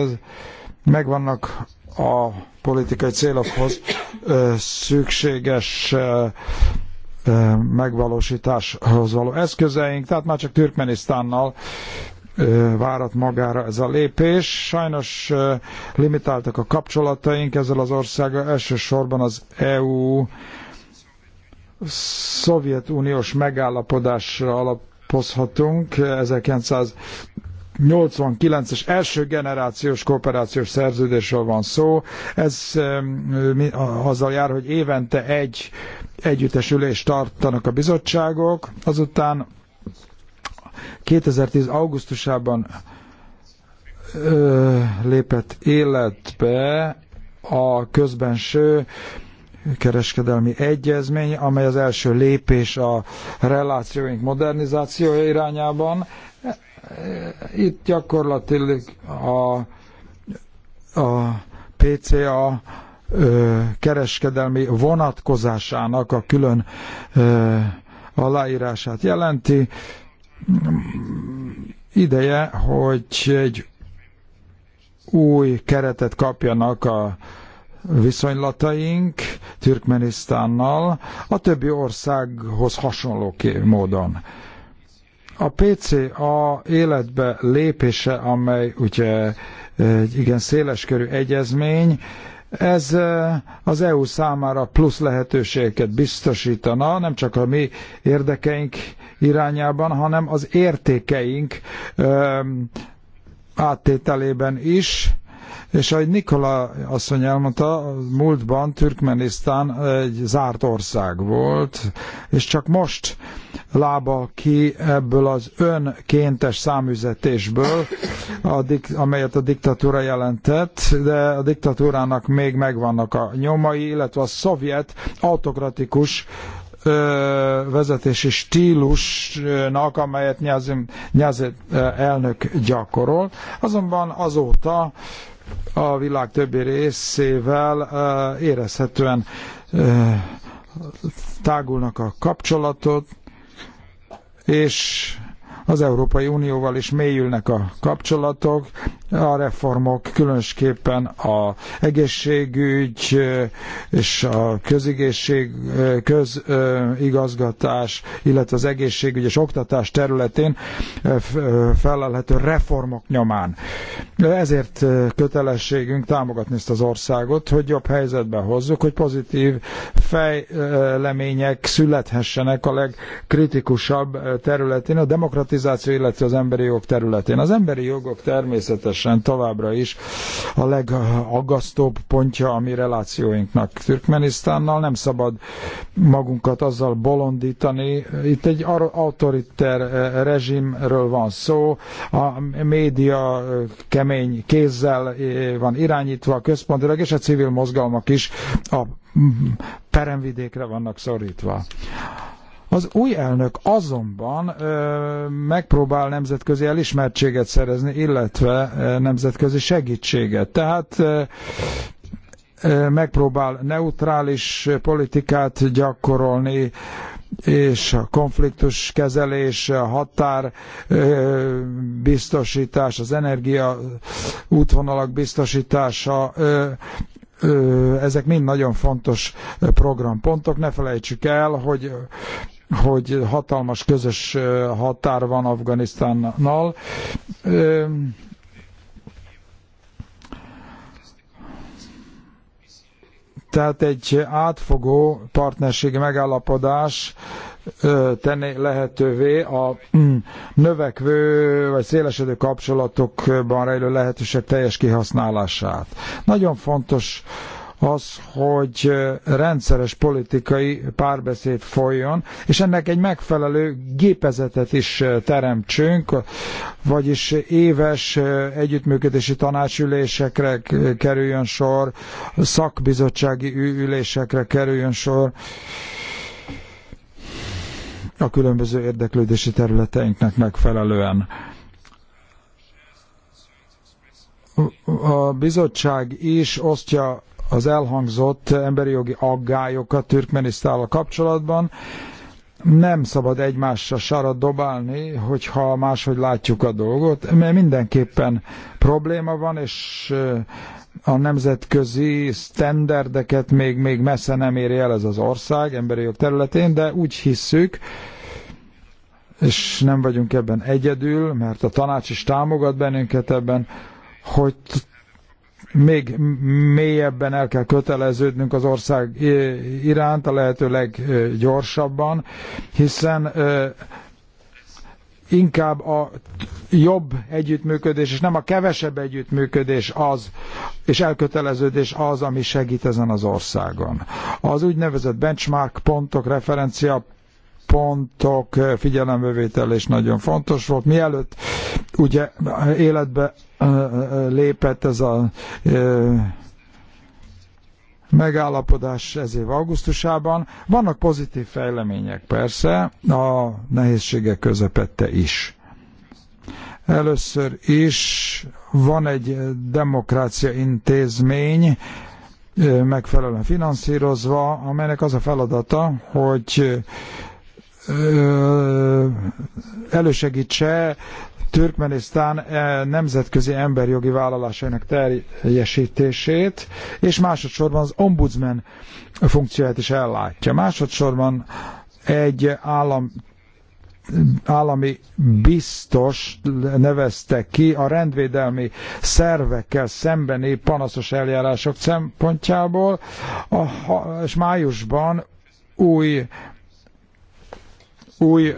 megvannak a politikai célokhoz szükséges megvalósításhoz való eszközeink, tehát már csak Türkmenisztánnal várat magára ez a lépés. Sajnos limitáltak a kapcsolataink ezzel az országgal, elsősorban az EU Szovjetuniós megállapodásra alapozhatunk 1989-es első generációs kooperációs szerződésről van szó. Ez azzal jár, hogy évente egy együttesülést tartanak a bizottságok, azután 2010. augusztusában ö, lépett életbe a közbenső kereskedelmi egyezmény, amely az első lépés a relációink modernizációja irányában. Itt gyakorlatilag a, a PCA kereskedelmi vonatkozásának a külön aláírását jelenti. Ideje, hogy egy új keretet kapjanak a viszonylataink Türkmenisztánnal, a többi országhoz hasonló módon. A PCA életbe lépése, amely ugye egy igen széleskörű egyezmény, ez eh, az EU számára plusz lehetőségeket biztosítana, nem csak a mi érdekeink irányában, hanem az értékeink eh, áttételében is, és ahogy Nikola asszony elmondta, múltban Türkmenisztán egy zárt ország volt, és csak most lába ki ebből az önkéntes számüzetésből, amelyet a diktatúra jelentett, de a diktatúrának még megvannak a nyomai, illetve a szovjet autokratikus vezetési stílusnak, amelyet Nyazin, elnök gyakorol. Azonban azóta a világ többi részével érezhetően tágulnak a kapcsolatot, és az Európai Unióval is mélyülnek a kapcsolatok, a reformok, különösképpen a egészségügy és a közigészség, közigazgatás, illetve az egészségügy és oktatás területén felelhető reformok nyomán. Ezért kötelességünk támogatni ezt az országot, hogy jobb helyzetbe hozzuk, hogy pozitív fejlemények születhessenek a legkritikusabb területén, a demokratizáció, illetve az emberi jog területén. Az emberi jogok természetes természetesen továbbra is a legaggasztóbb pontja a mi relációinknak Türkmenisztánnal. Nem szabad magunkat azzal bolondítani. Itt egy autoriter eh, rezsimről van szó, a média eh, kemény kézzel eh, van irányítva központilag, és a civil mozgalmak is a mm, peremvidékre vannak szorítva. Az új elnök azonban ö, megpróbál nemzetközi elismertséget szerezni, illetve ö, nemzetközi segítséget. Tehát ö, megpróbál neutrális politikát gyakorolni, és a konfliktus kezelés, a határ biztosítás, az energia útvonalak biztosítása, ezek mind nagyon fontos programpontok. Ne felejtsük el, hogy hogy hatalmas közös határ van Afganisztánnal. Tehát egy átfogó partnerségi megállapodás tenni lehetővé a növekvő vagy szélesedő kapcsolatokban rejlő lehetőség teljes kihasználását. Nagyon fontos az, hogy rendszeres politikai párbeszéd folyjon, és ennek egy megfelelő gépezetet is teremtsünk, vagyis éves együttműködési tanácsülésekre kerüljön sor, szakbizottsági ülésekre kerüljön sor a különböző érdeklődési területeinknek megfelelően. A bizottság is osztja az elhangzott emberi jogi aggályokat Türkmenisztállal kapcsolatban. Nem szabad egymásra sarat dobálni, hogyha máshogy látjuk a dolgot, mert mindenképpen probléma van, és a nemzetközi sztenderdeket még, még messze nem éri el ez az ország emberi jog területén, de úgy hisszük, és nem vagyunk ebben egyedül, mert a tanács is támogat bennünket ebben, hogy még mélyebben el kell köteleződnünk az ország iránt a lehető leggyorsabban, hiszen inkább a jobb együttműködés, és nem a kevesebb együttműködés az, és elköteleződés az, ami segít ezen az országon. Az úgynevezett benchmark pontok, referencia pontok eh, figyelembevétel is nagyon fontos volt. Mielőtt ugye életbe eh, eh, lépett ez a megállapodás ez év augusztusában. Vannak pozitív fejlemények persze, a nehézségek közepette is. Először is van egy demokrácia intézmény, megfelelően finanszírozva, amelynek az a feladata, hogy elősegítse Türkmenisztán e, nemzetközi emberjogi vállalásainak teljesítését, és másodszorban az ombudsman funkcióját is ellátja. Másodszorban egy állam állami biztos nevezte ki a rendvédelmi szervekkel szembeni panaszos eljárások szempontjából, a, és májusban új új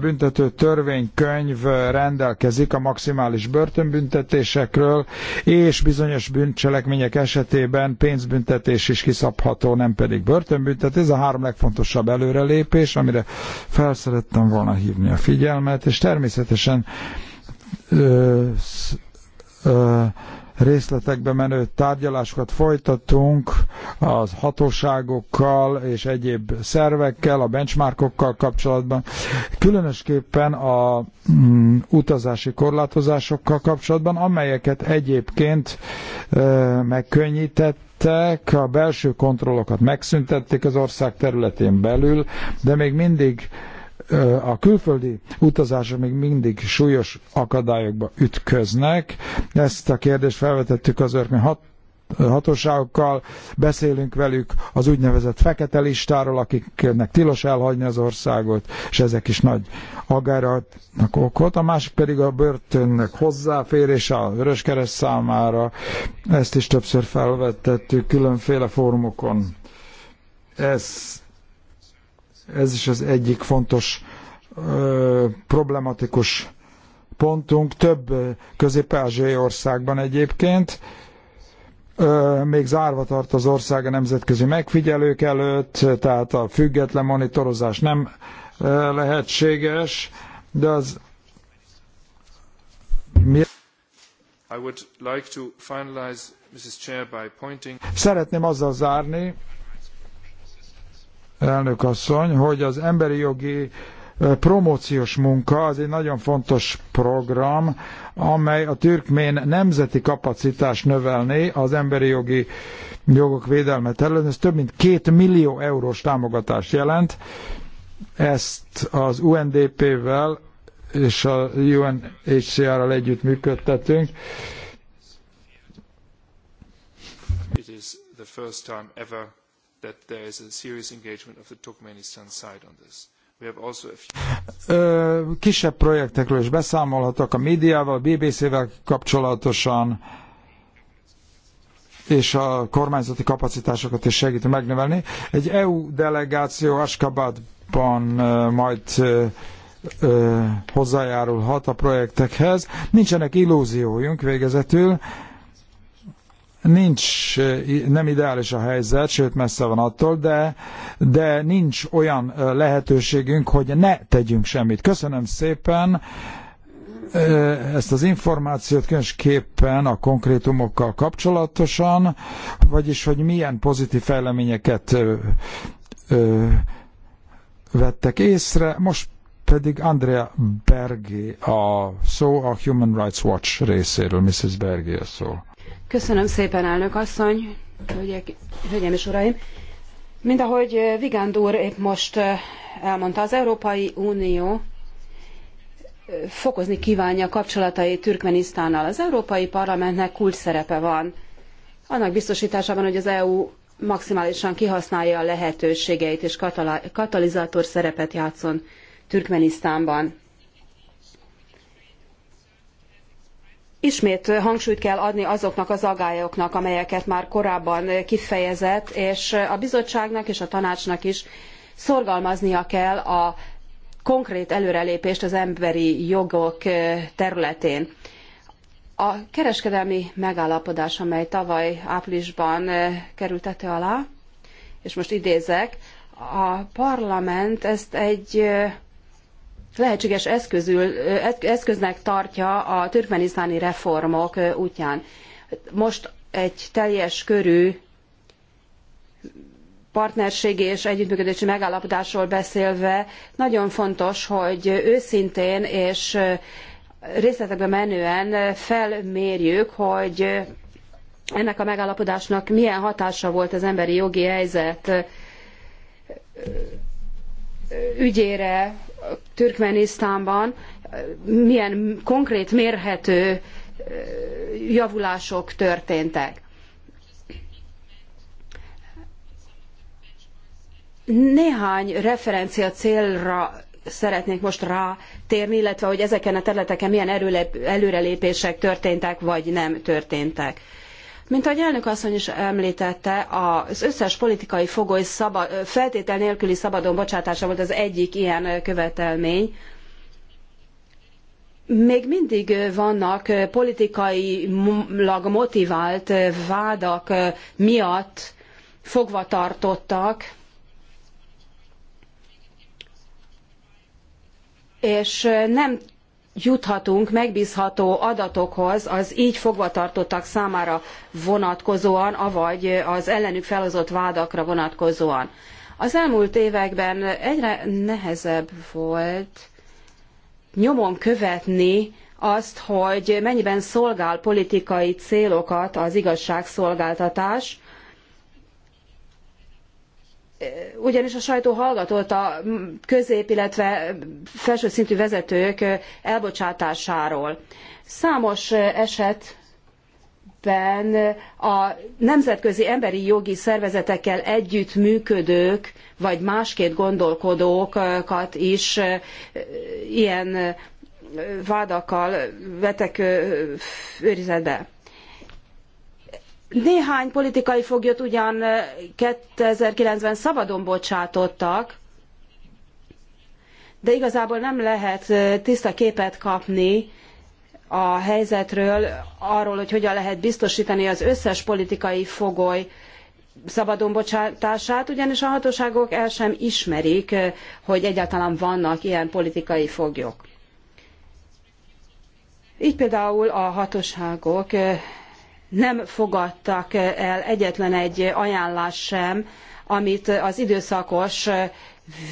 büntető törvénykönyv rendelkezik a maximális börtönbüntetésekről, és bizonyos bűncselekmények esetében pénzbüntetés is kiszabható, nem pedig börtönbüntetés. Ez a három legfontosabb előrelépés, amire felszerettem volna hívni a figyelmet, és természetesen ö, ö, részletekbe menő tárgyalásokat folytatunk az hatóságokkal és egyéb szervekkel, a benchmarkokkal kapcsolatban, különösképpen a mm, utazási korlátozásokkal kapcsolatban, amelyeket egyébként e, megkönnyített a belső kontrollokat megszüntették az ország területén belül, de még mindig a külföldi utazások még mindig súlyos akadályokba ütköznek. Ezt a kérdést felvetettük az örmény hat hatóságokkal, beszélünk velük az úgynevezett fekete listáról, akiknek tilos elhagyni az országot, és ezek is nagy agáratnak okot. A másik pedig a börtönnek hozzáférése a vöröskeres számára, ezt is többször felvettettük különféle fórumokon. Ez ez is az egyik fontos ö, problematikus pontunk. Több közép-ázsiai országban egyébként ö, még zárva tart az ország a nemzetközi megfigyelők előtt, tehát a független monitorozás nem ö, lehetséges, de az I would like to finalize, Mrs. Chair, by pointing... Szeretném azzal zárni, elnök asszony, hogy az emberi jogi promóciós munka, az egy nagyon fontos program, amely a türkmén nemzeti kapacitás növelné az emberi jogi jogok védelme területén. Ez több mint két millió eurós támogatást jelent. Ezt az UNDP-vel és a UNHCR-ral együtt működtetünk. It is the first time ever that there is a serious engagement of the Turkmenistan side on this. We have also a few... kisebb projektekről is beszámolhatok a médiával, BBC-vel kapcsolatosan, és a kormányzati kapacitásokat is segíti megnövelni. Egy EU delegáció Askabadban majd hozzájárulhat a projektekhez. Nincsenek illúzióink végezetül, Nincs, eh, nem ideális a helyzet, sőt messze van attól, de, de nincs olyan eh, lehetőségünk, hogy ne tegyünk semmit. Köszönöm szépen eh, ezt az információt különösképpen a konkrétumokkal kapcsolatosan, vagyis hogy milyen pozitív fejleményeket ö, ö, vettek észre. Most pedig Andrea Bergi a szó a Human Rights Watch részéről, Mrs. Bergi a szó.
Köszönöm szépen, elnök asszony, hölgyeim és uraim. Mint ahogy Vigand úr épp most elmondta, az Európai Unió fokozni kívánja kapcsolatait Türkmenisztánnal. Az Európai Parlamentnek kulcs szerepe van annak biztosításában, hogy az EU maximálisan kihasználja a lehetőségeit és katalizátor szerepet játszon Türkmenisztánban. ismét hangsúlyt kell adni azoknak az agályoknak, amelyeket már korábban kifejezett, és a bizottságnak és a tanácsnak is szorgalmaznia kell a konkrét előrelépést az emberi jogok területén. A kereskedelmi megállapodás, amely tavaly áprilisban került tető alá, és most idézek, a parlament ezt egy lehetséges eszközül, eszköznek tartja a türkmenisztáni reformok útján. Most egy teljes körű partnerségi és együttműködési megállapodásról beszélve nagyon fontos, hogy őszintén és részletekbe menően felmérjük, hogy ennek a megállapodásnak milyen hatása volt az emberi jogi helyzet ügyére, Türkmenisztánban milyen konkrét mérhető javulások történtek. Néhány referencia célra szeretnék most rátérni, illetve hogy ezeken a területeken milyen előrelépések történtek, vagy nem történtek. Mint ahogy elnök asszony is említette, az összes politikai fogoly szabad, feltétel nélküli szabadon bocsátása volt az egyik ilyen követelmény. Még mindig vannak politikailag motivált vádak miatt fogva tartottak, és nem juthatunk megbízható adatokhoz az így fogvatartottak számára vonatkozóan, avagy az ellenük felhozott vádakra vonatkozóan. Az elmúlt években egyre nehezebb volt nyomon követni azt, hogy mennyiben szolgál politikai célokat az igazságszolgáltatás, ugyanis a sajtó hallgatott a közép, illetve felső szintű vezetők elbocsátásáról. Számos esetben a nemzetközi emberi jogi szervezetekkel együtt működők, vagy másként gondolkodókat is ilyen vádakkal vetek őrizetbe. Néhány politikai foglyot ugyan 2009-ben eh, szabadon bocsátottak, de igazából nem lehet eh, tiszta képet kapni a helyzetről, arról, hogy hogyan lehet biztosítani az összes politikai fogoly szabadon bocsátását, ugyanis a hatóságok el sem ismerik, eh, hogy egyáltalán vannak ilyen politikai foglyok. Így például a hatóságok nem fogadtak el egyetlen egy ajánlás sem, amit az időszakos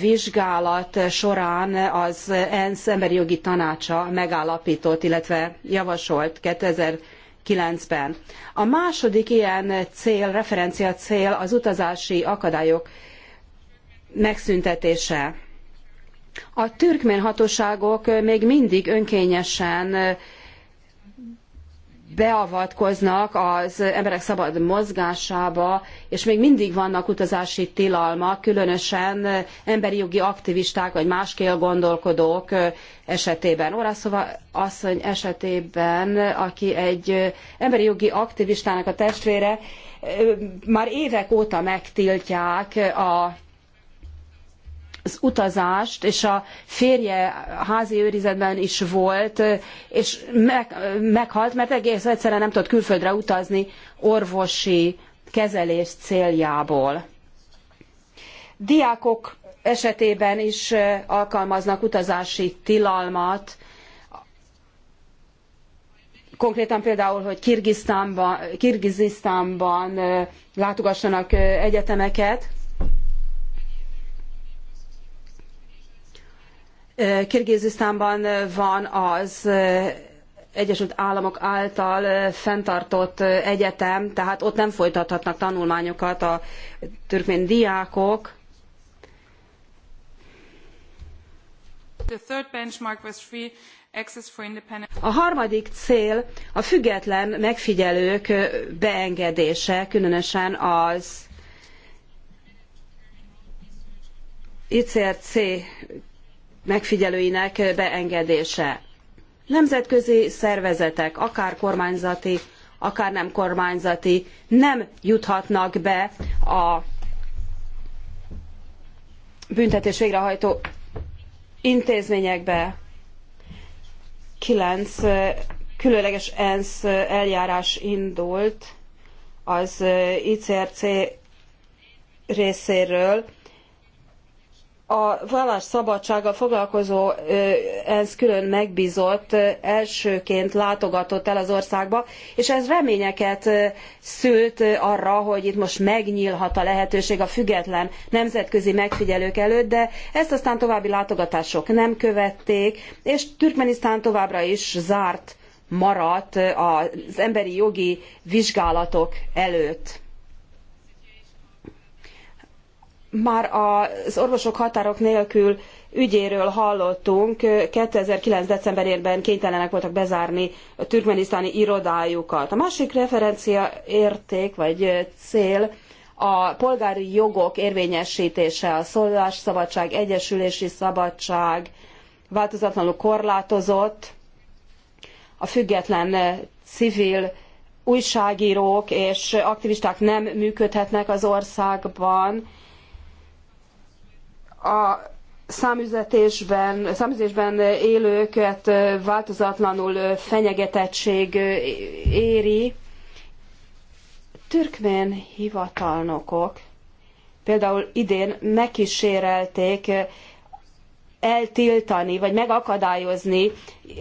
vizsgálat során az ENSZ emberi jogi tanácsa megállapított, illetve javasolt 2009-ben. A második ilyen cél, referencia cél az utazási akadályok megszüntetése. A türkmén hatóságok még mindig önkényesen beavatkoznak az emberek szabad mozgásába, és még mindig vannak utazási tilalmak, különösen emberi jogi aktivisták vagy máskél gondolkodók esetében. Orászova asszony esetében, aki egy emberi jogi aktivistának a testvére, már évek óta megtiltják a az utazást, és a férje házi őrizetben is volt, és meg, meghalt, mert egész egyszerűen nem tudott külföldre utazni orvosi kezelés céljából. Diákok esetében is alkalmaznak utazási tilalmat, konkrétan például, hogy Kirgizisztánban látogassanak egyetemeket, Kirgizisztánban van az Egyesült Államok által fenntartott egyetem, tehát ott nem folytathatnak tanulmányokat a türkmén diákok. A harmadik cél a független megfigyelők beengedése, különösen az ICRC megfigyelőinek beengedése. Nemzetközi szervezetek, akár kormányzati, akár nem kormányzati, nem juthatnak be a büntetés végrehajtó intézményekbe. Kilenc különleges ENSZ eljárás indult az ICRC részéről a vallásszabadsággal foglalkozó ENSZ külön megbízott elsőként látogatott el az országba, és ez reményeket szült arra, hogy itt most megnyílhat a lehetőség a független nemzetközi megfigyelők előtt, de ezt aztán további látogatások nem követték, és Türkmenisztán továbbra is zárt maradt az emberi jogi vizsgálatok előtt. már az orvosok határok nélkül ügyéről hallottunk. 2009. decemberében kénytelenek voltak bezárni a türkmenisztáni irodájukat. A másik referencia érték vagy cél a polgári jogok érvényesítése, a szólásszabadság, egyesülési szabadság változatlanul korlátozott, a független civil újságírók és aktivisták nem működhetnek az országban, a számüzetésben, számüzetésben élőket változatlanul fenyegetettség éri. Türkmén hivatalnokok például idén megkísérelték eltiltani, vagy megakadályozni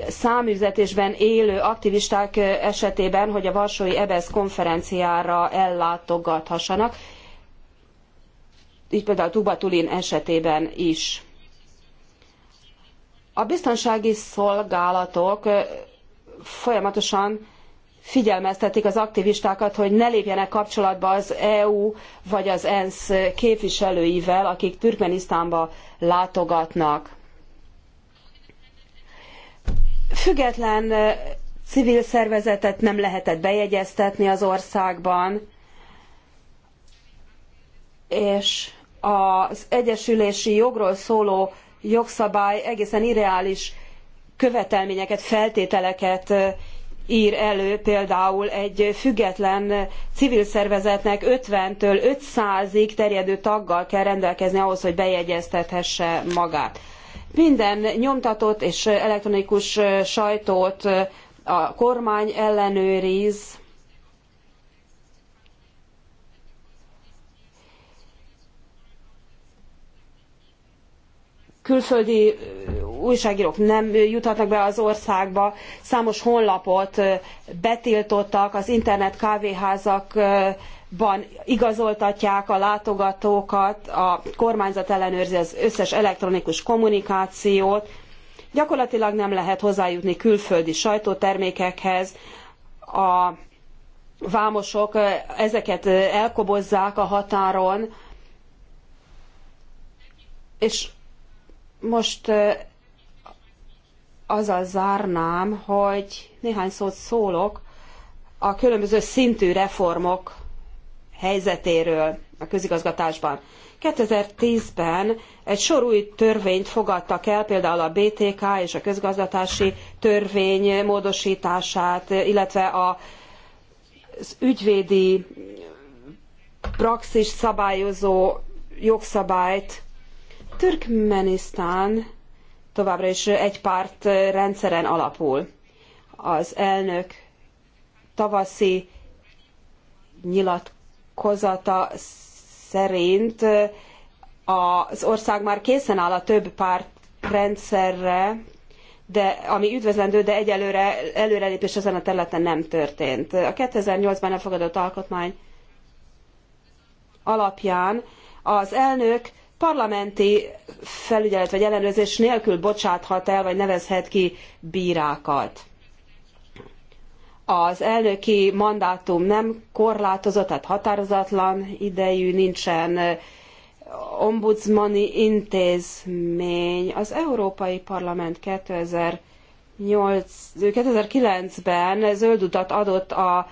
számüzetésben élő aktivisták esetében, hogy a Varsói Ebesz konferenciára ellátogathassanak így például Tubatulin esetében is. A biztonsági szolgálatok folyamatosan figyelmeztetik az aktivistákat, hogy ne lépjenek kapcsolatba az EU vagy az ENSZ képviselőivel, akik Türkmenisztánba látogatnak. Független civil szervezetet nem lehetett bejegyeztetni az országban, és az egyesülési jogról szóló jogszabály egészen irreális követelményeket, feltételeket ír elő például egy független civil szervezetnek 50-től 500-ig terjedő taggal kell rendelkezni ahhoz, hogy bejegyeztethesse magát. Minden nyomtatott és elektronikus sajtót a kormány ellenőriz, külföldi újságírók nem juthatnak be az országba, számos honlapot betiltottak, az internet kávéházakban igazoltatják a látogatókat, a kormányzat ellenőrzi az összes elektronikus kommunikációt, gyakorlatilag nem lehet hozzájutni külföldi sajtótermékekhez, a vámosok ezeket elkobozzák a határon, és most azzal zárnám, hogy néhány szót szólok a különböző szintű reformok helyzetéről a közigazgatásban. 2010-ben egy sor új törvényt fogadtak el, például a BTK és a közgazdatási törvény módosítását, illetve a, az ügyvédi praxis szabályozó jogszabályt, Türkmenisztán továbbra is egy párt rendszeren alapul. Az elnök tavaszi nyilatkozata szerint az ország már készen áll a több párt rendszerre, de, ami üdvözlendő, de egyelőre előrelépés ezen a területen nem történt. A 2008-ban elfogadott alkotmány alapján az elnök parlamenti felügyelet vagy ellenőrzés nélkül bocsáthat el, vagy nevezhet ki bírákat. Az elnöki mandátum nem korlátozott, tehát határozatlan idejű, nincsen ombudsmani intézmény. Az Európai Parlament 2008 2009-ben zöld utat adott az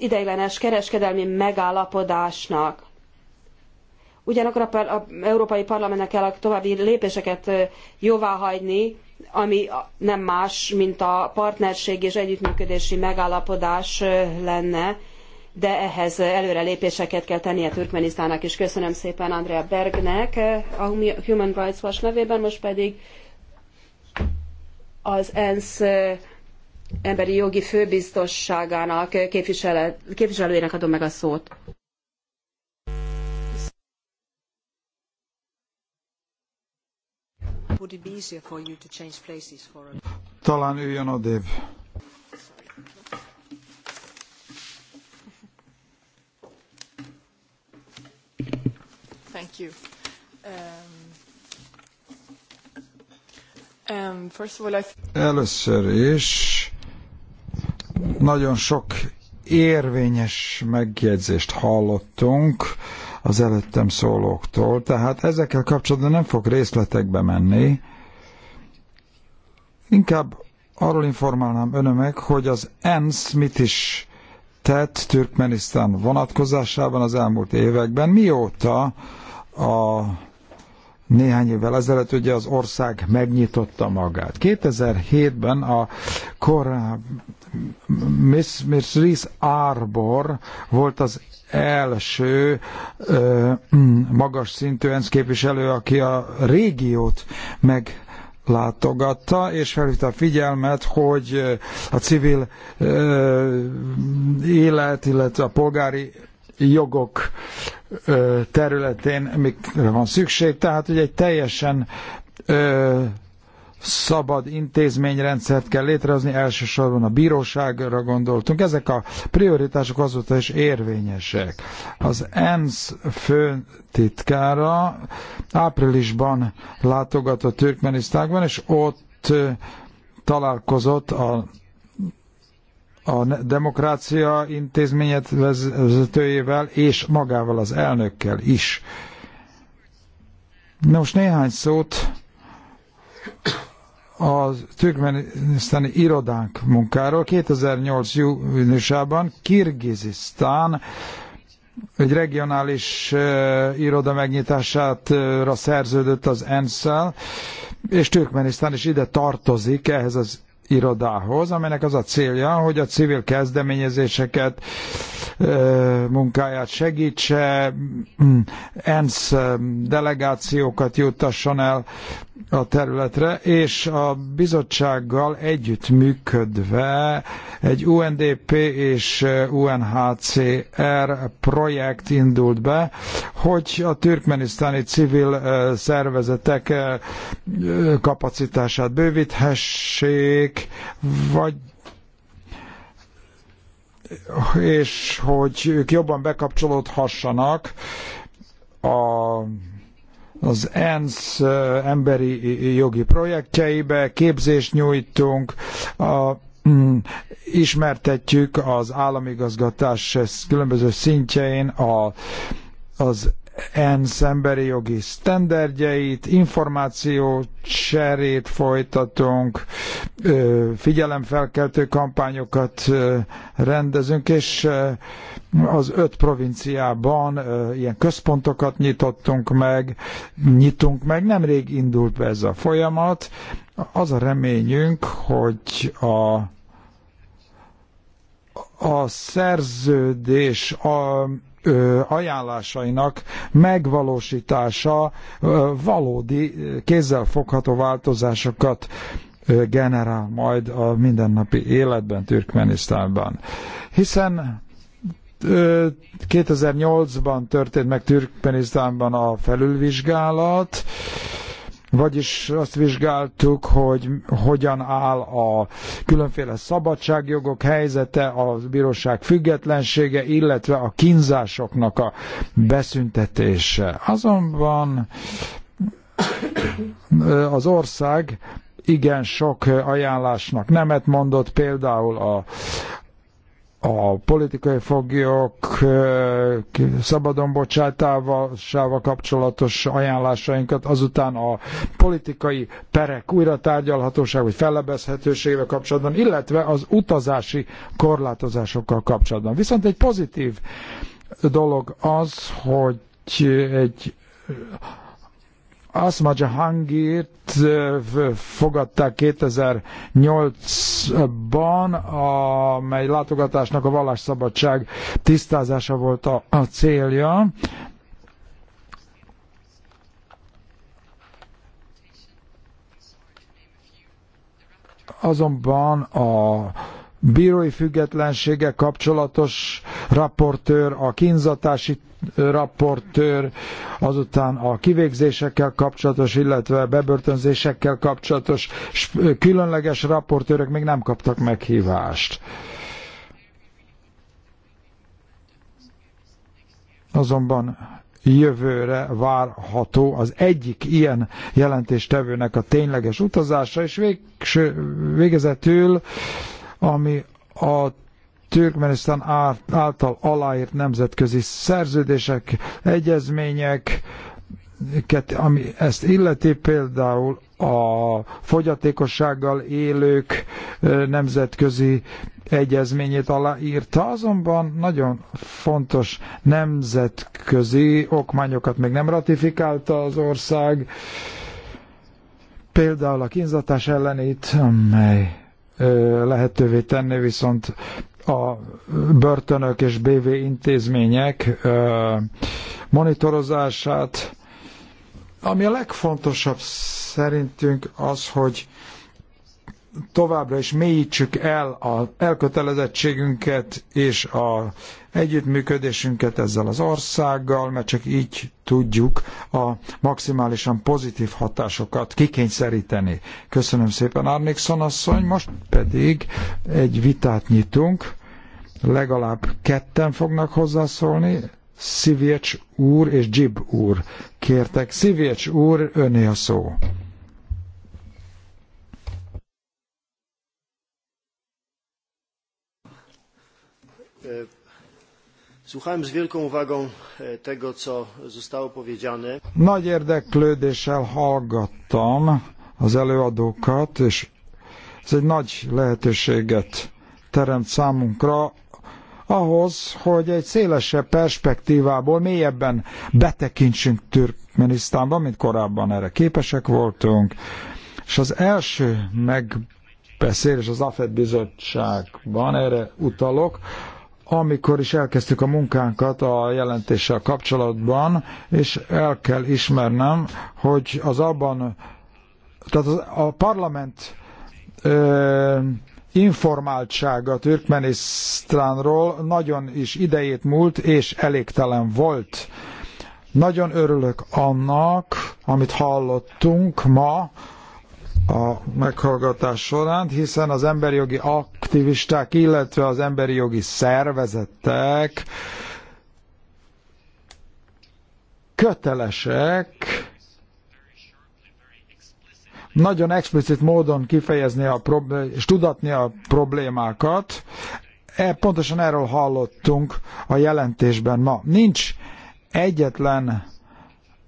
ideiglenes kereskedelmi megállapodásnak. Ugyanakkor a, a Európai Parlamentnek kell a további lépéseket jóváhagyni, ami nem más, mint a partnerség és együttműködési megállapodás lenne, de ehhez előrelépéseket kell tennie Türkmenisztának is. Köszönöm szépen Andrea Bergnek a Human Rights Watch nevében, most pedig az ENSZ emberi jogi főbiztosságának képviselőjének adom meg a szót.
Would it be easier for you to change places for a...
Talán üljön odébb.
Thank you. Um, um, first of all, I...
Először is nagyon sok érvényes megjegyzést hallottunk az előttem szólóktól, tehát ezekkel kapcsolatban nem fog részletekbe menni. Inkább arról informálnám önömek, hogy az ENSZ mit is tett Türkmenisztán vonatkozásában az elmúlt években, mióta a néhány évvel ezelőtt ugye az ország megnyitotta magát. 2007-ben a korábbi Miss, Miss Arbor volt az első ö, magas szintű ENSZ képviselő, aki a régiót meg látogatta, és felhívta a figyelmet, hogy a civil ö, élet, illetve a polgári jogok ö, területén mikre van szükség. Tehát hogy egy teljesen ö, szabad intézményrendszert kell létrehozni, elsősorban a bíróságra gondoltunk. Ezek a prioritások azóta is érvényesek. Az ENSZ főtitkára áprilisban látogatott Türkmenisztánban, és ott találkozott a a demokrácia intézményet vezetőjével és magával az elnökkel is. Na most néhány szót a türkmenisztáni irodánk munkáról. 2008. júniusában Kirgizisztán egy regionális uh, iroda megnyitására szerződött az ensz és Türkmenisztán is ide tartozik ehhez az irodához, amelynek az a célja, hogy a civil kezdeményezéseket, munkáját segítse, ENSZ mm, delegációkat juttasson el a területre, és a bizottsággal együttműködve egy UNDP és UNHCR projekt indult be, hogy a türkmenisztáni civil szervezetek kapacitását bővíthessék, vagy és hogy ők jobban bekapcsolódhassanak a az ENSZ emberi jogi projektjeibe, képzést nyújtunk, a, mm, ismertetjük az államigazgatás különböző szintjein a, az ENSZ emberi jogi sztenderdjeit, információ cserét folytatunk, figyelemfelkeltő kampányokat rendezünk, és az öt provinciában ilyen központokat nyitottunk meg, nyitunk meg, nemrég indult be ez a folyamat. Az a reményünk, hogy a a szerződés a ajánlásainak megvalósítása valódi kézzelfogható változásokat generál majd a mindennapi életben Türkmenisztánban. Hiszen 2008-ban történt meg Türkmenisztánban a felülvizsgálat, vagyis azt vizsgáltuk, hogy hogyan áll a különféle szabadságjogok helyzete, a bíróság függetlensége, illetve a kínzásoknak a beszüntetése. Azonban az ország igen sok ajánlásnak nemet mondott, például a, a politikai foglyok szabadon bocsátásával kapcsolatos ajánlásainkat, azután a politikai perek újra tárgyalhatóság vagy fellebezhetőségével kapcsolatban, illetve az utazási korlátozásokkal kapcsolatban. Viszont egy pozitív dolog az, hogy egy Asma Jahangirt fogadták 2008-ban, amely látogatásnak a vallásszabadság tisztázása volt a, a célja. Azonban a bírói függetlensége kapcsolatos raportőr, a kínzatási raportőr, azután a kivégzésekkel kapcsolatos, illetve bebörtönzésekkel kapcsolatos különleges raportőrök még nem kaptak meghívást. Azonban jövőre várható az egyik ilyen jelentéstevőnek a tényleges utazása, és végső, végezetül ami a Türkmenisztán által aláírt nemzetközi szerződések, egyezmények, ami ezt illeti például a fogyatékossággal élők nemzetközi egyezményét aláírta, azonban nagyon fontos nemzetközi okmányokat még nem ratifikálta az ország, például a kínzatás ellenét, amely lehetővé tenni, viszont a börtönök és BV intézmények monitorozását. Ami a legfontosabb szerintünk az, hogy továbbra is mélyítsük el a elkötelezettségünket és a együttműködésünket ezzel az országgal, mert csak így tudjuk a maximálisan pozitív hatásokat kikényszeríteni. Köszönöm szépen, Árnixon asszony, most pedig egy vitát nyitunk, legalább ketten fognak hozzászólni, Szivjecs úr és Dzsib úr. Kértek, Szivjecs úr, öné a szó.
Słuchałem z wielką uwagą e, tego, co zostało powiedziane.
Nagy érdeklődéssel hallgattam az előadókat, és ez egy nagy lehetőséget teremt számunkra ahhoz, hogy egy szélesebb perspektívából mélyebben betekintsünk Türkmenisztánba, mint korábban erre képesek voltunk. És az első megbeszélés az AFED bizottságban, erre utalok, amikor is elkezdtük a munkánkat a jelentéssel kapcsolatban, és el kell ismernem, hogy az abban, tehát az, a parlament ö, informáltsága Türkmenisztránról nagyon is idejét múlt és elégtelen volt. Nagyon örülök annak, amit hallottunk ma, a meghallgatás során, hiszen az emberi jogi aktivisták, illetve az emberi jogi szervezetek kötelesek nagyon explicit módon kifejezni a problé- és tudatni a problémákat. E, pontosan erről hallottunk a jelentésben ma. Nincs egyetlen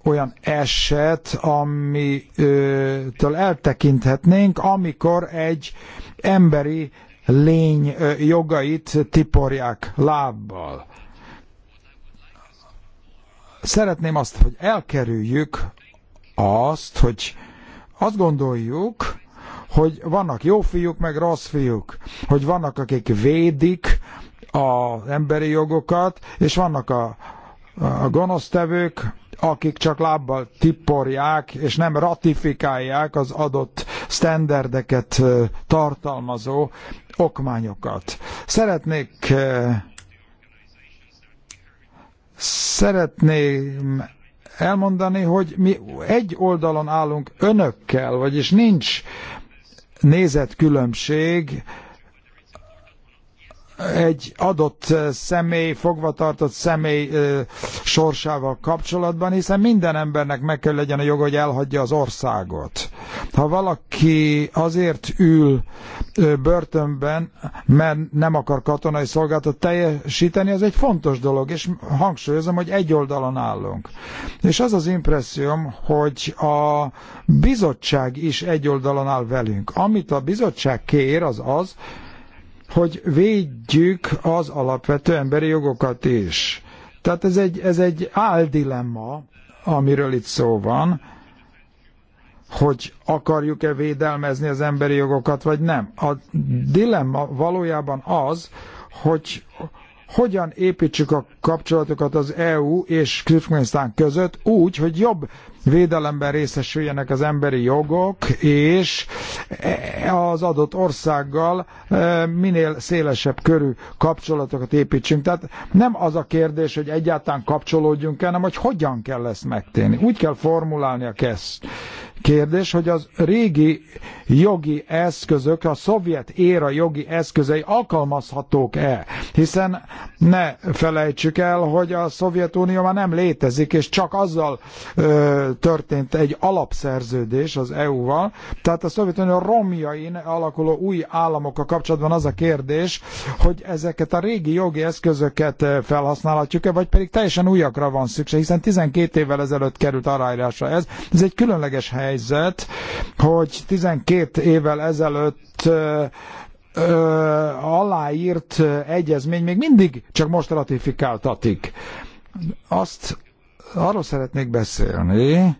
olyan eset, amitől eltekinthetnénk, amikor egy emberi lény jogait tiporják lábbal. Szeretném azt, hogy elkerüljük azt, hogy azt gondoljuk, hogy vannak jó fiúk, meg rossz fiúk, hogy vannak, akik védik az emberi jogokat, és vannak a, a gonosztevők, akik csak lábbal tiporják és nem ratifikálják az adott sztenderdeket tartalmazó okmányokat. Szeretnék szeretném elmondani, hogy mi egy oldalon állunk önökkel, vagyis nincs nézetkülönbség, egy adott személy, fogvatartott személy sorsával kapcsolatban, hiszen minden embernek meg kell legyen a joga, hogy elhagyja az országot. Ha valaki azért ül börtönben, mert nem akar katonai szolgálatot teljesíteni, az egy fontos dolog, és hangsúlyozom, hogy egy oldalon állunk. És az az impresszióm, hogy a bizottság is egy oldalon áll velünk. Amit a bizottság kér, az az, hogy védjük az alapvető emberi jogokat is. Tehát ez egy, ez egy áldilemma, amiről itt szó van, hogy akarjuk-e védelmezni az emberi jogokat, vagy nem. A dilemma valójában az, hogy hogyan építsük a kapcsolatokat az EU és Türkmenisztán között úgy, hogy jobb védelemben részesüljenek az emberi jogok, és az adott országgal e, minél szélesebb körű kapcsolatokat építsünk. Tehát nem az a kérdés, hogy egyáltalán kapcsolódjunk el, hanem hogy hogyan kell ezt megtenni. Úgy kell formulálni a kezd kérdés, hogy az régi jogi eszközök, a szovjet éra jogi eszközei alkalmazhatók-e? Hiszen ne felejtsük el, hogy a Szovjetunió már nem létezik, és csak azzal ö, történt egy alapszerződés az EU-val. Tehát a Szovjetunió romjain alakuló új államokkal kapcsolatban az a kérdés, hogy ezeket a régi jogi eszközöket felhasználhatjuk-e, vagy pedig teljesen újakra van szükség, hiszen 12 évvel ezelőtt került aláírásra ez. Ez egy különleges hely helyzet, hogy 12 évvel ezelőtt ö, aláírt egyezmény még mindig csak most ratifikáltatik. Azt arról szeretnék beszélni,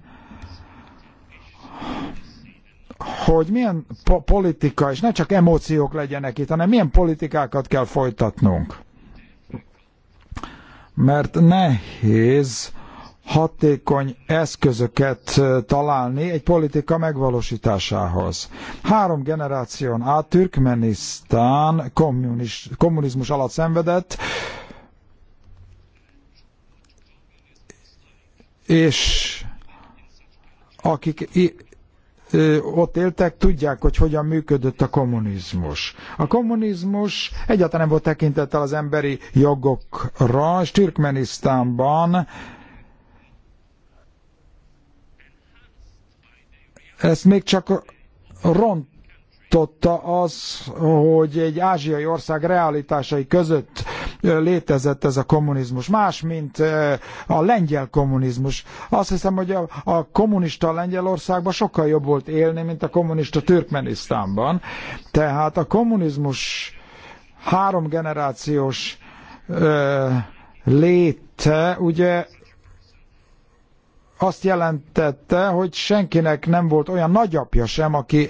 hogy milyen po- politika, és ne csak emóciók legyenek itt, hanem milyen politikákat kell folytatnunk. Mert nehéz hatékony eszközöket találni egy politika megvalósításához. Három generáción át Türkmenisztán kommunizmus alatt szenvedett, és akik ott éltek, tudják, hogy hogyan működött a kommunizmus. A kommunizmus egyáltalán nem volt tekintettel az emberi jogokra, és Türkmenisztánban Ezt még csak rontotta az, hogy egy ázsiai ország realitásai között létezett ez a kommunizmus. Más, mint a lengyel kommunizmus. Azt hiszem, hogy a, a kommunista Lengyelországban sokkal jobb volt élni, mint a kommunista Türkmenisztánban. Tehát a kommunizmus három generációs léte ugye azt jelentette, hogy senkinek nem volt olyan nagyapja sem, aki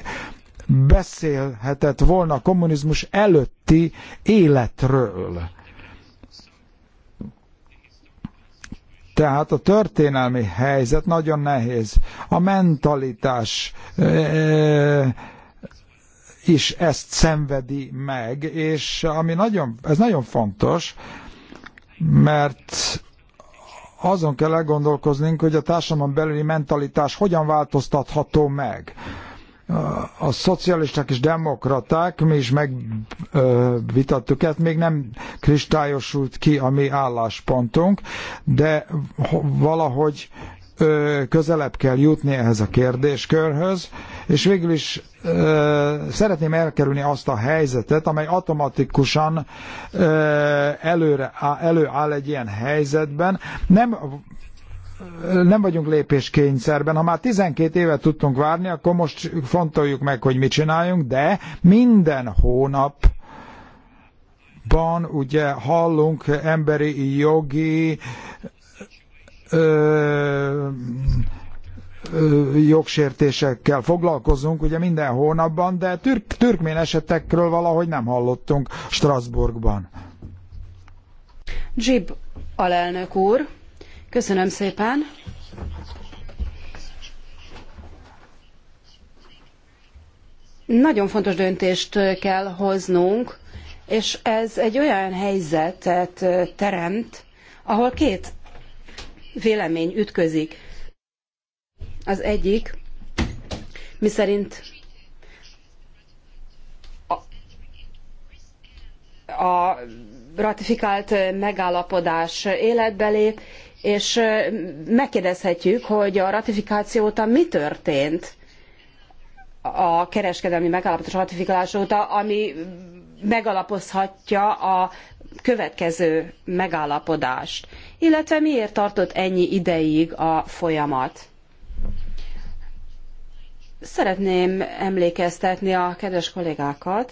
beszélhetett volna a kommunizmus előtti életről. Tehát a történelmi helyzet nagyon nehéz. A mentalitás e, e is ezt szenvedi meg, és ami nagyon, ez nagyon fontos, mert azon kell elgondolkoznunk, hogy a társadalom belüli mentalitás hogyan változtatható meg. A szocialisták és demokraták, mi is megvitattuk ezt, még nem kristályosult ki a mi álláspontunk, de valahogy közelebb kell jutni ehhez a kérdéskörhöz, és végül is ö, szeretném elkerülni azt a helyzetet, amely automatikusan ö, előre, előáll egy ilyen helyzetben. Nem nem vagyunk lépéskényszerben. Ha már 12 évet tudtunk várni, akkor most fontoljuk meg, hogy mit csináljunk, de minden hónap Ban, ugye hallunk emberi jogi ö, jogsértésekkel foglalkozunk, ugye minden hónapban, de türk, türkmén esetekről valahogy nem hallottunk Strasbourgban.
Jib alelnök úr, köszönöm szépen. Nagyon fontos döntést kell hoznunk, és ez egy olyan helyzetet teremt, ahol két vélemény ütközik. Az egyik, miszerint
a, a
ratifikált megállapodás életbe lép, és megkérdezhetjük, hogy a ratifikáció óta mi történt a kereskedelmi megállapodás ratifikálása óta, ami megalapozhatja a következő megállapodást, illetve miért tartott ennyi ideig a folyamat. Szeretném emlékeztetni a kedves kollégákat.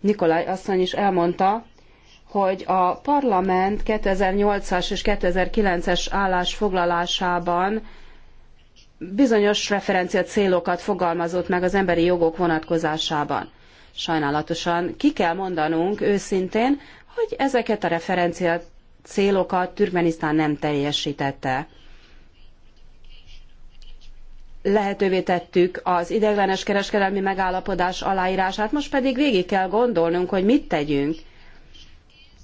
Nikolaj asszony is elmondta, hogy a parlament 2008-as és 2009-es állásfoglalásában bizonyos referencia célokat fogalmazott meg az emberi jogok vonatkozásában. Sajnálatosan ki kell mondanunk őszintén, hogy ezeket a referencia célokat Türkmenisztán nem teljesítette lehetővé tettük az ideiglenes kereskedelmi megállapodás aláírását, most pedig végig kell gondolnunk, hogy mit tegyünk.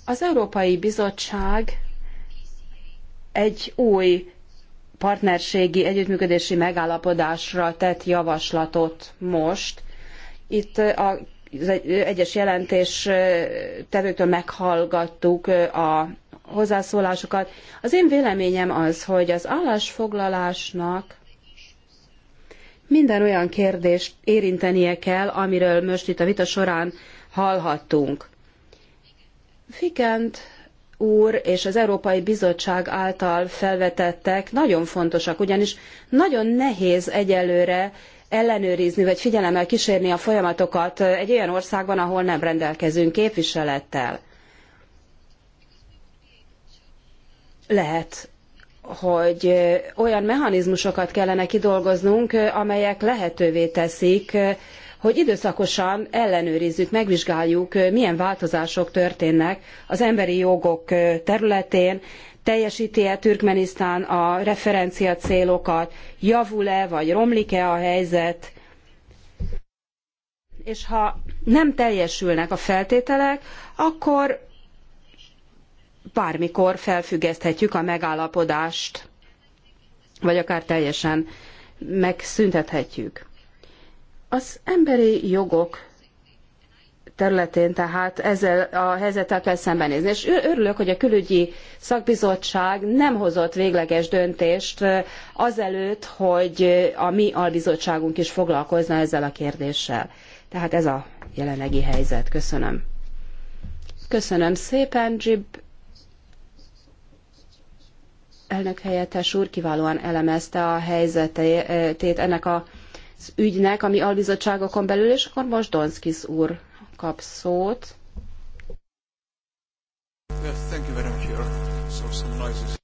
Az Európai Bizottság egy új partnerségi együttműködési megállapodásra tett javaslatot most. Itt a egyes jelentés tevőktől meghallgattuk a hozzászólásokat. Az én véleményem az, hogy az állásfoglalásnak minden olyan kérdést érintenie kell, amiről most itt a vita során hallhattunk. Fikent úr és az Európai Bizottság által felvetettek nagyon fontosak, ugyanis nagyon nehéz egyelőre ellenőrizni vagy figyelemmel kísérni a folyamatokat egy olyan országban, ahol nem rendelkezünk képviselettel. Lehet, hogy olyan mechanizmusokat kellene kidolgoznunk, amelyek lehetővé teszik, hogy időszakosan ellenőrizzük, megvizsgáljuk, milyen változások történnek az emberi jogok területén, teljesíti-e Türkmenisztán a referencia célokat, javul-e vagy romlik-e a helyzet, és ha nem teljesülnek a feltételek, akkor bármikor felfüggeszthetjük a megállapodást, vagy akár teljesen megszüntethetjük. Az emberi jogok területén, tehát ezzel a helyzettel kell szembenézni. És örülök, hogy a külügyi szakbizottság nem hozott végleges döntést eh, azelőtt, hogy eh, a mi albizottságunk is foglalkozna ezzel a kérdéssel. Tehát ez a jelenlegi helyzet. Köszönöm. Köszönöm szépen, Jib elnök helyettes úr kiválóan elemezte a helyzetét ennek az ügynek, ami albizottságokon belül, és akkor most Donskis úr kap
szót.
thank you very much.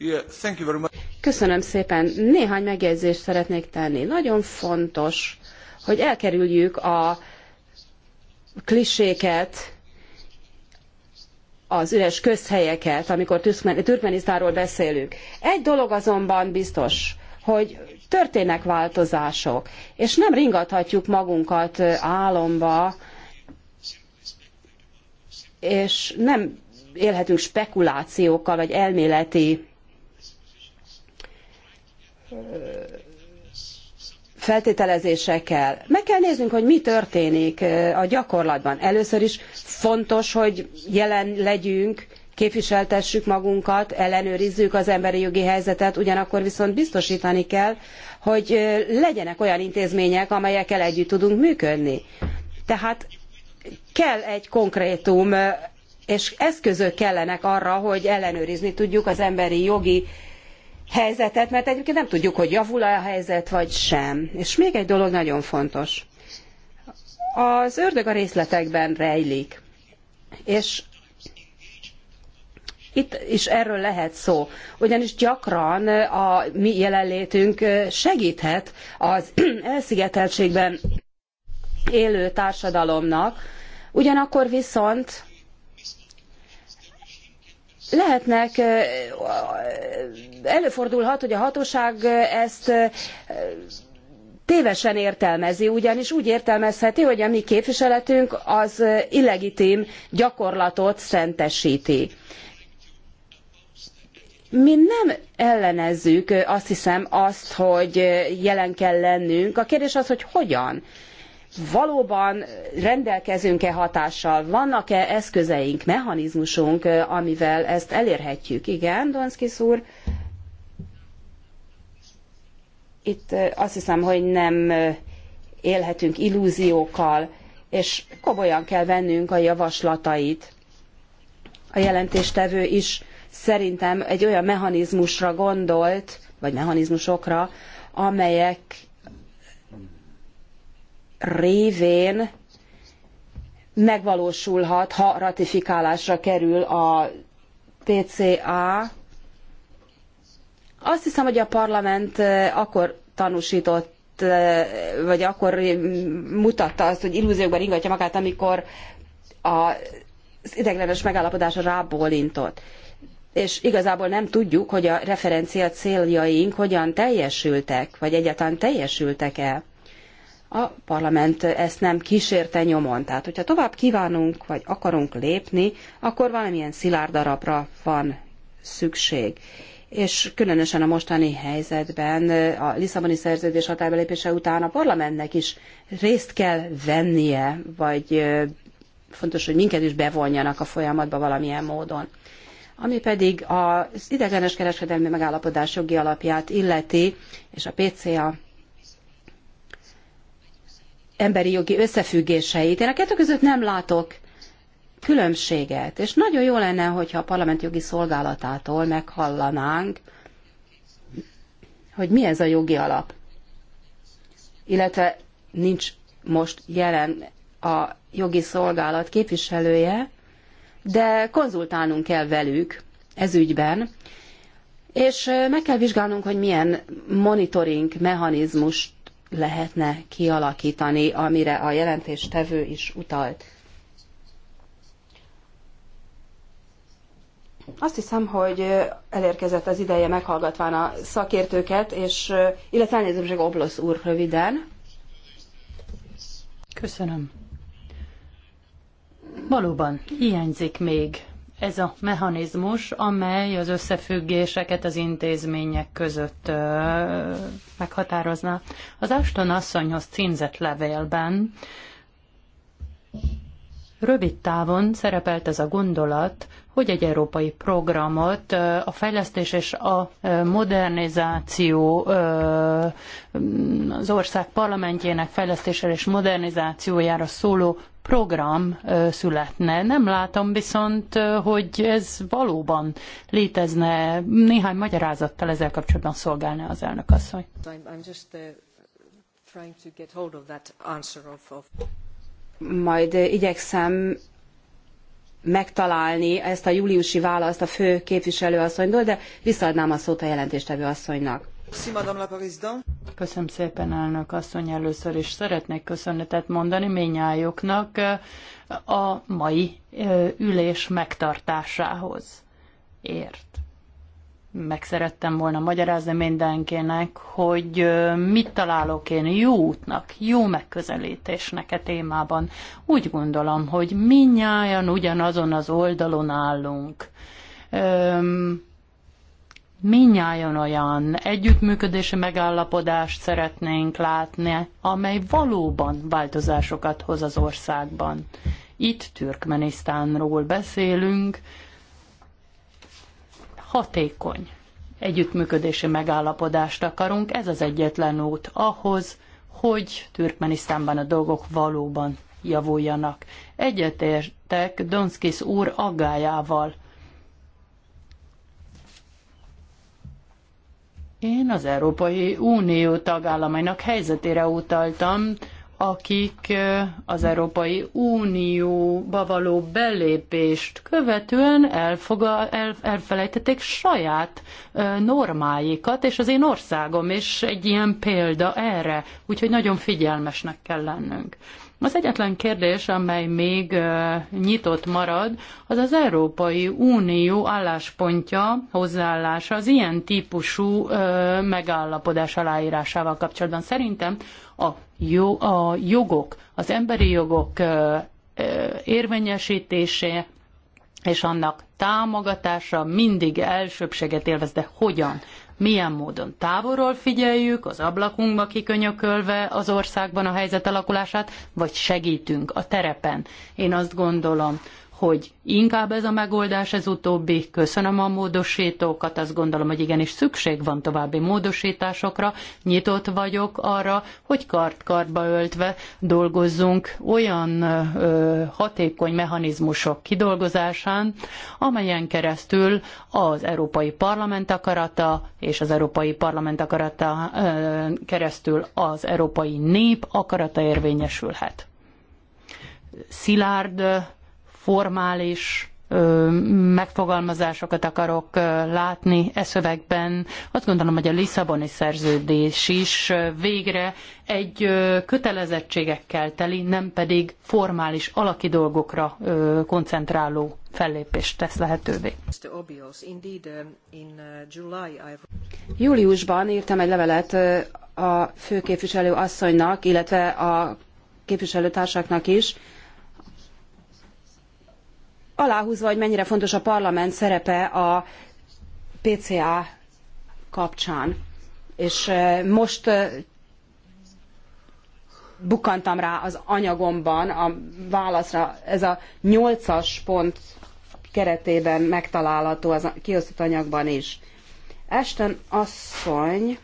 Yeah, thank you very much.
Köszönöm
szépen. Néhány megjegyzést szeretnék tenni. Nagyon fontos, hogy elkerüljük a kliséket, az üres közhelyeket, amikor Türkmenisztáról beszélünk. Egy dolog azonban biztos, hogy történnek változások, és nem ringathatjuk magunkat álomba, és nem élhetünk spekulációkkal, vagy elméleti feltételezésekkel. Meg kell néznünk, hogy mi történik a gyakorlatban. Először is fontos, hogy jelen legyünk, képviseltessük magunkat, ellenőrizzük az emberi jogi helyzetet, ugyanakkor viszont biztosítani kell, hogy legyenek olyan intézmények, amelyekkel együtt tudunk működni. Tehát kell egy konkrétum, és eszközök kellenek arra, hogy ellenőrizni tudjuk az emberi jogi helyzetet, mert egyébként nem tudjuk, hogy javul -e a helyzet, vagy sem. És még egy dolog nagyon fontos. Az ördög a részletekben rejlik. És itt is erről lehet szó, ugyanis gyakran a mi jelenlétünk segíthet az *clears throat* elszigeteltségben élő társadalomnak, ugyanakkor viszont lehetnek, előfordulhat, hogy a hatóság ezt tévesen értelmezi, ugyanis úgy értelmezheti, hogy a mi képviseletünk az illegitim gyakorlatot szentesíti. Mi nem ellenezzük, azt hiszem, azt, hogy jelen kell lennünk. A kérdés az, hogy hogyan valóban rendelkezünk-e hatással, vannak-e eszközeink, mechanizmusunk, amivel ezt elérhetjük. Igen, Donskis úr, itt azt hiszem, hogy nem élhetünk illúziókkal, és komolyan kell vennünk a javaslatait. A jelentéstevő is szerintem egy olyan mechanizmusra gondolt, vagy mechanizmusokra, amelyek révén megvalósulhat, ha ratifikálásra kerül a TCA. Azt hiszem, hogy a parlament akkor tanúsított vagy akkor mutatta azt, hogy illúziókban ringatja magát, amikor az ideglenes megállapodásra rábólintott. És igazából nem tudjuk, hogy a referencia céljaink hogyan teljesültek, vagy egyáltalán teljesültek-e a parlament ezt nem kísérte nyomon. Tehát, hogyha tovább kívánunk, vagy akarunk lépni, akkor valamilyen szilárd darabra van szükség. És különösen a mostani helyzetben, a Lisszaboni szerződés lépése után a parlamentnek is részt kell vennie, vagy fontos, hogy minket is bevonjanak a folyamatba valamilyen módon. Ami pedig az idegenes kereskedelmi megállapodás jogi alapját illeti, és a PCA emberi jogi összefüggéseit. Én a kettő között nem látok különbséget, és nagyon jó lenne, hogyha a parlament jogi szolgálatától meghallanánk, hogy mi ez a jogi alap. Illetve nincs most jelen a jogi szolgálat képviselője, de konzultálnunk kell velük ez ügyben, és meg kell vizsgálnunk, hogy milyen monitoring mechanizmus lehetne kialakítani, amire a jelentéstevő is utalt. Azt hiszem, hogy elérkezett az ideje meghallgatván a szakértőket, és illetve elnézést, hogy Oblosz úr röviden.
Köszönöm. Valóban hiányzik még ez a mechanizmus, amely az összefüggéseket az intézmények között ö, meghatározna. Az Aston asszonyhoz címzett levélben rövid távon szerepelt ez a gondolat, hogy egy európai programot a fejlesztés és a modernizáció az ország parlamentjének fejlesztésére és modernizációjára szóló program születne. Nem látom viszont, hogy ez valóban létezne. Néhány magyarázattal ezzel kapcsolatban szolgálna az elnök asszony.
Uh,
Majd igyekszem megtalálni ezt a júliusi választ a fő képviselőasszonydól, de visszaadnám a szót a jelentéstevő asszonynak.
Köszönöm szépen, elnök asszony. Először is szeretnék köszönetet mondani mindnyájuknak eh, a mai eh, ülés megtartásához ért. Meg szerettem volna magyarázni mindenkinek, hogy eh, mit találok én jó útnak, jó megközelítésnek a e témában. Úgy gondolom, hogy minnyáján ugyanazon az oldalon állunk minnyáján olyan együttműködési megállapodást szeretnénk látni, amely valóban változásokat hoz az országban. Itt Türkmenisztánról beszélünk, hatékony együttműködési megállapodást akarunk, ez az egyetlen út ahhoz, hogy Türkmenisztánban a dolgok valóban javuljanak. Egyetértek Donskis úr aggájával, Én az Európai Unió tagállamainak helyzetére utaltam, akik az Európai Unióba való belépést követően elfoga, el, elfelejtették saját normáikat, és az én országom is egy ilyen példa erre, úgyhogy nagyon figyelmesnek kell lennünk. Az egyetlen kérdés, amely még nyitott marad, az az Európai Unió álláspontja, hozzáállása az ilyen típusú megállapodás aláírásával kapcsolatban. Szerintem a, jó, a jogok, az emberi jogok érvényesítése és annak támogatása mindig elsőbséget élvez, de hogyan? milyen módon távolról figyeljük, az ablakunkba kikönyökölve az országban a helyzet alakulását, vagy segítünk a terepen. Én azt gondolom, hogy inkább ez a megoldás, ez utóbbi. Köszönöm a módosítókat, azt gondolom, hogy igenis szükség van további módosításokra. Nyitott vagyok arra, hogy kart-kartba öltve dolgozzunk olyan ö, hatékony mechanizmusok kidolgozásán, amelyen keresztül az Európai Parlament akarata és az Európai Parlament akarata ö, keresztül az európai nép akarata érvényesülhet. Szilárd formális megfogalmazásokat akarok látni e szövegben. Azt gondolom, hogy a Lisszaboni szerződés is végre egy kötelezettségekkel teli, nem pedig formális alaki dolgokra koncentráló fellépést tesz lehetővé. Uh, uh, Júliusban írtam
egy levelet a főképviselő asszonynak, illetve a képviselőtársaknak is, aláhúzva, hogy mennyire fontos a parlament szerepe a PCA kapcsán. És most bukkantam rá az anyagomban a válaszra. Ez a nyolcas pont keretében megtalálható az kiosztott anyagban is. Esten asszony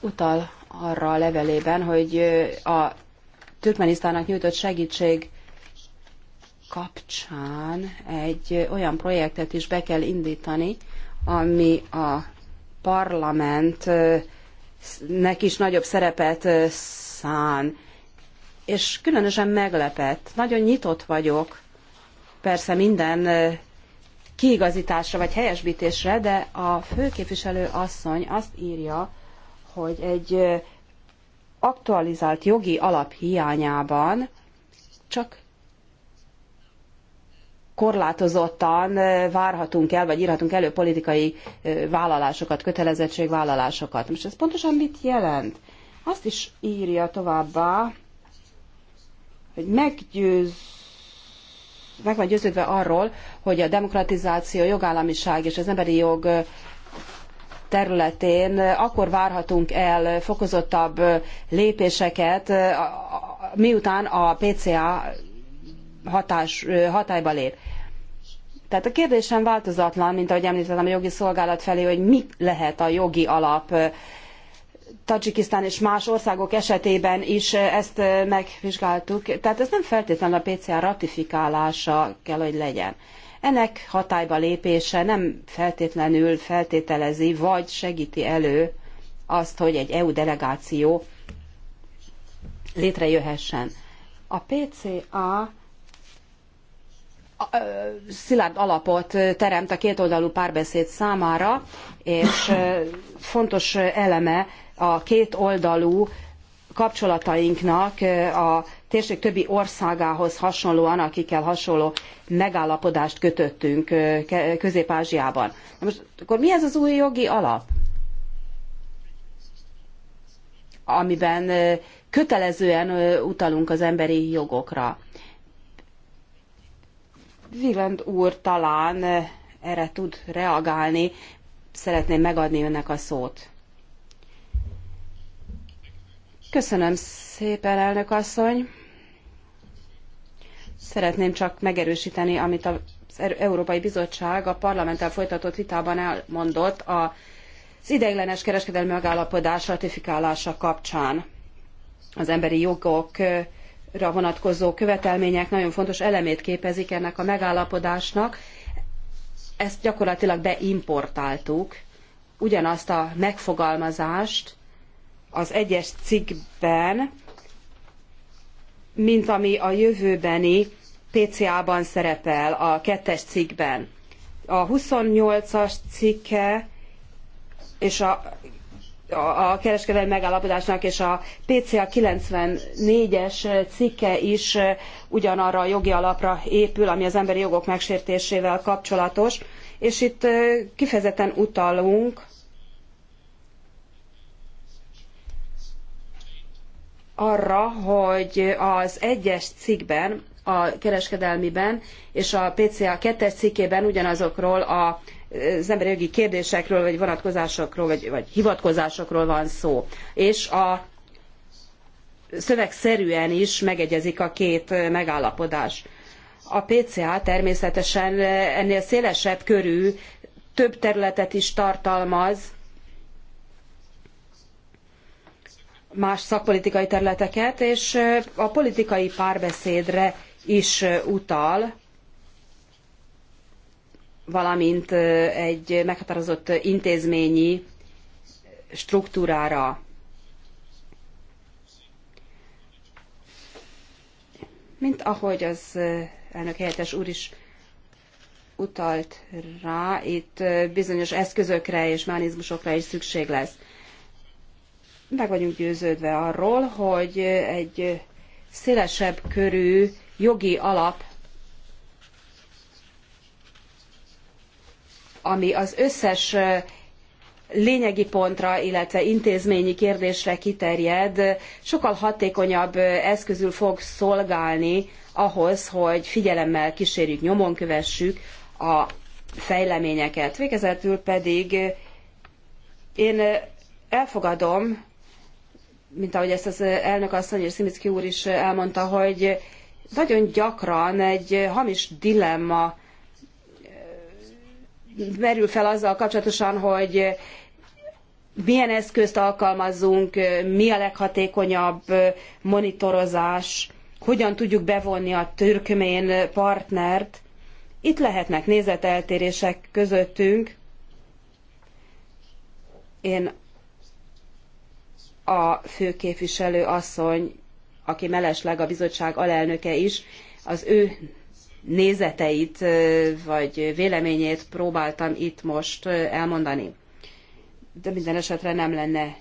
utal arra a levelében, hogy a Türkmenisztának nyújtott segítség kapcsán egy olyan projektet is be kell indítani, ami a parlamentnek is nagyobb szerepet szán. És különösen meglepett. Nagyon nyitott vagyok, persze minden kiigazításra vagy helyesbítésre, de a főképviselő asszony azt írja, hogy egy aktualizált jogi alap hiányában csak korlátozottan várhatunk el, vagy írhatunk elő politikai vállalásokat, kötelezettségvállalásokat. Most ez pontosan mit jelent? Azt is írja továbbá, hogy meggyőz, meg van győződve arról, hogy a demokratizáció, jogállamiság és az emberi jog területén akkor várhatunk el fokozottabb lépéseket, miután a PCA hatás, hatályba lép. Tehát a kérdésem változatlan, mint ahogy említettem a jogi szolgálat felé, hogy mi lehet a jogi alap. Tadzsikisztán és más országok esetében is ezt megvizsgáltuk. Tehát ez nem feltétlenül a PCA ratifikálása kell, hogy legyen. Ennek hatályba lépése nem feltétlenül feltételezi, vagy segíti elő azt, hogy egy EU delegáció létrejöhessen. A PCA szilárd alapot teremt a kétoldalú párbeszéd számára, és fontos eleme a kétoldalú kapcsolatainknak a térség többi országához hasonlóan, akikkel hasonló megállapodást kötöttünk Közép-Ázsiában. Most akkor mi ez az új jogi alap? Amiben kötelezően utalunk az emberi jogokra. Viland úr talán eh, erre tud reagálni. Szeretném megadni önnek a szót. Köszönöm szépen, elnök asszony. Szeretném csak megerősíteni, amit az er- Európai Bizottság a parlamenttel folytatott vitában elmondott az ideiglenes kereskedelmi megállapodás ratifikálása kapcsán. Az emberi jogok eh, vonatkozó követelmények nagyon fontos elemét képezik ennek a megállapodásnak. Ezt gyakorlatilag beimportáltuk, ugyanazt a megfogalmazást az egyes cikkben, mint ami a jövőbeni PCA-ban szerepel, a kettes cikkben. A 28-as cikke és a a kereskedelmi megállapodásnak és a PCA 94-es cikke is ugyanarra a jogi alapra épül, ami az emberi jogok megsértésével kapcsolatos, és itt kifejezetten utalunk arra, hogy az egyes cikkben, a kereskedelmiben és a PCA 2-es cikkében ugyanazokról a az emberi jogi kérdésekről, vagy vonatkozásokról, vagy, vagy hivatkozásokról van szó. És a szövegszerűen is megegyezik a két megállapodás. A PCA természetesen ennél szélesebb körű, több területet is tartalmaz, más szakpolitikai területeket, és a politikai párbeszédre is utal valamint egy meghatározott intézményi struktúrára. Mint ahogy az elnök helyettes úr is utalt rá, itt bizonyos eszközökre és mechanizmusokra is szükség lesz. Meg vagyunk győződve arról, hogy egy szélesebb körű jogi alap ami az összes lényegi pontra, illetve intézményi kérdésre kiterjed, sokkal hatékonyabb eszközül fog szolgálni ahhoz, hogy figyelemmel kísérjük, nyomon kövessük a fejleményeket. Végezetül pedig én elfogadom, mint ahogy ezt az elnök asszony és Szimicki úr is elmondta, hogy nagyon gyakran egy hamis dilemma merül fel azzal kapcsolatosan, hogy milyen eszközt alkalmazzunk, mi a leghatékonyabb monitorozás, hogyan tudjuk bevonni a türkmén partnert. Itt lehetnek nézeteltérések közöttünk. Én a főképviselő asszony, aki mellesleg a bizottság alelnöke is, az ő nézeteit vagy véleményét próbáltam itt most elmondani. De minden esetre nem lenne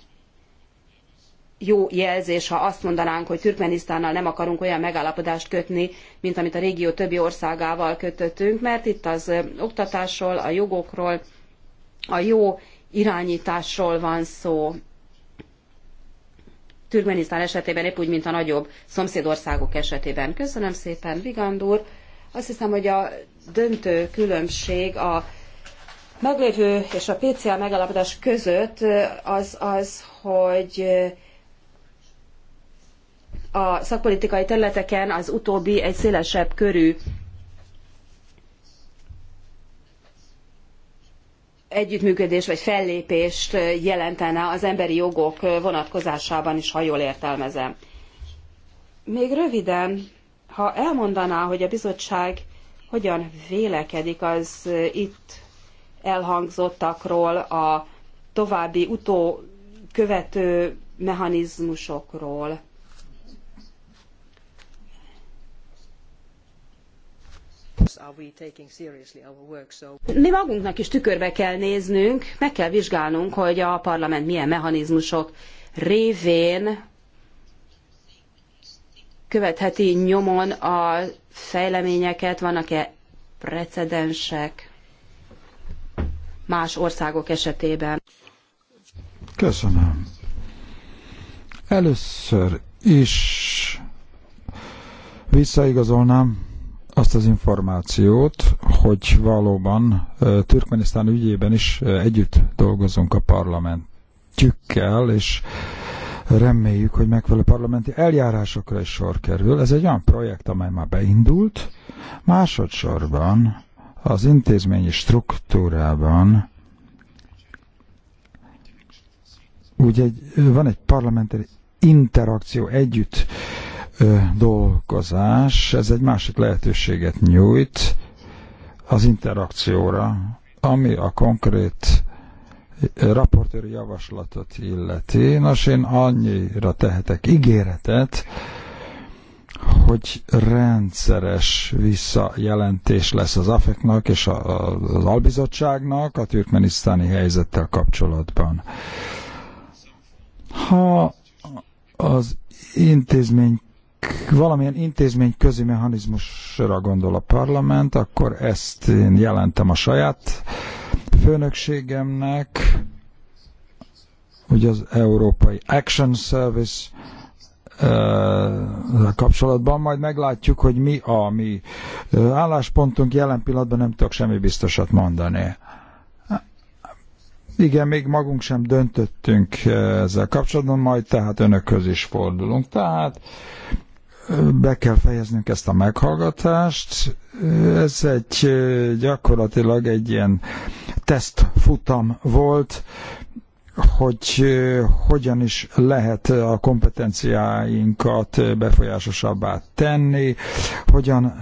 jó jelzés, ha azt mondanánk, hogy Türkmenisztánnal nem akarunk olyan megállapodást kötni, mint amit a régió többi országával kötöttünk, mert itt az oktatásról, a jogokról, a jó irányításról van szó. Türkmenisztán esetében épp úgy, mint a nagyobb szomszédországok esetében. Köszönöm szépen, Vigand azt hiszem, hogy a döntő különbség a meglévő és a PCA megalapodás között az az, hogy a szakpolitikai területeken az utóbbi egy szélesebb körű együttműködés vagy fellépést jelentene az emberi jogok vonatkozásában is, ha jól értelmezem. Még röviden ha elmondaná, hogy a bizottság hogyan vélekedik az itt elhangzottakról, a további utó követő mechanizmusokról. Mi magunknak is tükörbe kell néznünk, meg kell vizsgálnunk, hogy a parlament milyen mechanizmusok révén követheti nyomon a fejleményeket, vannak-e precedensek más országok esetében?
Köszönöm. Először is visszaigazolnám azt az információt, hogy valóban Türkmenisztán ügyében is együtt dolgozunk a parlamentjükkel, és Reméljük, hogy megfelelő parlamenti eljárásokra is sor kerül. Ez egy olyan projekt, amely már beindult. Másodszorban az intézményi struktúrában úgy egy, van egy parlamenti interakció együtt ö, dolgozás, ez egy másik lehetőséget nyújt az interakcióra, ami a konkrét raportőri javaslatot illeti. Nos, én annyira tehetek ígéretet, hogy rendszeres visszajelentés lesz az AFEK-nak és az albizottságnak a türkmenisztáni helyzettel kapcsolatban. Ha az intézmény valamilyen intézmény közi mechanizmusra gondol a parlament, akkor ezt én jelentem a saját főnökségemnek, ugye az Európai Action Service eh, kapcsolatban, majd meglátjuk, hogy mi a mi eh, álláspontunk, jelen pillanatban nem tudok semmi biztosat mondani. Igen, még magunk sem döntöttünk eh, ezzel kapcsolatban, majd tehát önökhöz is fordulunk. Tehát be kell fejeznünk ezt a meghallgatást. Ez egy gyakorlatilag egy ilyen tesztfutam volt, hogy hogyan is lehet a kompetenciáinkat befolyásosabbá tenni, hogyan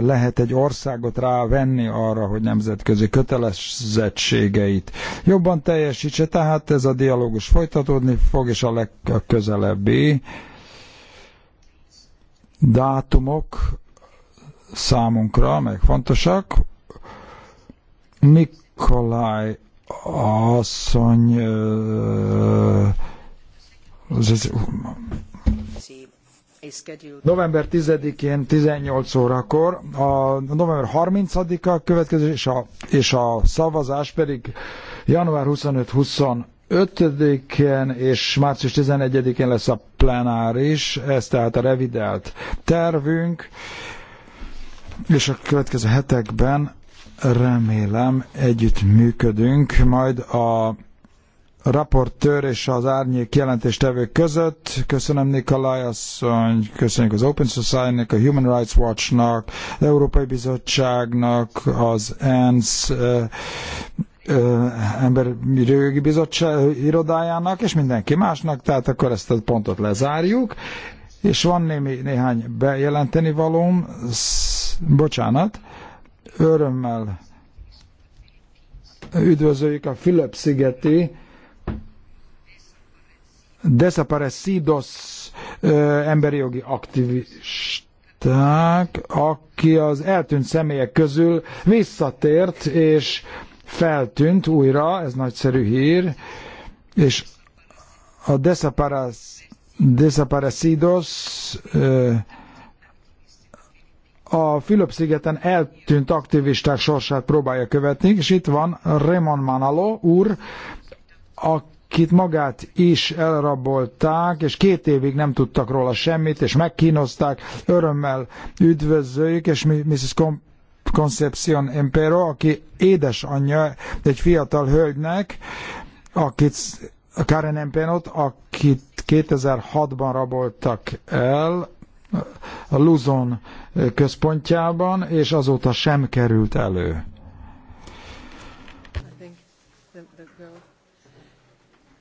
lehet egy országot rávenni arra, hogy nemzetközi kötelezettségeit jobban teljesítse, tehát ez a dialógus folytatódni fog, és a legközelebbi dátumok számunkra, meg fontosak. Nikolaj asszony november 10-én 18 órakor, a november 30-a következő, és a, és a szavazás pedig január 25-26 5-én és március 11-én lesz a plenáris, ez tehát a revidelt tervünk, és a következő hetekben remélem együtt működünk, majd a raportőr és az árnyék jelentéstevők között. Köszönöm Nikolaj asszony, köszönjük az Open Society-nek, a Human Rights Watch-nak, az Európai Bizottságnak, az ENSZ eh, emberi jogi bizottság irodájának, és mindenki másnak, tehát akkor ezt a pontot lezárjuk. És van némi, néhány bejelenteni valóm, bocsánat, örömmel üdvözöljük a Fülöp-szigeti Desaparecidos emberi jogi aktivisták, aki az eltűnt személyek közül visszatért, és feltűnt újra, ez nagyszerű hír, és a Desaparecidos a Fülöp-szigeten eltűnt aktivisták sorsát próbálja követni, és itt van Remon Manalo úr, akit magát is elrabolták, és két évig nem tudtak róla semmit, és megkínozták, örömmel üdvözöljük, és Mrs. Concepción Empero, aki édesanyja egy fiatal hölgynek, akit Karen Empenot, akit 2006-ban raboltak el a Luzon központjában, és azóta sem került elő.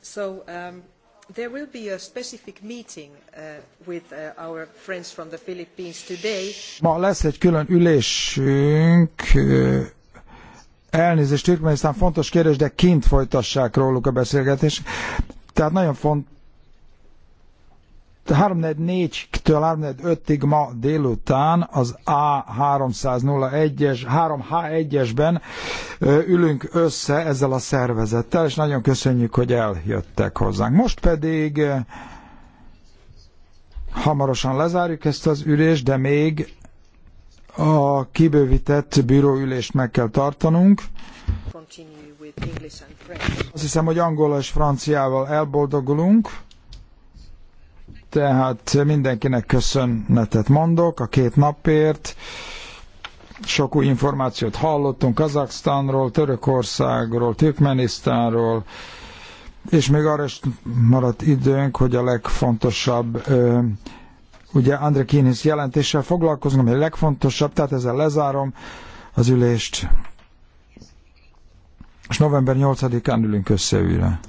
So, um, there will be a specific meeting uh, with uh, our friends from the Philippines today.
Ma lesz egy külön ülésünk. Uh, elnézést, Türkmenisztán fontos kérdés, de kint folytassák róluk a beszélgetést. Tehát nagyon fontos 3.4-től 3.5-ig ma délután az A301-es, 3H1-esben ülünk össze ezzel a szervezettel, és nagyon köszönjük, hogy eljöttek hozzánk. Most pedig hamarosan lezárjuk ezt az ülést, de még a kibővített bíróülést meg kell tartanunk. Azt hiszem, hogy angol és franciával elboldogulunk. Tehát mindenkinek köszönetet mondok a két napért. Sok új információt hallottunk Kazaksztánról, Törökországról, Türkmenisztánról, és még arra is maradt időnk, hogy a legfontosabb ugye André Kínis jelentéssel foglalkozunk, ami a legfontosabb, tehát ezzel lezárom az ülést. És november 8-án ülünk össze újra.